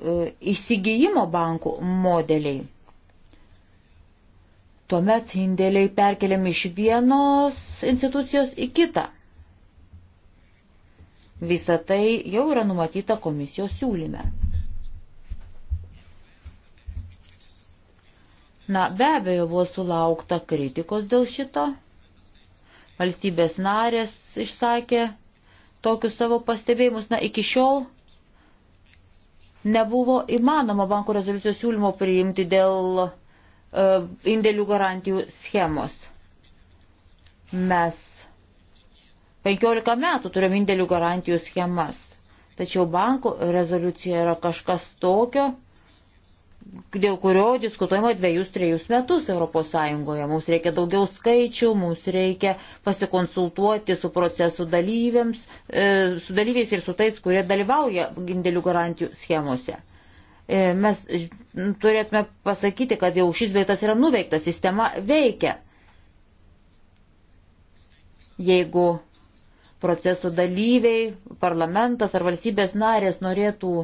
E, įsigijimo bankų modeliai. Tuomet indėliai perkeliami iš vienos institucijos į kitą. Visa tai jau yra numatyta komisijos siūlyme. Na, be abejo, buvo sulaukta kritikos dėl šito. Valstybės narės išsakė tokius savo pastebėjimus. Na, iki šiol nebuvo įmanoma banko rezoliucijos siūlymo priimti dėl e, indėlių garantijų schemos. Mes 15 metų turėjom indėlių garantijų schemas, tačiau banko rezoliucija yra kažkas tokio, dėl kurio diskutuojama dviejus, trejus metus ES. Mums reikia daugiau skaičių, mums reikia pasikonsultuoti su procesų dalyviams, e, su dalyviais ir su tais, kurie dalyvauja indėlių garantijų schemose. E, mes turėtume pasakyti, kad jau šis veitas yra nuveiktas, sistema veikia. Jeigu procesų dalyviai, parlamentas ar valstybės narės norėtų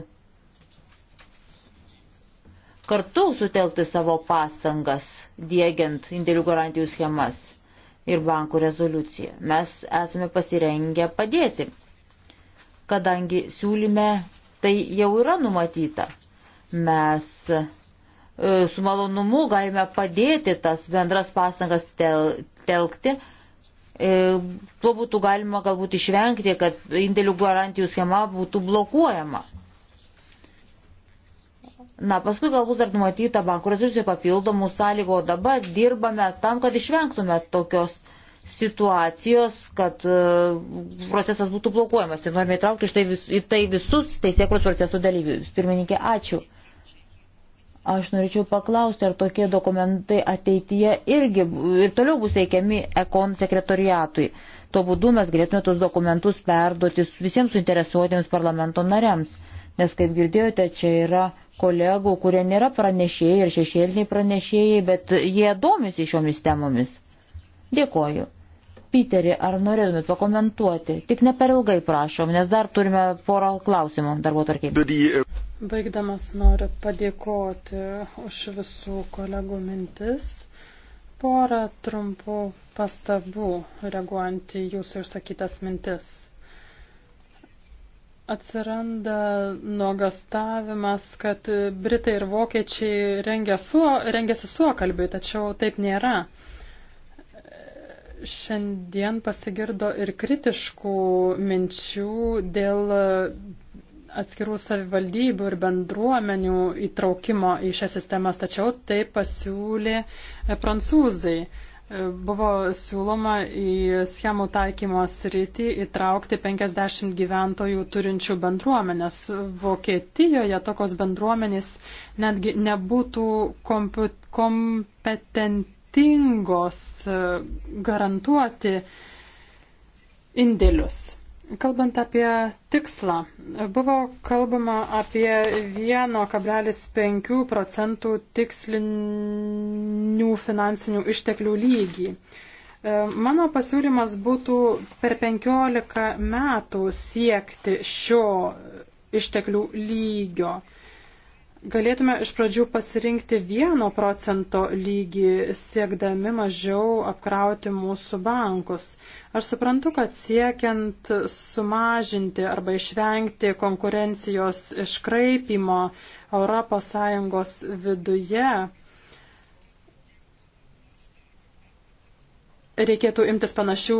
kartu sutelkti savo pastangas, dėgiant indėlių garantijų schemas ir bankų rezoliuciją. Mes esame pasirengę padėti, kadangi siūlyme tai jau yra numatyta. Mes e, su malonumu galime padėti tas bendras pastangas tel, telkti. E, tuo būtų galima galbūt išvengti, kad indėlių garantijų schema būtų blokuojama. Na, paskui galbūt dar numatyta bankų rezoliucijų papildomų sąlygų, o dabar dirbame tam, kad išvengtume tokios situacijos, kad uh, procesas būtų blokuojamas ir norime įtraukti iš tai vis, į tai visus teisėkros procesų dalyvius. Pirmininkė, ačiū. Aš norėčiau paklausti, ar tokie dokumentai ateityje irgi ir toliau bus teikiami ekon sekretoriatui. Tuo būdu mes galėtume tos dokumentus perduoti visiems suinteresuotiems parlamento nariams, nes, kaip girdėjote, čia yra kolegų, kurie nėra pranešėjai ir šešėliniai pranešėjai, bet jie domisi šiomis temomis. Dėkoju. Piterį, ar norėtumėt pakomentuoti? Tik ne per ilgai prašom, nes dar turime porą klausimų darbo tarkiai. Baigdamas noriu padėkoti už visų kolegų mintis. Porą trumpų pastabų reaguojant į jūsų išsakytas mintis atsiranda nuogastavimas, kad Britai ir Vokiečiai rengia su, rengiasi suokalbiai, tačiau taip nėra. Šiandien pasigirdo ir kritiškų minčių dėl atskirų savivaldybių ir bendruomenių įtraukimo į šias sistemas, tačiau tai pasiūlė prancūzai buvo siūloma į schemų taikymo sritį įtraukti 50 gyventojų turinčių bendruomenės. Vokietijoje tokios bendruomenės netgi nebūtų kompetentingos e, garantuoti indėlius. Kalbant apie tikslą, buvo kalbama apie 1,5 procentų tikslinių finansinių išteklių lygį. E, mano pasiūlymas būtų per 15 metų siekti šio išteklių lygio. Galėtume iš pradžių pasirinkti vieno procento lygį, siekdami mažiau apkrauti mūsų bankus. Aš suprantu, kad siekiant sumažinti arba išvengti konkurencijos iškraipimo ES viduje, reikėtų imtis panašių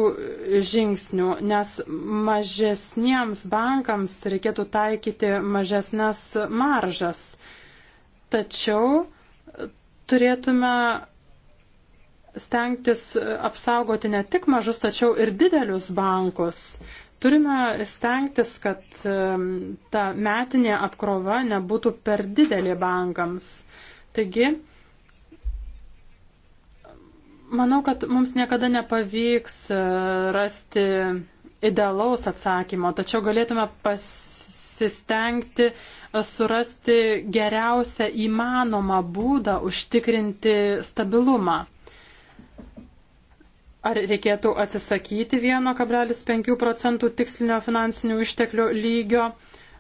žingsnių, nes mažesniems bankams reikėtų taikyti mažesnės maržas. Tačiau turėtume stengtis apsaugoti ne tik mažus, tačiau ir didelius bankus. Turime stengtis, kad ta metinė apkrova nebūtų per didelė bankams. Taigi, Manau, kad mums niekada nepavyks e, rasti idealaus atsakymo, tačiau galėtume pasistengti e, surasti geriausią įmanomą būdą užtikrinti stabilumą. Ar reikėtų atsisakyti 1,5 procentų tikslinio finansinių išteklių lygio?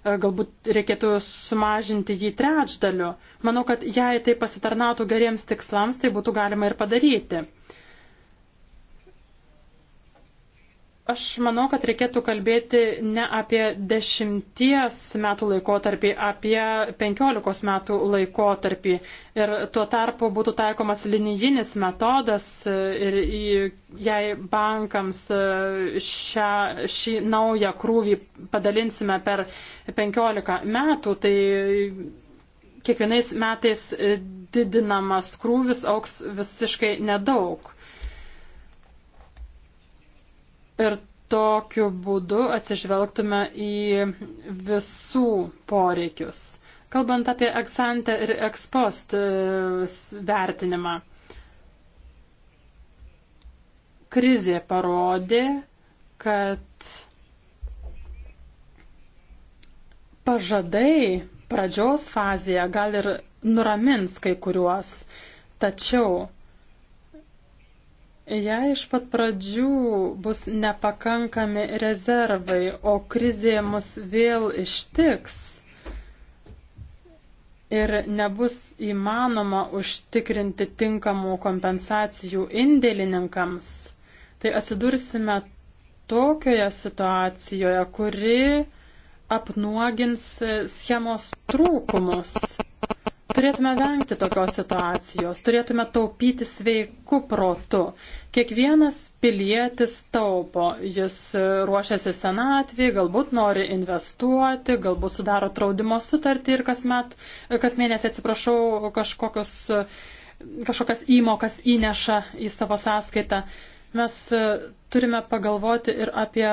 E, galbūt reikėtų sumažinti jį trečdaliu. Manau, kad jei tai pasitarnautų geriems tikslams, tai būtų galima ir padaryti. Aš manau, kad reikėtų kalbėti ne apie dešimties metų laikotarpį, apie penkiolikos metų laikotarpį. Ir tuo tarpu būtų taikomas linijinis metodas ir jei bankams šią, šį naują krūvį padalinsime per penkiolika metų, tai kiekvienais metais didinamas krūvis auks visiškai nedaug ir tokiu būdu atsižvelgtume į visų poreikius. Kalbant apie eksantę ir ekspost e, vertinimą, krizė parodė, kad pažadai pradžios fazėje gal ir nuramins kai kuriuos, tačiau Jei iš pat pradžių bus nepakankami rezervai, o krizė mus vėl ištiks ir nebus įmanoma užtikrinti tinkamų kompensacijų indėlininkams, tai atsidursime tokioje situacijoje, kuri apnuogins schemos trūkumus. Turėtume vengti tokios situacijos, turėtume taupyti sveiku protu. Kiekvienas pilietis taupo, jis ruošiasi senatvį, galbūt nori investuoti, galbūt sudaro traudimo sutartį ir kasmet, kas mėnesį atsiprašau, kažkokios, kažkokias įmokas įneša į savo sąskaitą. Mes turime pagalvoti ir apie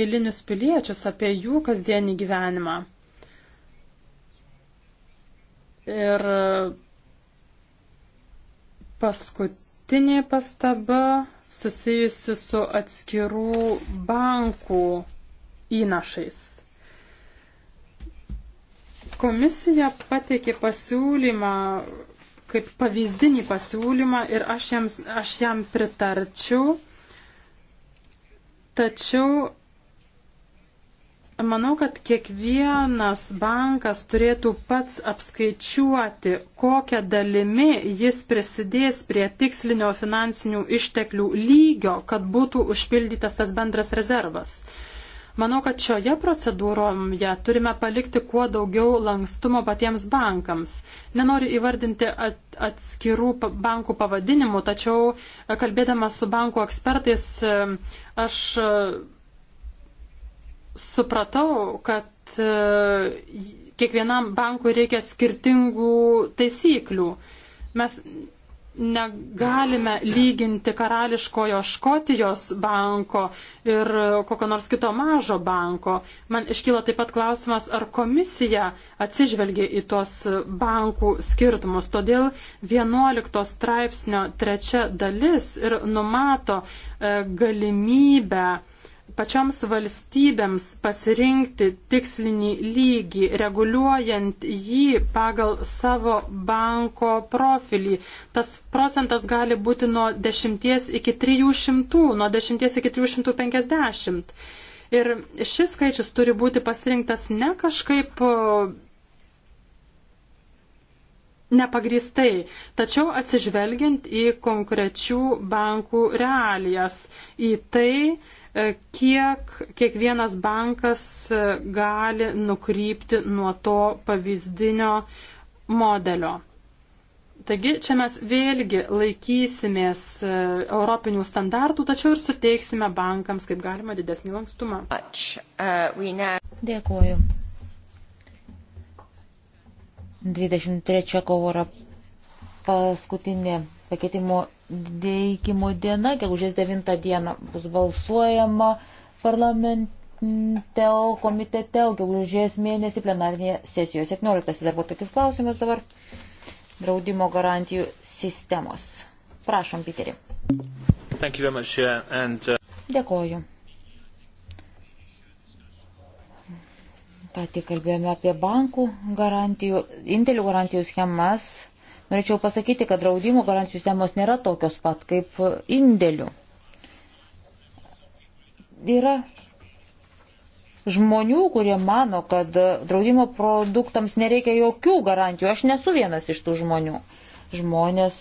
eilinius piliečius, apie jų kasdienį gyvenimą. Ir paskutinė pastaba susijusi su atskirų bankų įnašais. Komisija pateikė pasiūlymą kaip pavyzdinį pasiūlymą ir aš, jiems, aš jam pritarčiau, tačiau Manau, kad kiekvienas bankas turėtų pats apskaičiuoti, kokią dalimi jis prisidės prie tikslinio finansinių išteklių lygio, kad būtų užpildytas tas bendras rezervas. Manau, kad šioje procedūroje turime palikti kuo daugiau lankstumo patiems bankams. Nenoriu įvardinti at, atskirų bankų pavadinimų, tačiau e, kalbėdama su bankų ekspertais e, aš e, supratau, kad e, kiekvienam bankui reikia skirtingų taisyklių. Mes negalime lyginti karališkojo Škotijos banko ir kokio nors kito mažo banko. Man iškyla taip pat klausimas, ar komisija atsižvelgia į tuos bankų skirtumus. Todėl 11 straipsnio trečia dalis ir numato e, galimybę pačioms valstybėms pasirinkti tikslinį lygį, reguliuojant jį pagal savo banko profilį. Tas procentas gali būti nuo 10 iki 300, nuo 10 iki 350. Ir šis skaičius turi būti pasirinktas ne kažkaip nepagristai, tačiau atsižvelgiant į konkrečių bankų realijas, į tai, kiek kiekvienas bankas e, gali nukrypti nuo to pavyzdinio modelio. Taigi čia mes vėlgi laikysimės e, europinių standartų, tačiau ir suteiksime bankams kaip galima didesnį lankstumą. Uh, Dėkuoju. 23 kovo yra paskutinė pakeitimo teikimo diena, gegužės 9 diena bus balsuojama parlamente, o komitete, o gegužės mėnesį plenarinėje sesijoje 17. Dar buvo tokis klausimas dabar draudimo garantijų sistemos. Prašom, Piterį. Much, yeah, and, uh... Dėkoju. Ką tik kalbėjome apie bankų garantijų, indėlių garantijų schemas Norėčiau pasakyti, kad draudimų garantijų sistemos nėra tokios pat kaip indėlių. Yra žmonių, kurie mano, kad draudimo produktams nereikia jokių garantijų. Aš nesu vienas iš tų žmonių. Žmonės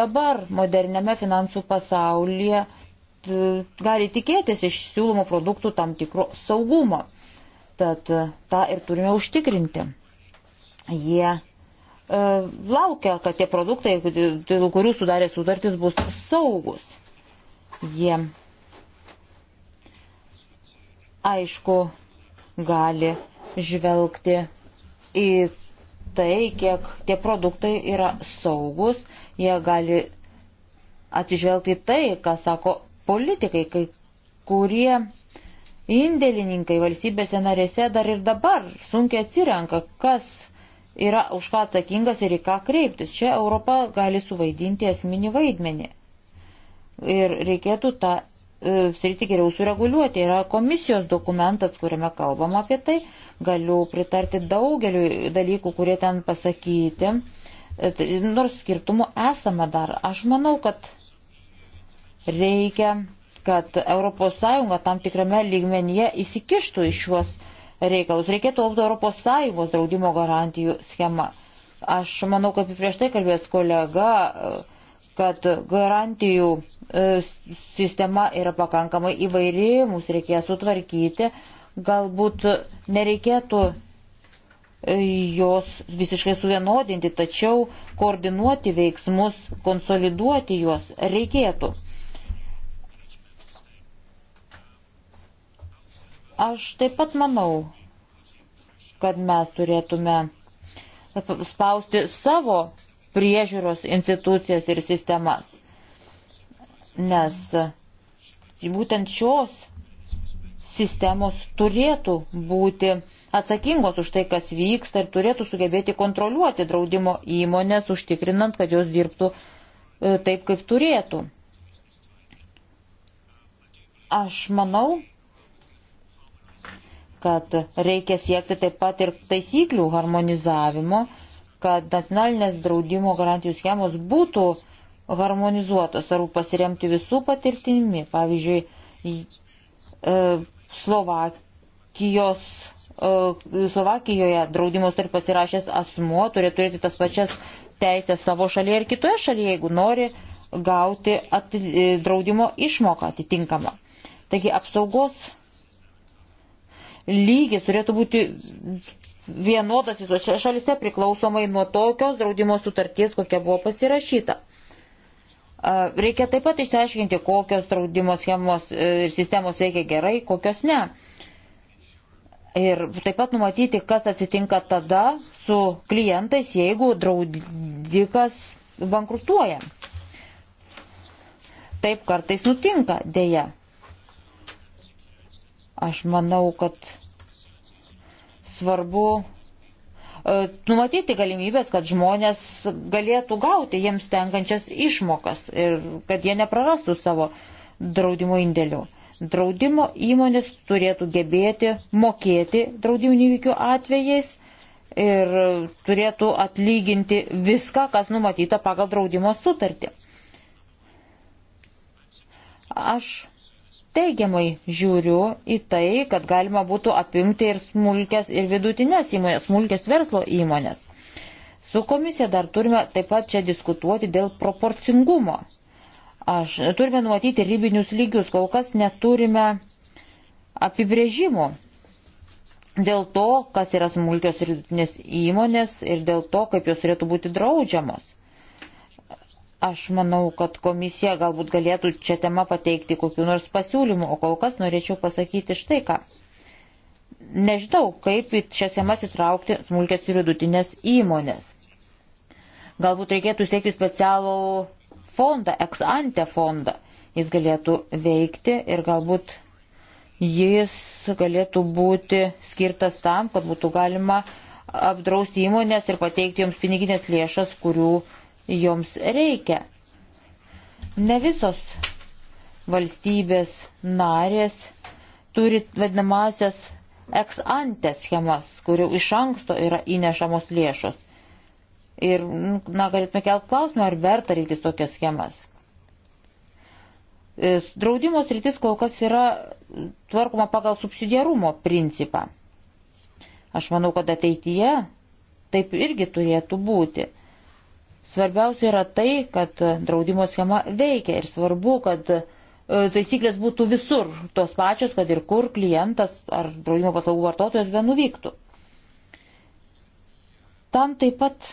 dabar moderniame finansų pasaulyje gali tikėtis iš siūlomų produktų tam tikro saugumo. Tad e, tą ir turime užtikrinti. Jie E, laukia, kad tie produktai, dėl kurių sudarė sutartis, bus saugus. Jie, aišku, gali žvelgti į tai, kiek tie produktai yra saugus, jie gali atsižvelgti į tai, ką sako politikai, kai kurie indėlininkai valstybėse narėse dar ir dabar sunkiai atsirenka, kas yra už ką atsakingas ir į ką kreiptis. Čia Europa gali suvaidinti esminį vaidmenį. Ir reikėtų tą e, sritį geriau sureguliuoti. Yra komisijos dokumentas, kuriame kalbam apie tai. Galiu pritarti daugeliu dalykų, kurie ten pasakyti. E, tai nors skirtumų esame dar. Aš manau, kad reikia, kad ES tam tikrame lygmenyje įsikištų į šiuos reikalus. Reikėtų Europos Sąjungos draudimo garantijų schema. Aš manau, kaip prieš tai kalbės kolega, kad garantijų e, sistema yra pakankamai įvairi, mums reikės sutvarkyti, galbūt nereikėtų e, jos visiškai suvienodinti, tačiau koordinuoti veiksmus, konsoliduoti juos reikėtų. Aš taip pat manau, kad mes turėtume spausti savo priežiūros institucijas ir sistemas, nes būtent šios sistemos turėtų būti atsakingos už tai, kas vyksta ir turėtų sugebėti kontroliuoti draudimo įmonės, užtikrinant, kad jos dirbtų e, taip, kaip turėtų. Aš manau, kad reikia siekti taip pat ir taisyklių harmonizavimo, kad nacionalinės draudimo garantijų schemos būtų harmonizuotos, ar pasiremti visų patirtimi. Pavyzdžiui, e, Slovakijos, e, Slovakijoje draudimus turi pasirašęs asmuo, turi turėti tas pačias teisės savo šalyje ir kitoje šalyje, jeigu nori gauti ati, e, draudimo išmoką atitinkamą. Taigi apsaugos lygis turėtų būti vienodas visose šalise priklausomai nuo tokios draudimo sutarties, kokia buvo pasirašyta. Reikia taip pat išsiaiškinti, kokios draudimo schemos e, ir sistemos veikia gerai, kokios ne. Ir taip pat numatyti, kas atsitinka tada su klientais, jeigu draudikas bankrutuoja. Taip kartais nutinka, dėja. Aš manau, kad svarbu e, numatyti galimybės, kad žmonės galėtų gauti jiems tenkančias išmokas ir kad jie neprarastų savo draudimo indėlių. Draudimo įmonės turėtų gebėti mokėti draudiminių įvykių atvejais ir turėtų atlyginti viską, kas numatyta pagal draudimo sutartį. Aš teigiamai žiūriu į tai, kad galima būtų apimti ir smulkės ir vidutinės įmonės, smulkės verslo įmonės. Su komisija dar turime taip pat čia diskutuoti dėl proporcingumo. Aš, turime numatyti ribinius lygius, kol kas neturime apibrėžimų dėl to, kas yra smulkios ir vidutinės įmonės ir dėl to, kaip jos turėtų būti draudžiamos. Aš manau, kad komisija galbūt galėtų čia tema pateikti kokiu nors pasiūlymu, o kol kas norėčiau pasakyti štai ką. Nežinau, kaip į šias temas įtraukti smulkės ir vidutinės įmonės. Galbūt reikėtų steigti specialų fondą, ex-ante fondą. Jis galėtų veikti ir galbūt jis galėtų būti skirtas tam, kad būtų galima apdrausti įmonės ir pateikti joms piniginės lėšas, kurių joms reikia. Ne visos valstybės narės turi vadinamasias ex ante schemas, kurių iš anksto yra įnešamos lėšos. Ir, na, galėtume kelt klausimą, ar verta rytis tokias schemas. E, draudimo sritis kol kas yra tvarkoma pagal subsidiarumo principą. Aš manau, kad ateityje taip irgi turėtų būti. Svarbiausia yra tai, kad draudimo schema veikia ir svarbu, kad e, taisyklės būtų visur tos pačios, kad ir kur klientas ar draudimo paslaugų vartotojas benuvyktų. Tam taip pat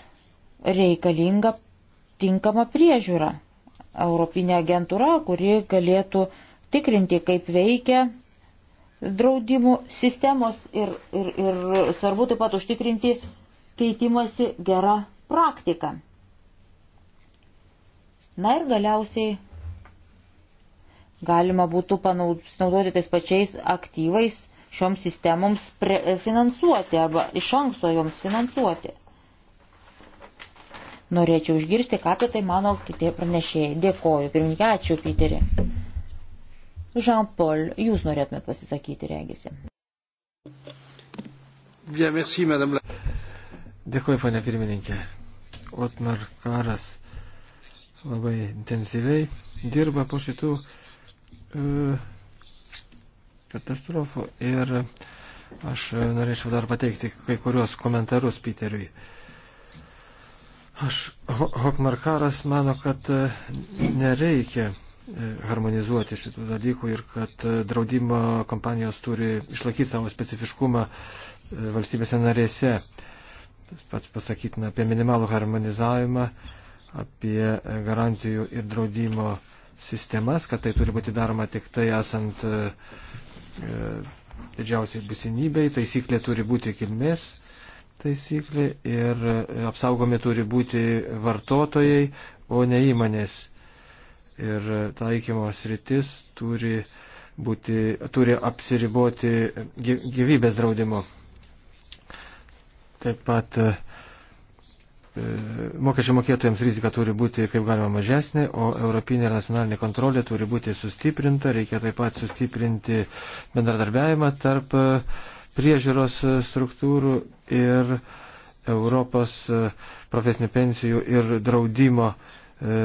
reikalinga tinkama priežiūra. Europinė agentūra, kuri galėtų tikrinti, kaip veikia draudimų sistemos ir, ir, ir svarbu taip pat užtikrinti keitimasi gerą praktiką. Na ir galiausiai galima būtų panaudoti tais pačiais aktyvais šioms sistemoms e, finansuoti arba iš anksto joms finansuoti. Norėčiau išgirsti, ką apie tai mano kiti pranešėjai. Dėkoju, pirmininkė, ačiū, Piterį. Jean-Paul, jūs norėtumėt pasisakyti, regisi. Bien, merci, madame. Dėkoju, ponė pirmininkė. Otmar Karas labai intensyviai dirba po šitų e, katastrofų ir aš norėčiau dar pateikti kai kuriuos komentarus Piteriui. Aš, Hokmarkaras mano, kad e, nereikia e, harmonizuoti šitų dalykų ir kad e, draudimo kompanijos turi išlaikyti savo specifiškumą valstybėse narėse. Tas pats pasakytina apie minimalų harmonizavimą. E, apie garantijų ir draudimo sistemas, kad tai turi būti daroma tik tai esant e, e didžiausiai businybei, taisyklė turi būti kilmės taisyklė ir e, apsaugomi turi būti vartotojai, o ne įmonės. Ir e, taikymos rytis turi, būti, turi apsiriboti gyvybės draudimu. Taip pat e, E, mokesčių mokėtojams rizika turi būti kaip galima mažesnė, o europinė ir nacionalinė kontrolė turi būti sustiprinta, reikia taip pat sustiprinti bendradarbiavimą tarp priežiūros struktūrų ir Europos profesinių pensijų ir draudimo e,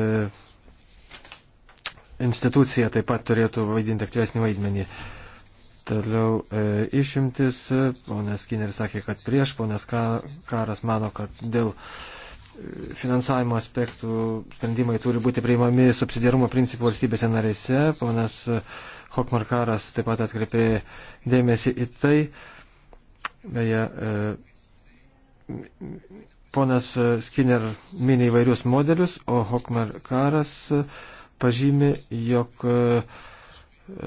institucija taip pat turėtų vaidinti aktyvesnį vaidmenį. Toliau e, išimtis, ponas Kineris sakė, kad prieš, ponas Karas mano, kad dėl e, finansavimo aspektų sprendimai turi būti priimami subsidiarumo principų valstybėse narėse. Ponas Hokmarkaras taip pat atkreipė dėmesį į tai. Beje, e, ponas Skinner mini įvairius modelius, o Hokmarkaras pažymi, jog e,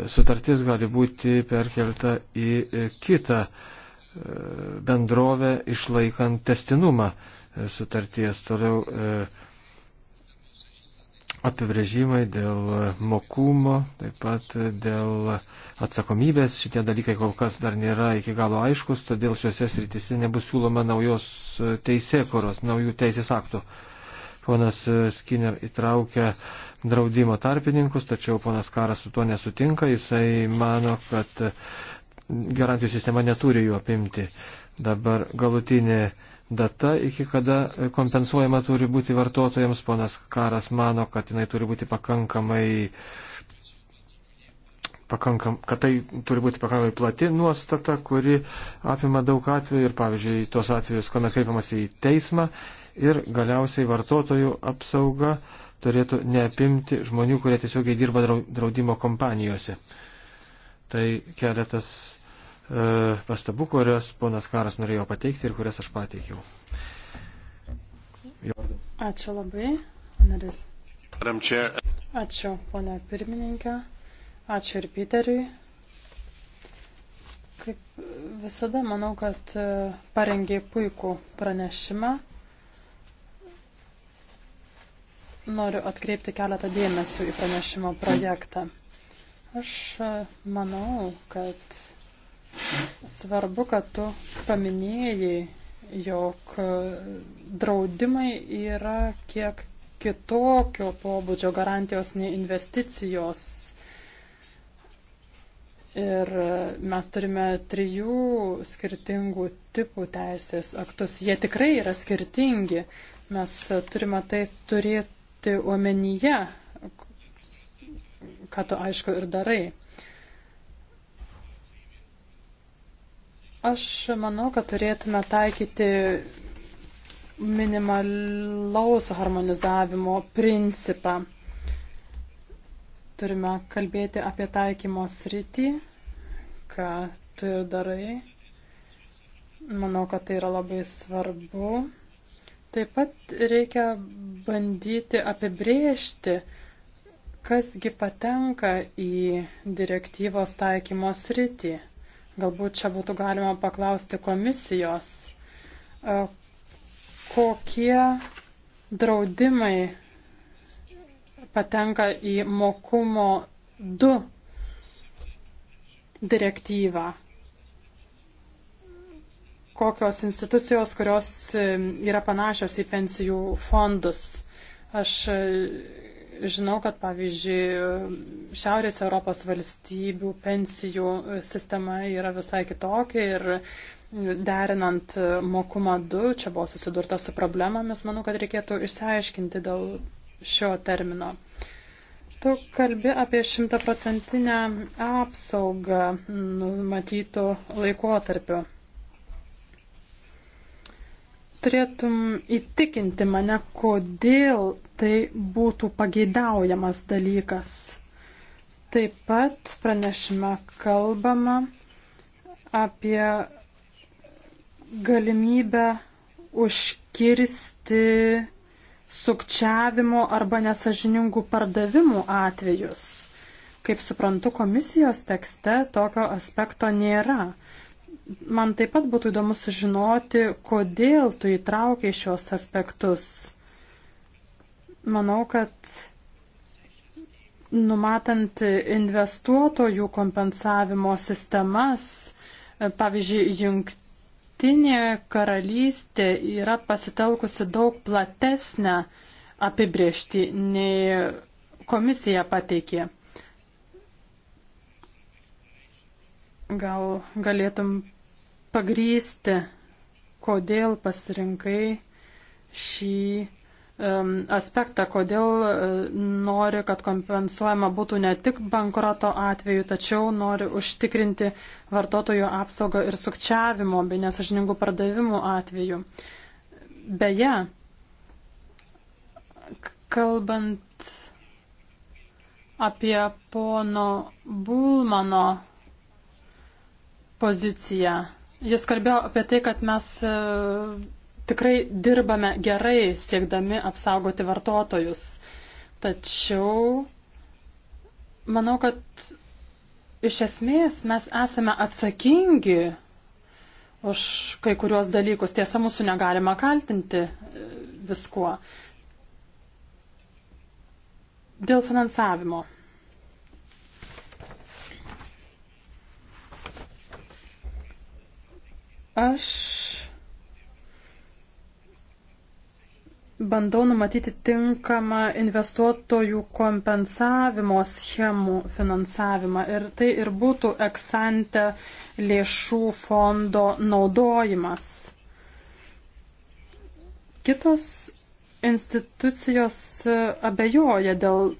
sutartis gali būti perkelta į kitą e, bendrovę išlaikant testinumą sutarties. Toliau e, apibrėžimai dėl mokumo, taip pat dėl atsakomybės. Šitie dalykai kol kas dar nėra iki galo aiškus, todėl šiuose srityse nebus siūloma naujos teisėkuros, naujų teisės aktų. Ponas Skinner įtraukia draudimo tarpininkus, tačiau ponas Karas su tuo nesutinka, jisai mano, kad garantijų sistema neturi jų apimti. Dabar galutinė uh, data, iki kada kompensuojama turi būti vartotojams. Ponas Karas mano, kad jinai turi būti pakankamai. Pakankam, kad tai turi būti pakankamai plati nuostata, kuri apima daug atvejų ir, pavyzdžiui, tos atvejus, kuomet kreipiamas į teismą ir galiausiai vartotojų apsauga turėtų neapimti žmonių, kurie tiesiogiai dirba draudimo kompanijose. Tai keletas E, pastabų, kurias ponas Karas norėjo pateikti ir kurias aš pateikiau. Ačiū labai, Oneris. Ačiū, ponia pirmininkė. Ačiū ir Piteriui. Kaip visada, manau, kad e, parengė puikų pranešimą. Noriu atkreipti keletą dėmesio į pranešimo projektą. Aš e, manau, kad Svarbu, kad tu paminėjai, jog draudimai yra kiek kitokio pobūdžio garantijos nei investicijos. Ir mes turime trijų skirtingų tipų teisės aktus. Jie tikrai yra skirtingi. Mes turime tai turėti omenyje, ką tu aišku ir darai. Aš manau, kad turėtume taikyti minimalaus harmonizavimo principą. Turime kalbėti apie taikymo sritį, ką tu ir darai. Manau, kad tai yra labai svarbu. Taip pat reikia bandyti apibrėžti, kasgi patenka į direktyvos taikymo sritį. Galbūt čia būtų galima paklausti komisijos, e, kokie draudimai patenka į mokumo 2 direktyvą. Kokios institucijos, kurios e, yra panašios į pensijų fondus. Aš e, Žinau, kad pavyzdžiui, Šiaurės Europos valstybių pensijų sistema yra visai kitokia ir derinant mokumą 2, čia buvo susidurta su problemomis, manau, kad reikėtų išsiaiškinti dėl šio termino. Tu kalbi apie šimtaprocentinę apsaugą numatytų laikotarpiu turėtum įtikinti mane, kodėl tai būtų pageidaujamas dalykas. Taip pat pranešime kalbama apie galimybę užkirsti sukčiavimo arba nesažiningų pardavimų atvejus. Kaip suprantu, komisijos tekste tokio aspekto nėra. Man taip pat būtų įdomu sužinoti, kodėl tu įtraukiai šios aspektus. Manau, kad numatant investuotojų kompensavimo sistemas, pavyzdžiui, jungtinė karalystė yra pasitelkusi daug platesnę apibriežtį nei komisija pateikė. Gal galėtum pagrysti, kodėl pasirinkai šį um, aspektą, kodėl uh, nori, kad kompensuojama būtų ne tik bankroto atveju, tačiau nori užtikrinti vartotojų apsaugą ir sukčiavimo bei nesažiningų pardavimų atveju. Beje, kalbant apie pono Bulmano poziciją, Jis kalbėjo apie tai, kad mes e, tikrai dirbame gerai siekdami apsaugoti vartotojus. Tačiau manau, kad iš esmės mes esame atsakingi už kai kuriuos dalykus. Tiesa, mūsų negalima kaltinti e, viskuo. Dėl finansavimo. Aš bandau numatyti tinkamą investuotojų kompensavimo schemų finansavimą ir tai ir būtų eksante lėšų fondo naudojimas. Kitos institucijos abejoja dėl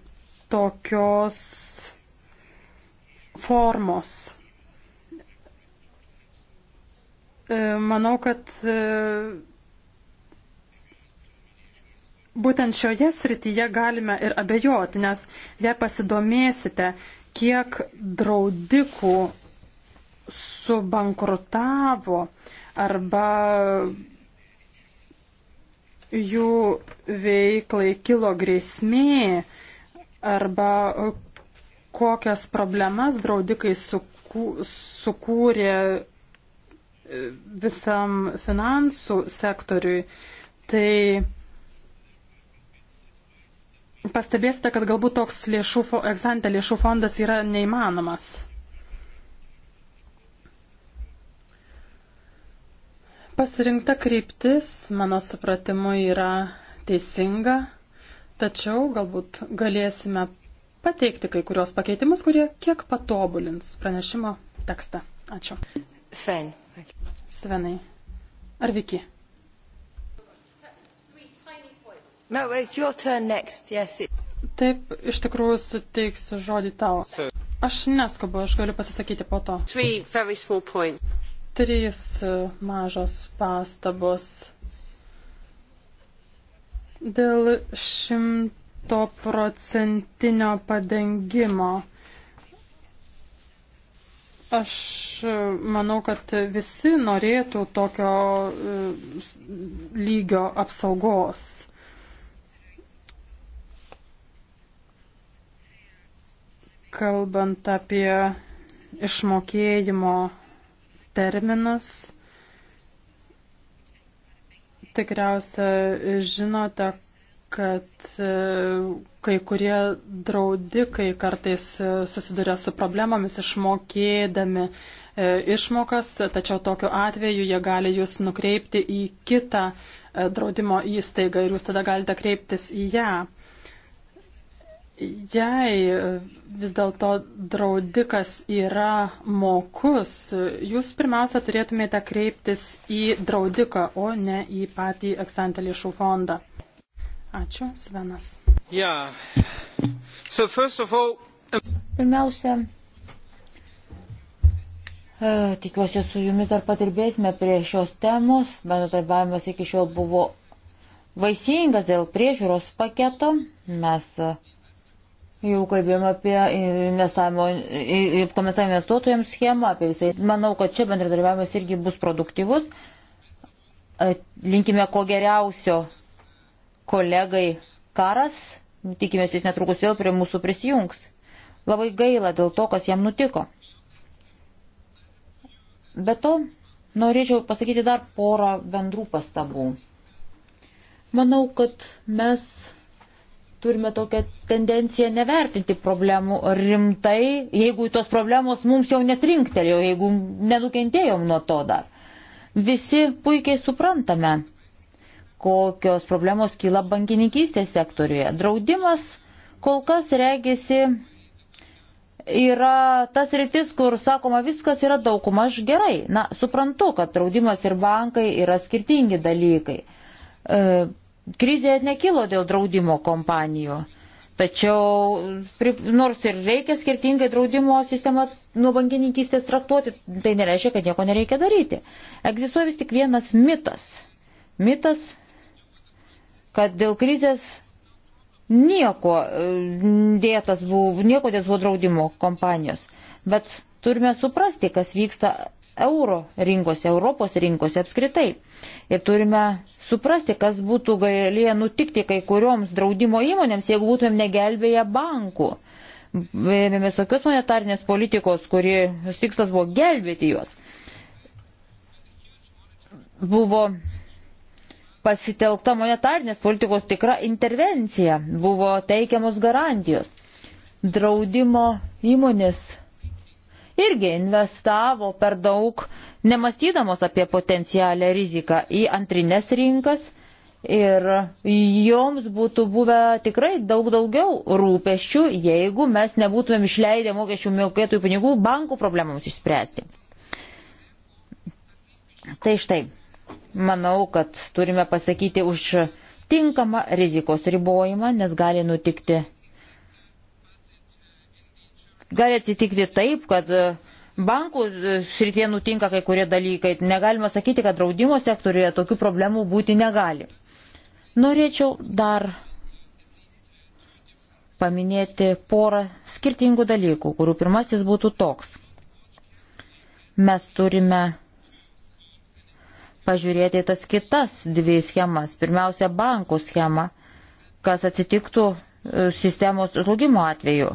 tokios formos E, manau, kad e, būtent šioje srityje galime ir abejoti, nes jei pasidomėsite, kiek draudikų subankrutavo arba jų veiklai kilo grėsmė arba kokias problemas draudikai sukūrė visam finansų sektoriui, tai pastebėsite, kad galbūt toks lėšų, egzantė lėšų fondas yra neįmanomas. Pasirinkta kryptis, mano supratimu, yra teisinga, tačiau galbūt galėsime pateikti kai kurios pakeitimus, kurie kiek patobulins pranešimo tekstą. Ačiū. Sven. Svenai. Ar Viki? No, it's your turn next. Yes. It... Taip, iš tikrųjų suteiksiu žodį tau. Aš neskubu, aš galiu pasisakyti po to. Trys e, mažos pastabos. Dėl šimto procentinio padengimo Aš e, manau, kad visi norėtų tokio e, lygio apsaugos. Kalbant apie išmokėjimo terminus, tikriausia žinote, kad e, kai kurie draudikai kartais e, susiduria su problemomis išmokėdami e, išmokas, tačiau tokiu atveju jie gali jūs nukreipti į kitą draudimo įstaigą ir jūs tada galite kreiptis į ją. Jei vis dėlto draudikas yra mokus, jūs pirmiausia turėtumėte kreiptis į draudiką, o ne į patį eksantelį šų fondą. Ačiū, Svenas. Yeah. So all... Um, Pirmiausia, e, tikiuosi su jumis dar padirbėsime prie šios temos. Bendradarbiavimas iki šiol buvo vaisingas dėl priežiūros paketo. Mes e, jau kalbėjome apie kompensavimo investuotojams schemą, apie visai. Manau, kad čia bendradarbiavimas irgi bus produktyvus. E, linkime ko geriausio kolegai Karas, tikimės jis netrukus vėl prie mūsų prisijungs. Labai gaila dėl to, kas jam nutiko. Be to, norėčiau pasakyti dar porą bendrų pastabų. Manau, kad mes turime tokią tendenciją nevertinti problemų rimtai, jeigu tos problemos mums jau netrinktelėjo, jeigu nenukentėjom nuo to dar. Visi puikiai suprantame, kokios problemos kyla bankininkystės sektoriuje. Draudimas kol kas regisi yra tas rytis, kur sakoma viskas yra daugmaž gerai. Na, suprantu, kad draudimas ir bankai yra skirtingi dalykai. E, krizė nekilo dėl draudimo kompanijų. Tačiau nors ir reikia skirtingai draudimo sistemą nuo bankininkystės traktuoti, tai nereiškia, kad nieko nereikia daryti. Egzistuoja vis tik vienas mitas. Mitas kad dėl krizės nieko e, dėtas buvo, nieko dėtas buvo draudimo kompanijos. Bet turime suprasti, kas vyksta euro rinkose, Europos rinkose apskritai. Ir turime suprasti, kas būtų galėję nutikti kai kurioms draudimo įmonėms, jeigu būtumėm negelbėję bankų. Vėmėmės tokios monetarnės politikos, kuri tikslas buvo gelbėti juos. Buvo pasitelkta monetarinės politikos tikra intervencija, buvo teikiamos garantijos. Draudimo įmonės irgi investavo per daug, nemastydamos apie potencialią riziką į antrinės rinkas ir joms būtų buvę tikrai daug daugiau rūpeščių, jeigu mes nebūtumėm išleidę mokesčių mokėtojų pinigų bankų problemams išspręsti. Tai štai manau, kad turime pasakyti už tinkamą rizikos ribojimą, nes gali nutikti. Gali atsitikti taip, kad bankų srityje nutinka kai kurie dalykai. Negalima sakyti, kad draudimo sektoriuje tokių problemų būti negali. Norėčiau dar paminėti porą skirtingų dalykų, kurių pirmasis būtų toks. Mes turime pažiūrėti tas kitas dvi schemas. Pirmiausia, bankų schema, kas atsitiktų e, sistemos žlugimo atveju.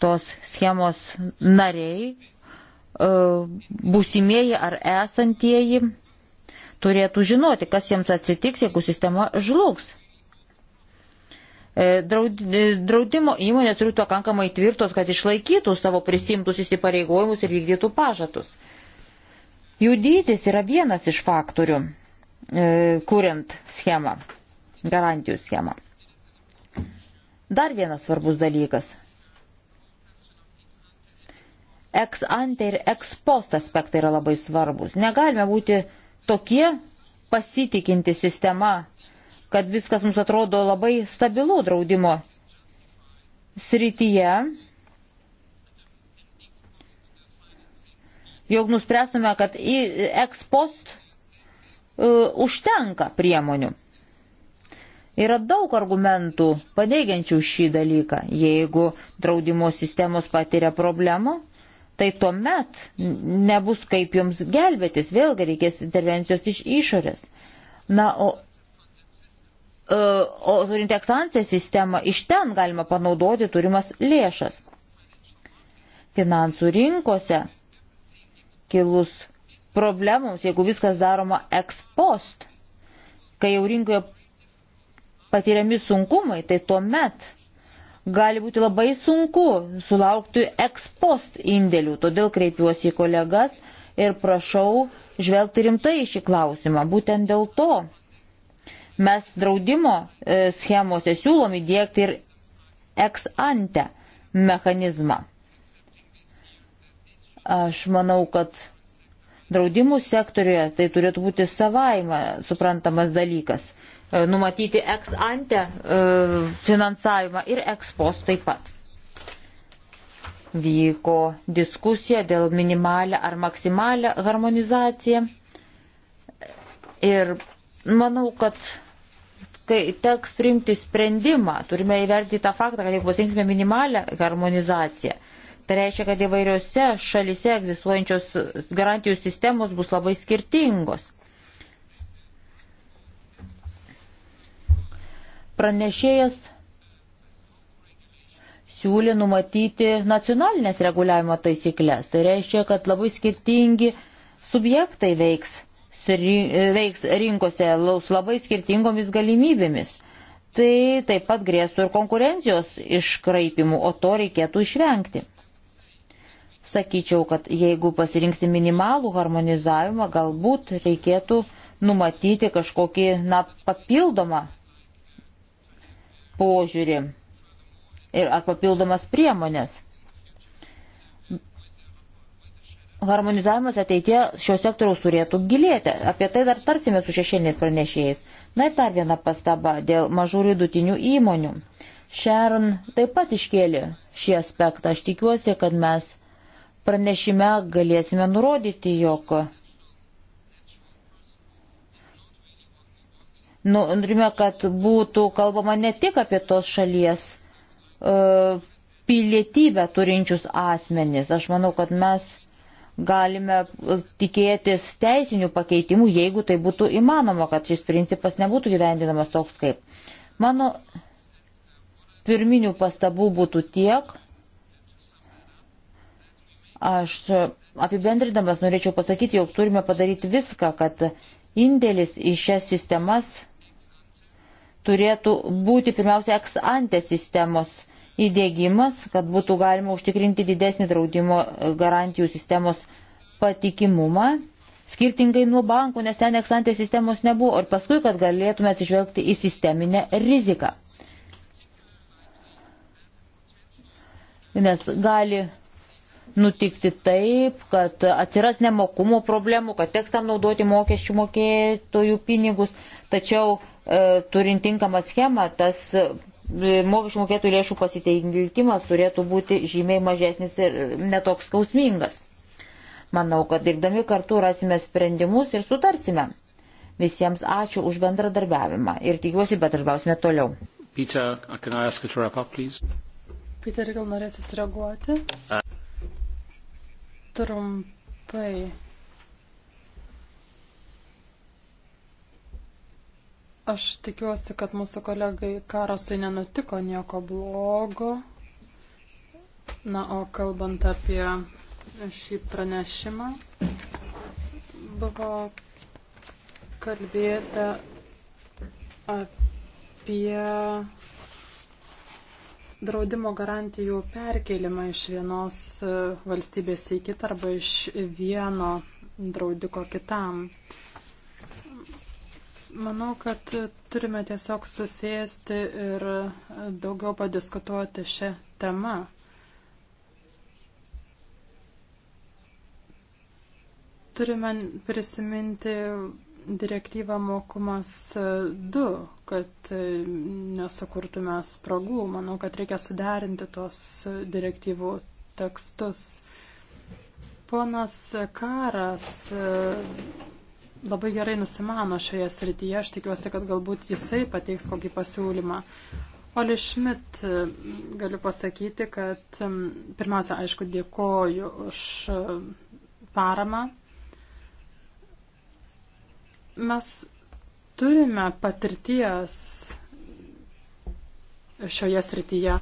Tos schemos nariai, e, būsimieji ar esantieji, turėtų žinoti, kas jiems atsitiks, jeigu sistema žlugs. E, draudimo įmonės turi pakankamai tvirtos, kad išlaikytų savo prisimtus įsipareigojimus ir vykdytų pažadus. Jų dydis yra vienas iš faktorių, e, kuriant schemą, garantijų schemą. Dar vienas svarbus dalykas. Ex ante ir ex post aspektai yra labai svarbus. Negalime būti tokie pasitikinti sistema, kad viskas mums atrodo labai stabilu draudimo srityje jog nuspręstume, kad į ekspost uh, e, užtenka priemonių. Yra daug argumentų paneigiančių šį dalyką. Jeigu draudimo sistemos patiria problemą, tai tuomet nebus kaip jums gelbėtis, vėlgi reikės intervencijos iš išorės. Na, o, e, o turint eksanciją sistemą, iš ten galima panaudoti turimas lėšas. Finansų rinkose kilus problemams, jeigu viskas daroma ex post, kai jau rinkoje patiriami sunkumai, tai tuomet gali būti labai sunku sulaukti ex post indėlių. Todėl kreipiuosi į kolegas ir prašau žvelgti rimtai šį klausimą. Būtent dėl to mes draudimo e, schemose siūlom įdėkti ir ex ante mechanizmą. Aš manau, kad draudimų sektoriuje tai turėtų būti savaime suprantamas dalykas. E, numatyti ex ante e, finansavimą ir ex post taip pat. Vyko diskusija dėl minimalę ar maksimalę harmonizaciją. Ir manau, kad kai teks priimti sprendimą, turime įvertinti tą faktą, kad jeigu pasirinksime minimalę harmonizaciją, Tai reiškia, kad įvairiose šalise egzistuojančios garantijų sistemos bus labai skirtingos. Pranešėjas siūlė numatyti nacionalinės reguliavimo taisyklės. Tai reiškia, kad labai skirtingi subjektai veiks, veiks rinkose labai skirtingomis galimybėmis. Tai taip pat grėstų ir konkurencijos iškraipimų, o to reikėtų išvengti. Sakyčiau, kad jeigu pasirinksi minimalų harmonizavimą, galbūt reikėtų numatyti kažkokį na, papildomą požiūrį ir ar papildomas priemonės. Harmonizavimas ateitie šio sektoriaus turėtų gilėti. Apie tai dar tarsime su šešėliniais pranešėjais. Na ir dar viena pastaba dėl mažų rytutinių įmonių. Šern taip pat iškėlė šį aspektą. Aš tikiuosi, kad mes Pranešime galėsime nurodyti, jog nu, norime, kad būtų kalbama ne tik apie tos šalies e, pilietybę turinčius asmenis. Aš manau, kad mes galime tikėtis teisinių pakeitimų, jeigu tai būtų įmanoma, kad šis principas nebūtų gyvendinamas toks kaip. Mano pirminių pastabų būtų tiek, Aš apibendrindamas norėčiau pasakyti, jog turime padaryti viską, kad indėlis į šias sistemas turėtų būti pirmiausia ex ante sistemos įdėgymas, kad būtų galima užtikrinti didesnį draudimo garantijų sistemos patikimumą, skirtingai nuo bankų, nes ten ex ante sistemos nebuvo, ir paskui, kad galėtume atsižvelgti į sisteminę riziką. Nes gali nutikti taip, kad atsiras nemokumo problemų, kad teks tam naudoti mokesčių mokėtojų pinigus, tačiau e, turint tinkamą schemą, tas e, mokesčių mokėtojų lėšų pasiteikintimas turėtų būti žymiai mažesnis ir netoks skausmingas. Manau, kad dirbdami kartu rasime sprendimus ir sutarsime. Visiems ačiū už bendradarbiavimą ir tikiuosi bendradarbiausime toliau. Peter, Peter, gal norėsis reaguoti? trumpai. Aš tikiuosi, kad mūsų kolegai Karosai nenutiko nieko blogo. Na, o kalbant apie šį pranešimą, buvo kalbėta apie draudimo garantijų perkelimą iš vienos e, valstybės į kitą arba iš vieno draudiko kitam. Manau, kad turime tiesiog susėsti ir daugiau padiskutuoti šią temą. Turime prisiminti direktyvą mokumas 2, e, kad e, nesukurtume spragų. Manau, kad reikia suderinti tos direktyvų tekstus. Ponas Karas e, labai gerai nusimano šioje srityje, aš tikiuosi, kad galbūt jisai pateiks kokį pasiūlymą. Oli Šmit, galiu pasakyti, kad pirmiausia, aišku, dėkoju už paramą Mes turime patirties šioje srityje.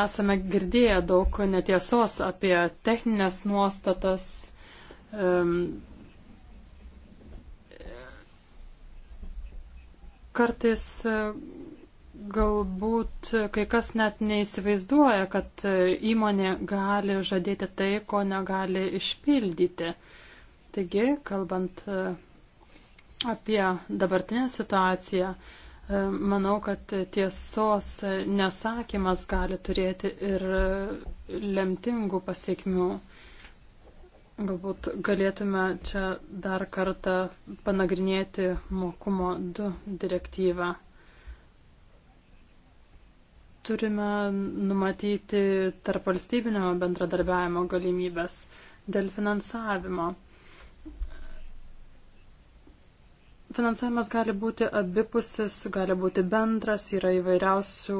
Esame girdėję daug netiesos apie techninės nuostatas. Um, kartais Galbūt kai kas net neįsivaizduoja, kad e, įmonė gali žadėti tai, ko negali išpildyti. Taigi, kalbant e, apie dabartinę situaciją, e, manau, kad tiesos nesakymas gali turėti ir lemtingų pasiekmių. Galbūt galėtume čia dar kartą panagrinėti mokumo 2 direktyvą turime numatyti tarp valstybinio bendradarbiavimo galimybės dėl finansavimo. Finansavimas gali būti abipusis, gali būti bendras, yra įvairiausių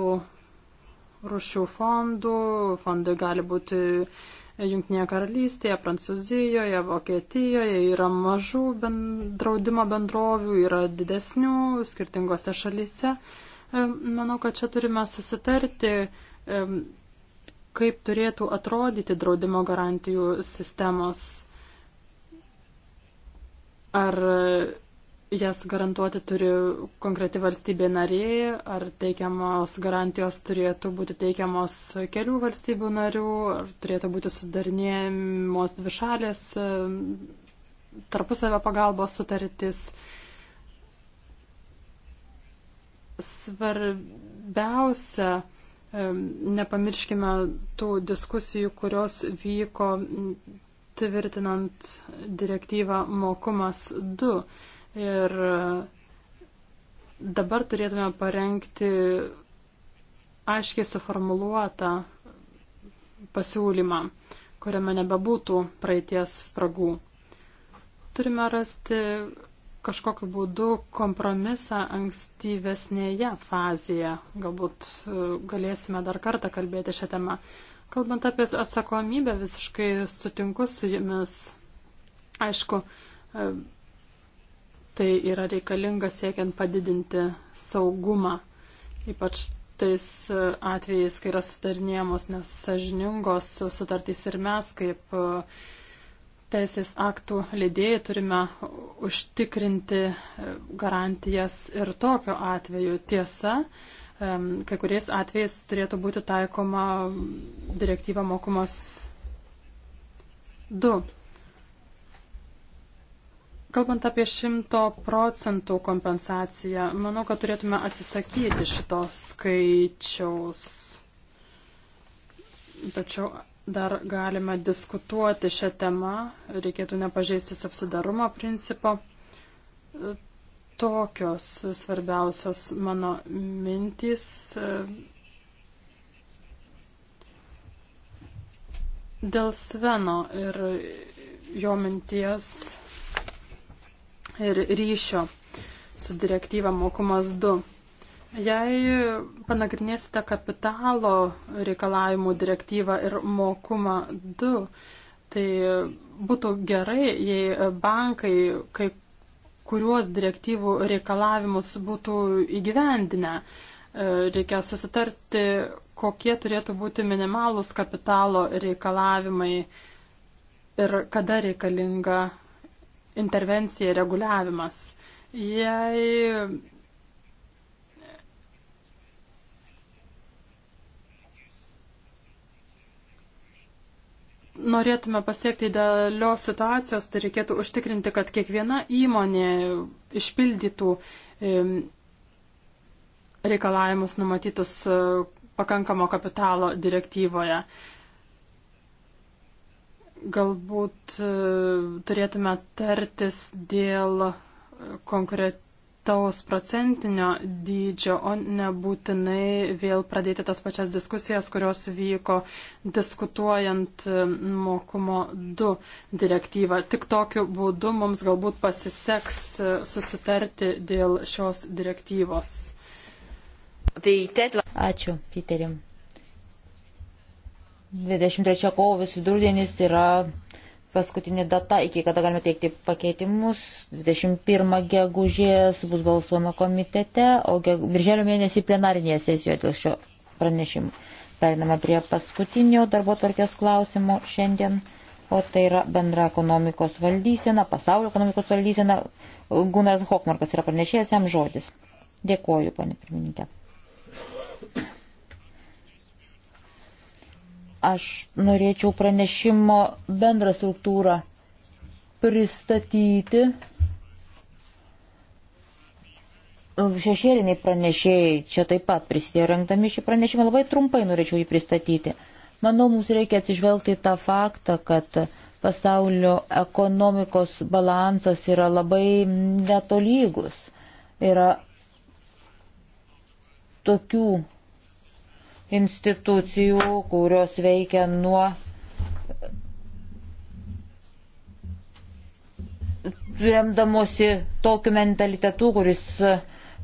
rušių fondų, fondai gali būti Junktinėje karalystėje, Prancūzijoje, Vokietijoje, yra mažų draudimo bendrovių, yra didesnių skirtingose šalyse. Uh, Manau, kad čia turime susitarti, kaip turėtų atrodyti draudimo garantijų sistemos. Ar jas garantuoti turi konkreti valstybė narė, ar teikiamos garantijos turėtų būti teikiamos kelių valstybių narių, ar turėtų būti sudarnėjamos dvišalės tarpusavio pagalbos sutartis. svarbiausia, nepamirškime tų diskusijų, kurios vyko tvirtinant direktyvą mokumas 2. Ir e, dabar turėtume parengti aiškiai suformuluotą pasiūlymą, kuriame nebebūtų praeities spragų. Turime rasti kažkokiu būdu kompromisą ankstyvesnėje fazėje. Galbūt e, galėsime dar kartą kalbėti šią temą. Kalbant apie atsakomybę, visiškai sutinku su jumis. Aišku, e, tai yra reikalinga siekiant padidinti saugumą, ypač tais e, atvejais, kai yra sudarinėjamos nesažiningos sutartys ir mes kaip uh, teisės aktų leidėjai turime užtikrinti e, garantijas ir tokiu atveju. Tiesa, e, kai kuriais atvejais turėtų būti taikoma direktyva mokumas 2. Kalbant apie 100 procentų kompensaciją, manau, kad turėtume atsisakyti šito skaičiaus. Tačiau Dar galime diskutuoti šią temą, reikėtų nepažeisti subsidarumo principo. Tokios svarbiausios mano mintys. Dėl Sveno ir jo minties ir ryšio su direktyva mokumas 2. Jei panagrinėsite kapitalo reikalavimų direktyvą ir mokumą 2, tai būtų gerai, jei bankai kai kuriuos direktyvų reikalavimus būtų įgyvendinę. E, reikia susitarti, kokie turėtų būti minimalūs kapitalo reikalavimai ir kada reikalinga intervencija, reguliavimas. Jei norėtume pasiekti idealios situacijos, tai reikėtų užtikrinti, kad kiekviena įmonė išpildytų reikalavimus numatytus e, pakankamo kapitalo direktyvoje. Galbūt e, turėtume tartis dėl konkrečių konkretaus procentinio dydžio, o nebūtinai vėl pradėti tas pačias diskusijas, kurios vyko diskutuojant mokumo 2 direktyvą. Tik tokiu būdu mums galbūt pasiseks e, susitarti dėl šios direktyvos. Ačiū, Piterim. 23 kovo vidurdienis yra Paskutinė data, iki kada galime teikti pakeitimus, 21 gegužės bus balsuojama komitete, o birželio mėnesį plenarinėje sesijoje dėl šio pranešimo. Periname prie paskutinio darbo tvarkės klausimo šiandien, o tai yra bendra ekonomikos valdysena, pasaulio ekonomikos valdysena. Gunaras Hokmarkas yra pranešėjęs jam žodis. Dėkoju, panė pirmininkė. Aš norėčiau pranešimo bendrą struktūrą pristatyti. Šešėliniai pranešėjai čia taip pat prisidėjo rengdami šį pranešimą. Labai trumpai norėčiau jį pristatyti. Manau, mums reikia atsižvelgti į tą faktą, kad pasaulio ekonomikos balansas yra labai netolygus. Yra tokių institucijų, kurios veikia nuo remdamosi tokiu mentalitetu, kuris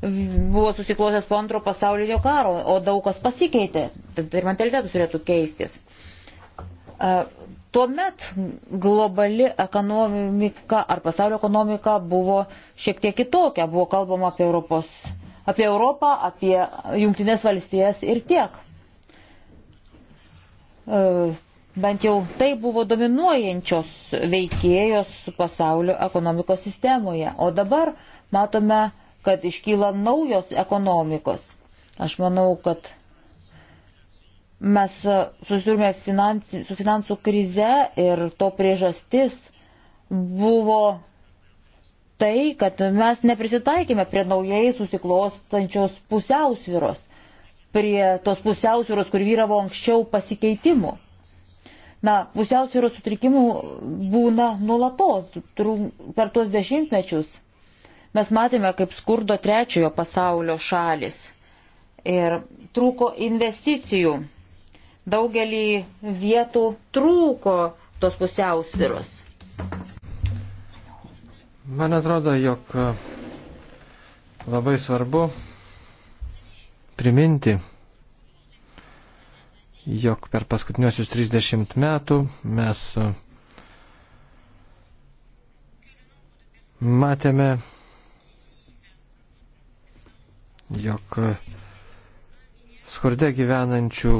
buvo susiklosęs po antro pasaulinio karo, o daug kas pasikeitė. Tad ir mentalitetas turėtų keistis. Tuomet globali ekonomika ar pasaulio ekonomika buvo šiek tiek kitokia. Buvo kalbama apie, Europos, apie Europą, apie Junktinės valstijas ir tiek. E, bent jau tai buvo dominuojančios veikėjos pasaulio ekonomikos sistemoje. O dabar matome, kad iškyla naujos ekonomikos. Aš manau, kad mes susidurime finansi, su finansų krize ir to priežastis buvo tai, kad mes neprisitaikėme prie naujai susiklostančios pusiausviros prie tos pusiausvėros, kur vyravo anksčiau pasikeitimų. Na, pusiausvėros sutrikimų būna nulatos, per tuos dešimtmečius. Mes matėme, kaip skurdo trečiojo pasaulio šalis ir trūko investicijų. Daugelį vietų trūko tos pusiausviros. Man atrodo, jog labai svarbu priminti, jog per paskutiniosius 30 metų mes e, matėme, jog e, skurde gyvenančių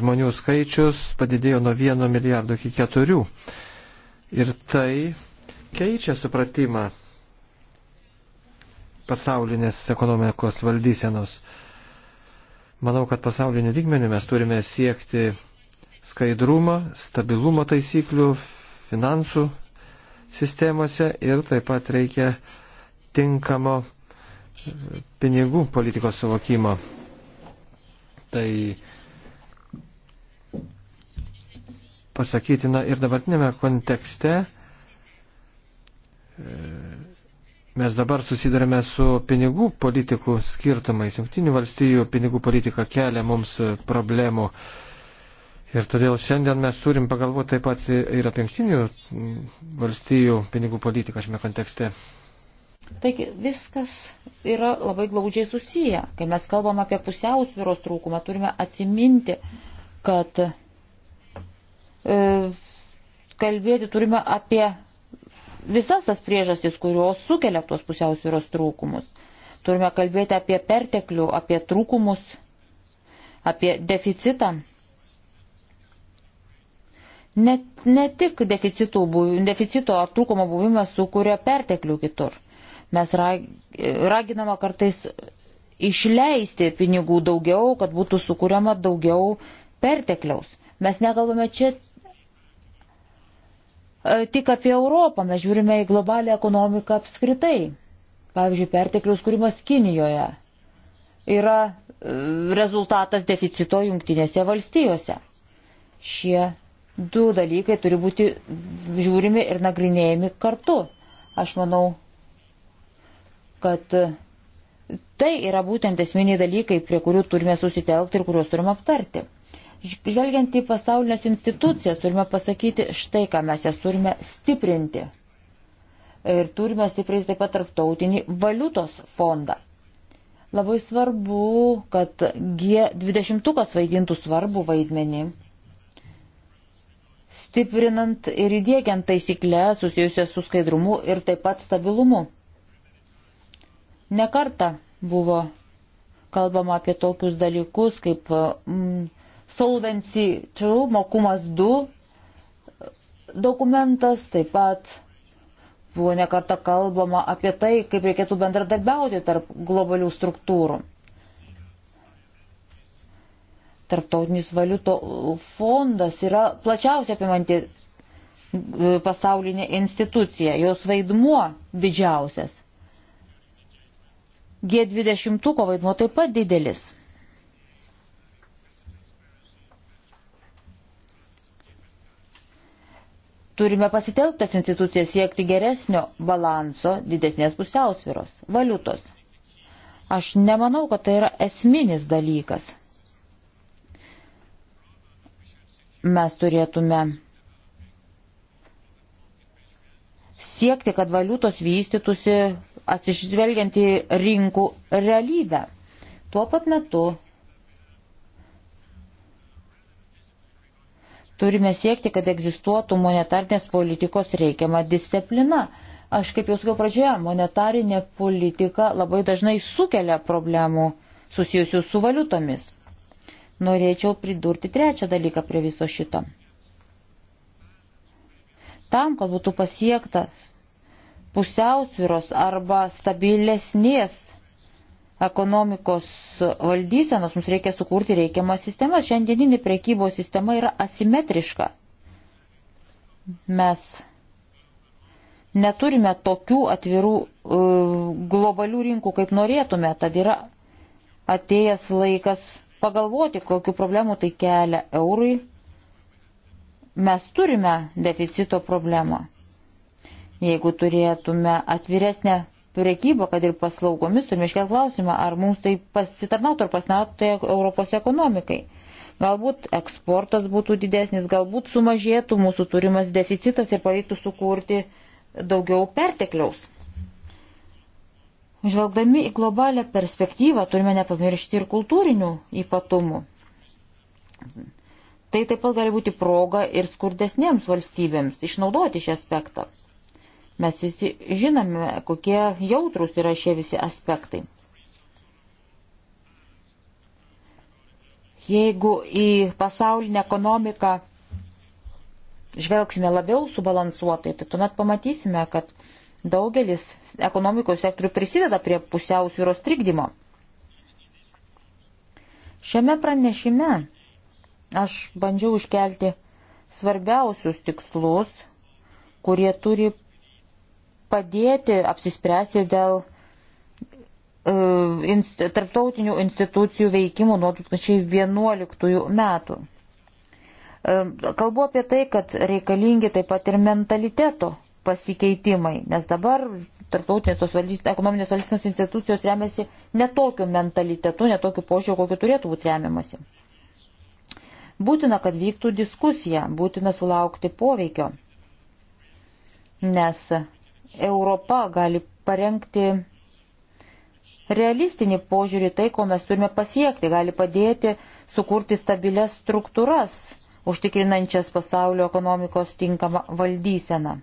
žmonių skaičius padidėjo nuo 1 milijardo iki 4. Ir tai keičia supratimą pasaulinės ekonomikos valdysenos. Manau, kad pasaulinį lygmenį mes turime siekti skaidrumą, stabilumo taisyklių, finansų sistemose ir taip pat reikia tinkamo e, pinigų politikos suvokimo. Tai pasakytina ir dabartinėme kontekste e, Mes dabar susidurime su pinigų politikų skirtumais. Junktinių valstybių pinigų politika kelia mums problemų. Ir todėl šiandien mes turim pagalvoti taip pat ir apie jungtinių valstybių pinigų politiką šiame kontekste. Taigi viskas yra labai glaudžiai susiję. Kai mes kalbam apie pusiausvyros trūkumą, turime atsiminti, kad e, kalbėti turime apie visas tas priežastis, kurios sukelia tuos pusiausvyros trūkumus. Turime kalbėti apie perteklių, apie trūkumus, apie deficitą. Ne, ne tik deficito, deficito ar trūkumo buvimas sukuria perteklių kitur. Mes raginama kartais išleisti pinigų daugiau, kad būtų sukūriama daugiau pertekliaus. Mes nekalbame čia E, tik apie Europą, mes žiūrime į globalią ekonomiką apskritai. Pavyzdžiui, perteklius kūrimas Kinijoje yra e, rezultatas deficito jungtinėse valstijose. Šie du dalykai turi būti žiūrimi ir nagrinėjami kartu. Aš manau, kad tai yra būtent esminiai dalykai, prie kurių turime susitelkti ir kuriuos turime aptarti. Žvelgiant į pasaulinės institucijas, turime pasakyti štai, ką mes jas turime stiprinti. Ir turime stiprinti taip pat tarptautinį valiutos fondą. Labai svarbu, kad G20 vaidintų svarbų vaidmenį, stiprinant ir įdėkiant taisyklės susijusias su skaidrumu ir taip pat stabilumu. Nekarta buvo kalbama apie tokius dalykus kaip mm, Solvency 2, mokumas 2 dokumentas, taip pat buvo nekarta kalbama apie tai, kaip reikėtų bendradarbiauti tarp globalių struktūrų. Tarptautinis valiuto fondas yra plačiausiai apimanti e, pasaulinė institucija, jos vaidmuo didžiausias. G20 vaidmuo taip pat didelis. Turime pasitelktas institucijas siekti geresnio balanso, didesnės pusiausviros, valiutos. Aš nemanau, kad tai yra esminis dalykas. Mes turėtume siekti, kad valiutos vystytųsi atsižvelgiant į rinkų realybę. Tuo pat metu Turime siekti, kad egzistuotų monetarnės politikos reikiama disciplina. Aš kaip jau sakiau pradžioje, monetarinė politika labai dažnai sukelia problemų susijusių su valiutomis. Norėčiau pridurti trečią dalyką prie viso šito. Tam, kad būtų pasiekta pusiausviros arba stabilesnės ekonomikos valdysenos mums reikia sukurti reikiamas sistemas. Šiandieninė prekybos sistema yra asimetriška. Mes neturime tokių atvirų e, globalių rinkų, kaip norėtume, tad yra atėjęs laikas pagalvoti, kokiu problemu tai kelia eurui. Mes turime deficito problemą. Jeigu turėtume atviresnę priekybą, kad ir paslaugomis, turime iškelti klausimą, ar mums tai pasitarnautų ar pasitarnautų Europos ekonomikai. Galbūt eksportas būtų didesnis, galbūt sumažėtų mūsų turimas deficitas ir pavyktų sukurti daugiau pertekliaus. Žvelgdami į globalią perspektyvą turime nepamiršti ir kultūrinių ypatumų. Tai taip pat gali būti proga ir skurdesnėms valstybėms išnaudoti šį aspektą. Mes visi žinome, kokie jautrus yra šie visi aspektai. Jeigu į pasaulinę ekonomiką žvelgsime labiau subalansuotai, tai tuomet pamatysime, kad daugelis ekonomikos sektorių prisideda prie pusiausvyros trikdymo. Šiame pranešime aš bandžiau iškelti svarbiausius tikslus, kurie turi padėti apsispręsti dėl e, tarptautinių institucijų veikimų nuo 2011 metų. E, kalbu apie tai, kad reikalingi taip pat ir mentaliteto pasikeitimai, nes dabar tarptautinės tos valdyst, ekonominės valdystinos institucijos remiasi netokiu mentalitetu, netokiu požiūriu, kokiu turėtų būti remiamasi. Būtina, kad vyktų diskusija, būtina sulaukti poveikio, nes Europa gali parengti realistinį požiūrį tai, ko mes turime pasiekti, gali padėti sukurti stabilias struktūras, užtikrinančias pasaulio ekonomikos tinkamą valdyseną.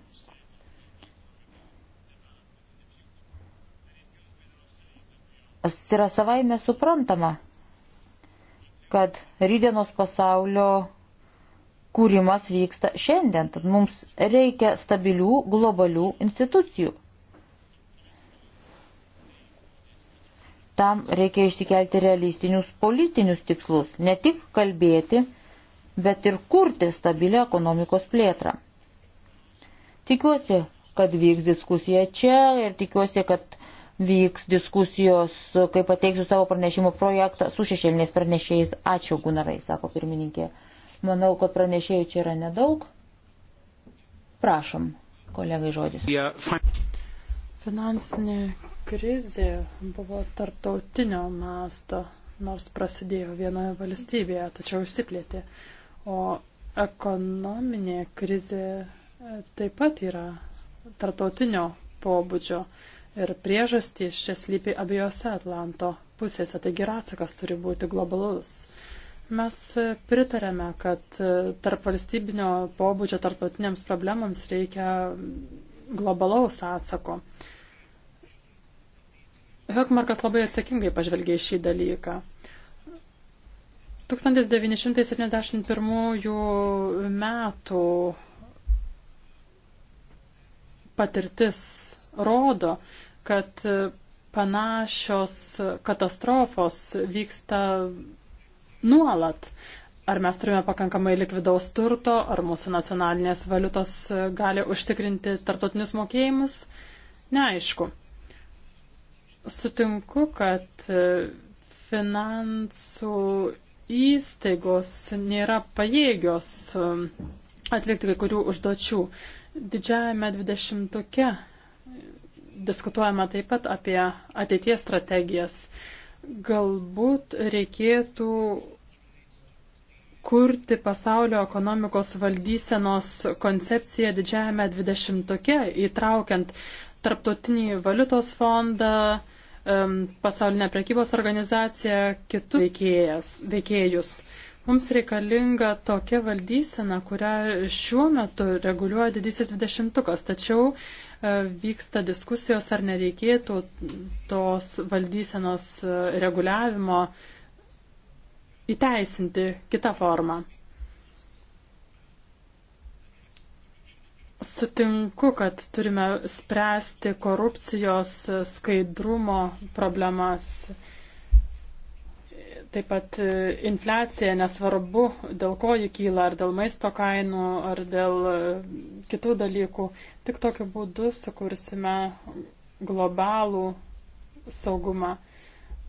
Yra savaime suprantama, kad rydienos pasaulio kūrimas vyksta šiandien. Tad mums reikia stabilių globalių institucijų. Tam reikia išsikelti realistinius politinius tikslus, ne tik kalbėti, bet ir kurti stabilę ekonomikos plėtrą. Tikiuosi, kad vyks diskusija čia ir tikiuosi, kad vyks diskusijos, kai pateiksiu savo pranešimo projektą su šešėliniais pranešėjais. Ačiū, Gunarai, sako pirmininkė. Manau, kad pranešėjų čia yra nedaug. Prašom, kolegai žodis. Finansinė krizė buvo tarptautinio masto, nors prasidėjo vienoje valstybėje, tačiau išsiplėtė. O ekonominė krizė e, taip pat yra tarptautinio pobūdžio ir priežastys čia slypi abiejose Atlanto pusėse, taigi atsakas turi būti globalus. Mes pritarėme, kad e, tarp valstybinio pobūdžio tarptautinėms problemams reikia globalaus atsako. Hökmarkas labai atsakingai pažvelgė į šį dalyką. 1971 metų patirtis rodo, kad panašios katastrofos vyksta nuolat. Ar mes turime pakankamai likvidaus turto, ar mūsų nacionalinės valiutos e, gali užtikrinti tartotinius mokėjimus? Neaišku. Sutinku, kad e, finansų įstaigos nėra pajėgios e, atlikti kai kurių užduočių. Didžiajame dvidešimtuke diskutuojama taip pat apie ateities strategijas. Galbūt reikėtų kurti pasaulio ekonomikos valdysenos koncepciją didžiajame dvidešimtuke, įtraukiant Tarptautinį valiutos fondą, pasaulinę prekybos organizaciją, kitus veikėjus. Mums reikalinga tokia valdysena, kurią šiuo metu reguliuoja didysis dvidešimtukas, tačiau e, vyksta diskusijos, ar nereikėtų tos valdysenos e, reguliavimo uh, įteisinti kitą formą. Sutinku, kad turime spręsti korupcijos skaidrumo problemas taip pat e, infliacija, nesvarbu, dėl ko ji kyla, ar dėl maisto kainų, ar dėl e, kitų dalykų. Tik tokiu būdu sukursime globalų saugumą.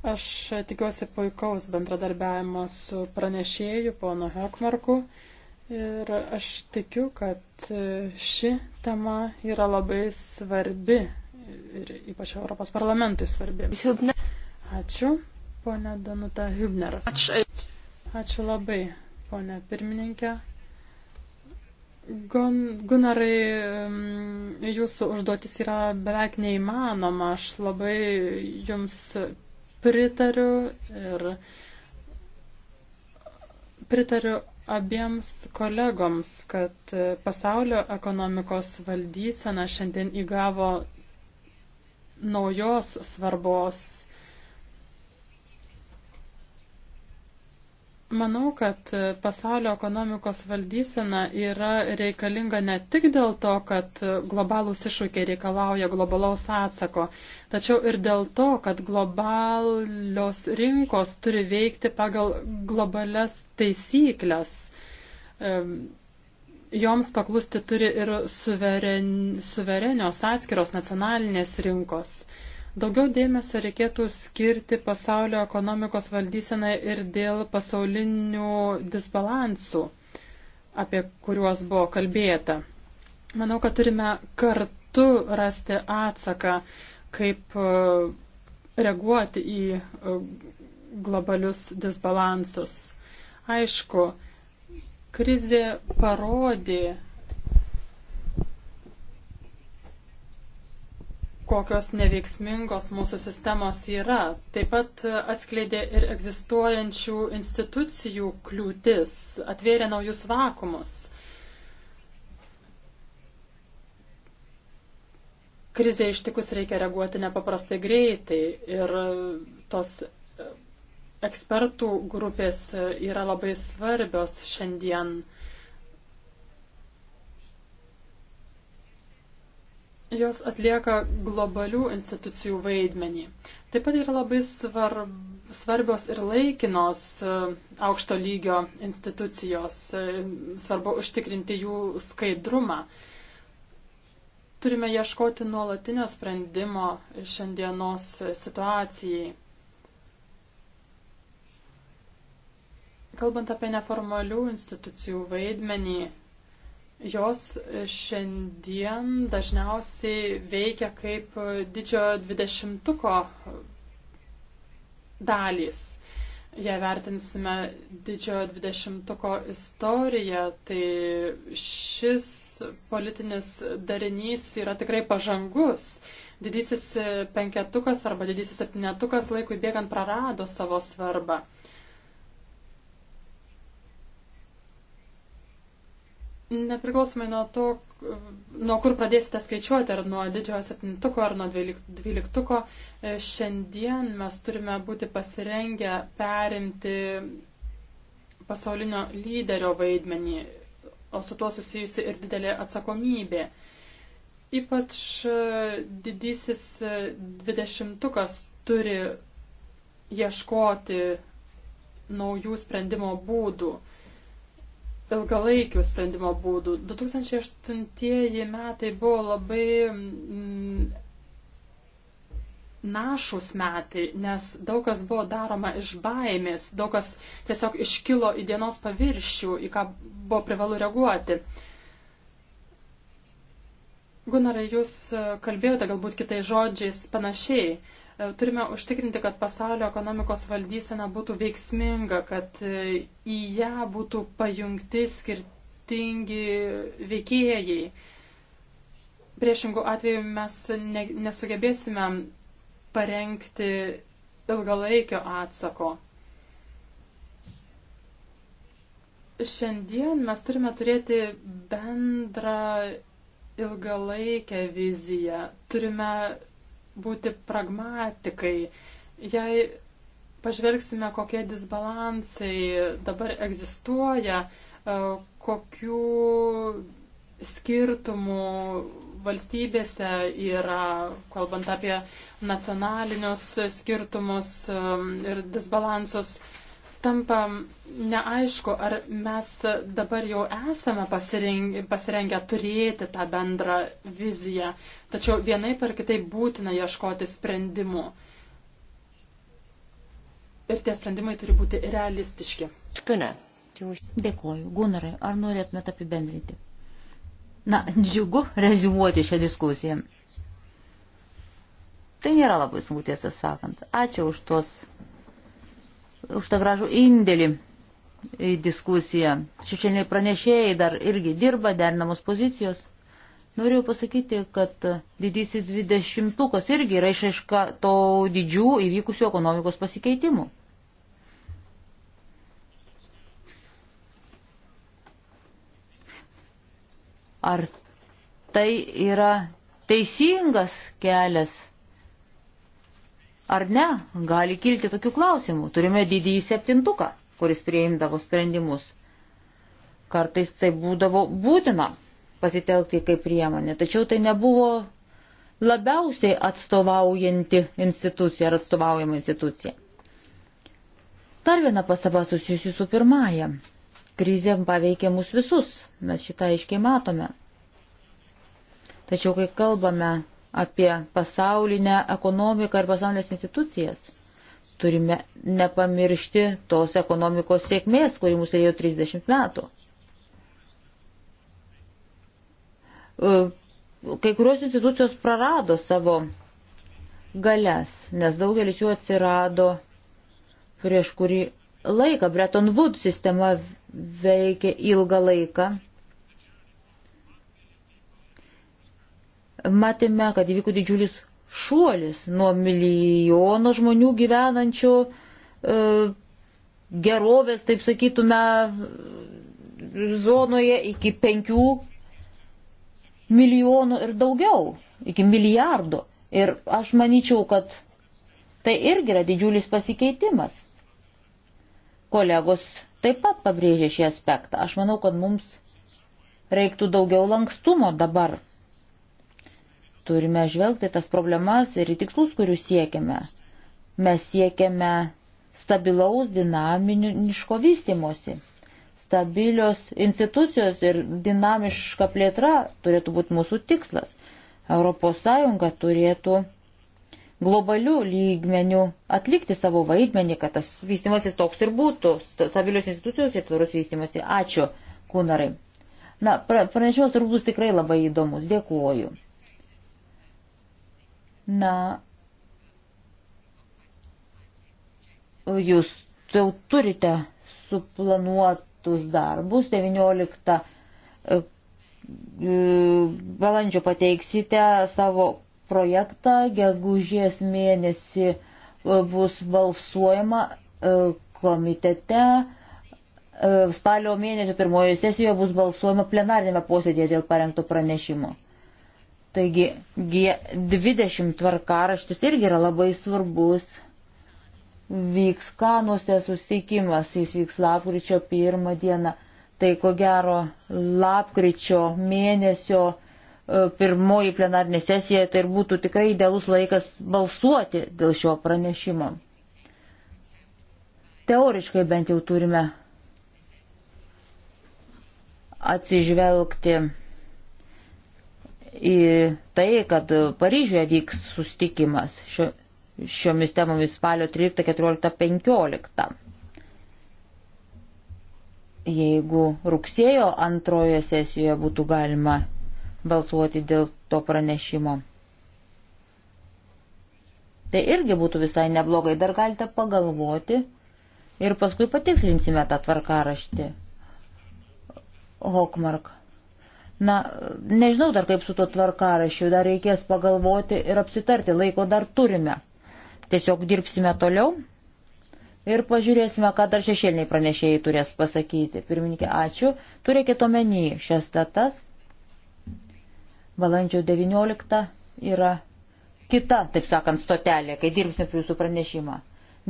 Aš tikiuosi puikaus bendradarbiavimo su pranešėju, pono Hekmarku. Ir aš tikiu, kad ši tema yra labai svarbi ir ypač Europos parlamentui svarbi. Ačiū, ponė Danuta Hübner. Ačiū labai, ponė pirmininkė. Gun, Gunarai, mm, jūsų užduotis yra beveik neįmanoma. Aš labai jums pritariu ir pritariu abiems kolegoms, kad pasaulio ekonomikos valdysena šiandien įgavo naujos svarbos. Manau, kad e, pasaulio ekonomikos valdysena yra reikalinga ne tik dėl to, kad e, globalūs iššūkiai reikalauja globalaus atsako, tačiau ir dėl to, kad globalios rinkos turi veikti pagal globales taisyklės. E, joms paklusti turi ir suveren, suverenios atskiros nacionalinės rinkos. Daugiau dėmesio reikėtų skirti pasaulio ekonomikos valdysenai ir dėl pasaulinių disbalansų, apie kuriuos buvo kalbėta. Manau, kad turime kartu rasti atsaką, kaip e, reaguoti į e, globalius disbalansus. Aišku, krizė parodė, kokios neveiksmingos mūsų sistemos yra. Taip pat atskleidė ir egzistuojančių institucijų kliūtis, atvėrė naujus vakumus. Krizė ištikus reikia reaguoti nepaprastai greitai ir tos ekspertų grupės yra labai svarbios šiandien. jos atlieka globalių institucijų vaidmenį. Taip pat yra labai svarb, svarbios ir laikinos e, aukšto lygio institucijos, e, svarbu užtikrinti jų skaidrumą. Turime ieškoti nuolatinio sprendimo šiandienos situacijai. Kalbant apie neformalių institucijų vaidmenį, jos šiandien dažniausiai veikia kaip didžiojo dvidešimtuko dalys. Jei vertinsime didžiojo dvidešimtuko istoriją, tai šis politinis darinys yra tikrai pažangus. Didysis penketukas arba didysis septynetukas laikui bėgant prarado savo svarbą. Nepriklausomai nuo to, nuo kur pradėsite skaičiuoti, ar nuo didžiojo septintuko, ar nuo dvyliktuko, e, šiandien mes turime būti pasirengę perimti pasaulinio lyderio vaidmenį, o su tuo susijusi ir didelė atsakomybė. Ypač e, didysis e, dvidešimtukas turi ieškoti naujų sprendimo būdų ilgalaikių sprendimo būdų. 2008 metai buvo labai mm, našus metai, nes daug kas buvo daroma iš baimės, daug kas tiesiog iškilo į dienos paviršių, į ką buvo privalu reaguoti. Gunarai, jūs kalbėjote galbūt kitais žodžiais panašiai. Turime užtikrinti, kad pasaulio ekonomikos valdysena būtų veiksminga, kad e, į ją būtų pajungti skirtingi veikėjai. Priešingų atveju mes ne, nesugebėsime parengti ilgalaikio atsako. Šiandien mes turime turėti bendrą ilgalaikę viziją. Turime būti pragmatikai. Jei pažvelgsime, kokie disbalansai dabar egzistuoja, e, kokių skirtumų valstybėse yra, kalbant apie nacionalinius skirtumus e, ir disbalansus, tampa neaišku, ar mes dabar jau esame pasirengę turėti tą bendrą viziją, tačiau vienai per kitai būtina ieškoti sprendimų. Ir tie sprendimai turi būti realistiški. Škune. Dėkuoju. Gunarai, ar norėtumėte apibendrinti? Na, džiugu rezumuoti šią diskusiją. Tai nėra labai sunku, tiesą sakant. Ačiū už tuos už tą gražų indėlį į diskusiją. Šešėliniai pranešėjai dar irgi dirba, derinamos pozicijos. Norėjau pasakyti, kad didysis dvidešimtukas irgi yra išaiška to didžių įvykusių ekonomikos pasikeitimų. Ar tai yra teisingas kelias ar ne, gali kilti tokių klausimų. Turime didįjį septintuką, kuris priimdavo sprendimus. Kartais tai būdavo būtina pasitelkti kaip priemonė, tačiau tai nebuvo labiausiai atstovaujanti institucija ar atstovaujama institucija. Dar viena pastaba susijusi su pirmąja. Krizė paveikė mus visus, mes šitą aiškiai matome. Tačiau, kai kalbame apie pasaulinę ekonomiką ir pasaulinės institucijas. Turime nepamiršti tos ekonomikos sėkmės, kuri mūsų jau 30 metų. E, kai kurios institucijos prarado savo galės, nes daugelis jų atsirado prieš kurį laiką. Bretton Woods sistema veikė ilgą laiką matėme, kad įvyko didžiulis šuolis nuo milijono žmonių gyvenančių e, gerovės, taip sakytume, zonoje iki penkių milijonų ir daugiau, iki milijardo. Ir aš manyčiau, kad tai irgi yra didžiulis pasikeitimas. Kolegos taip pat pabrėžė šį aspektą. Aš manau, kad mums reiktų daugiau lankstumo dabar turime žvelgti tas problemas ir į tikslus, kurių siekiame. Mes siekiame stabilaus, dinaminiško vystimosi. Stabilios institucijos ir dinamiška plėtra turėtų būti mūsų tikslas. ES turėtų globalių lygmenių atlikti savo vaidmenį, kad tas vystimasis toks ir būtų. Stabilios institucijos ir tvarus vystimasi. Ačiū, kunarai. Na, pranešimas turbūt tikrai labai įdomus. Dėkuoju. Na, jūs jau turite suplanuotus darbus, 19 e, e, balandžio pateiksite savo projektą, gegužės mėnesį e, bus balsuojama komitete, spalio mėnesio pirmojoje sesijoje bus balsuojama plenarinėme posėdėje dėl parengto pranešimo. Taigi G20 tvarkaraštis irgi yra labai svarbus. Vyks kanuose susitikimas, jis vyks lapkričio pirmą dieną. Tai ko gero lapkričio mėnesio e, pirmoji plenarinė sesija, tai ir būtų tikrai idealus laikas balsuoti dėl šio pranešimo. Teoriškai bent jau turime atsižvelgti į tai, kad Paryžiuje vyks sustikimas šio, šiomis temomis spalio 13, 14, 15. Jeigu rugsėjo antroje sesijoje būtų galima balsuoti dėl to pranešimo. Tai irgi būtų visai neblogai, dar galite pagalvoti ir paskui patikslinsime tą tvarkaraštį. Hokmark. Na, nežinau dar kaip su tuo tvarkarašiu, dar reikės pagalvoti ir apsitarti, laiko dar turime. Tiesiog dirbsime toliau ir pažiūrėsime, ką dar šešėliniai pranešėjai turės pasakyti. Pirmininkė, ačiū. Turėkite omeny šias datas. Valandžio 19 yra kita, taip sakant, stotelė, kai dirbsime prie jūsų pranešimą.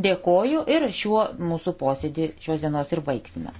Dėkoju ir šiuo mūsų posėdį šios dienos ir baigsime.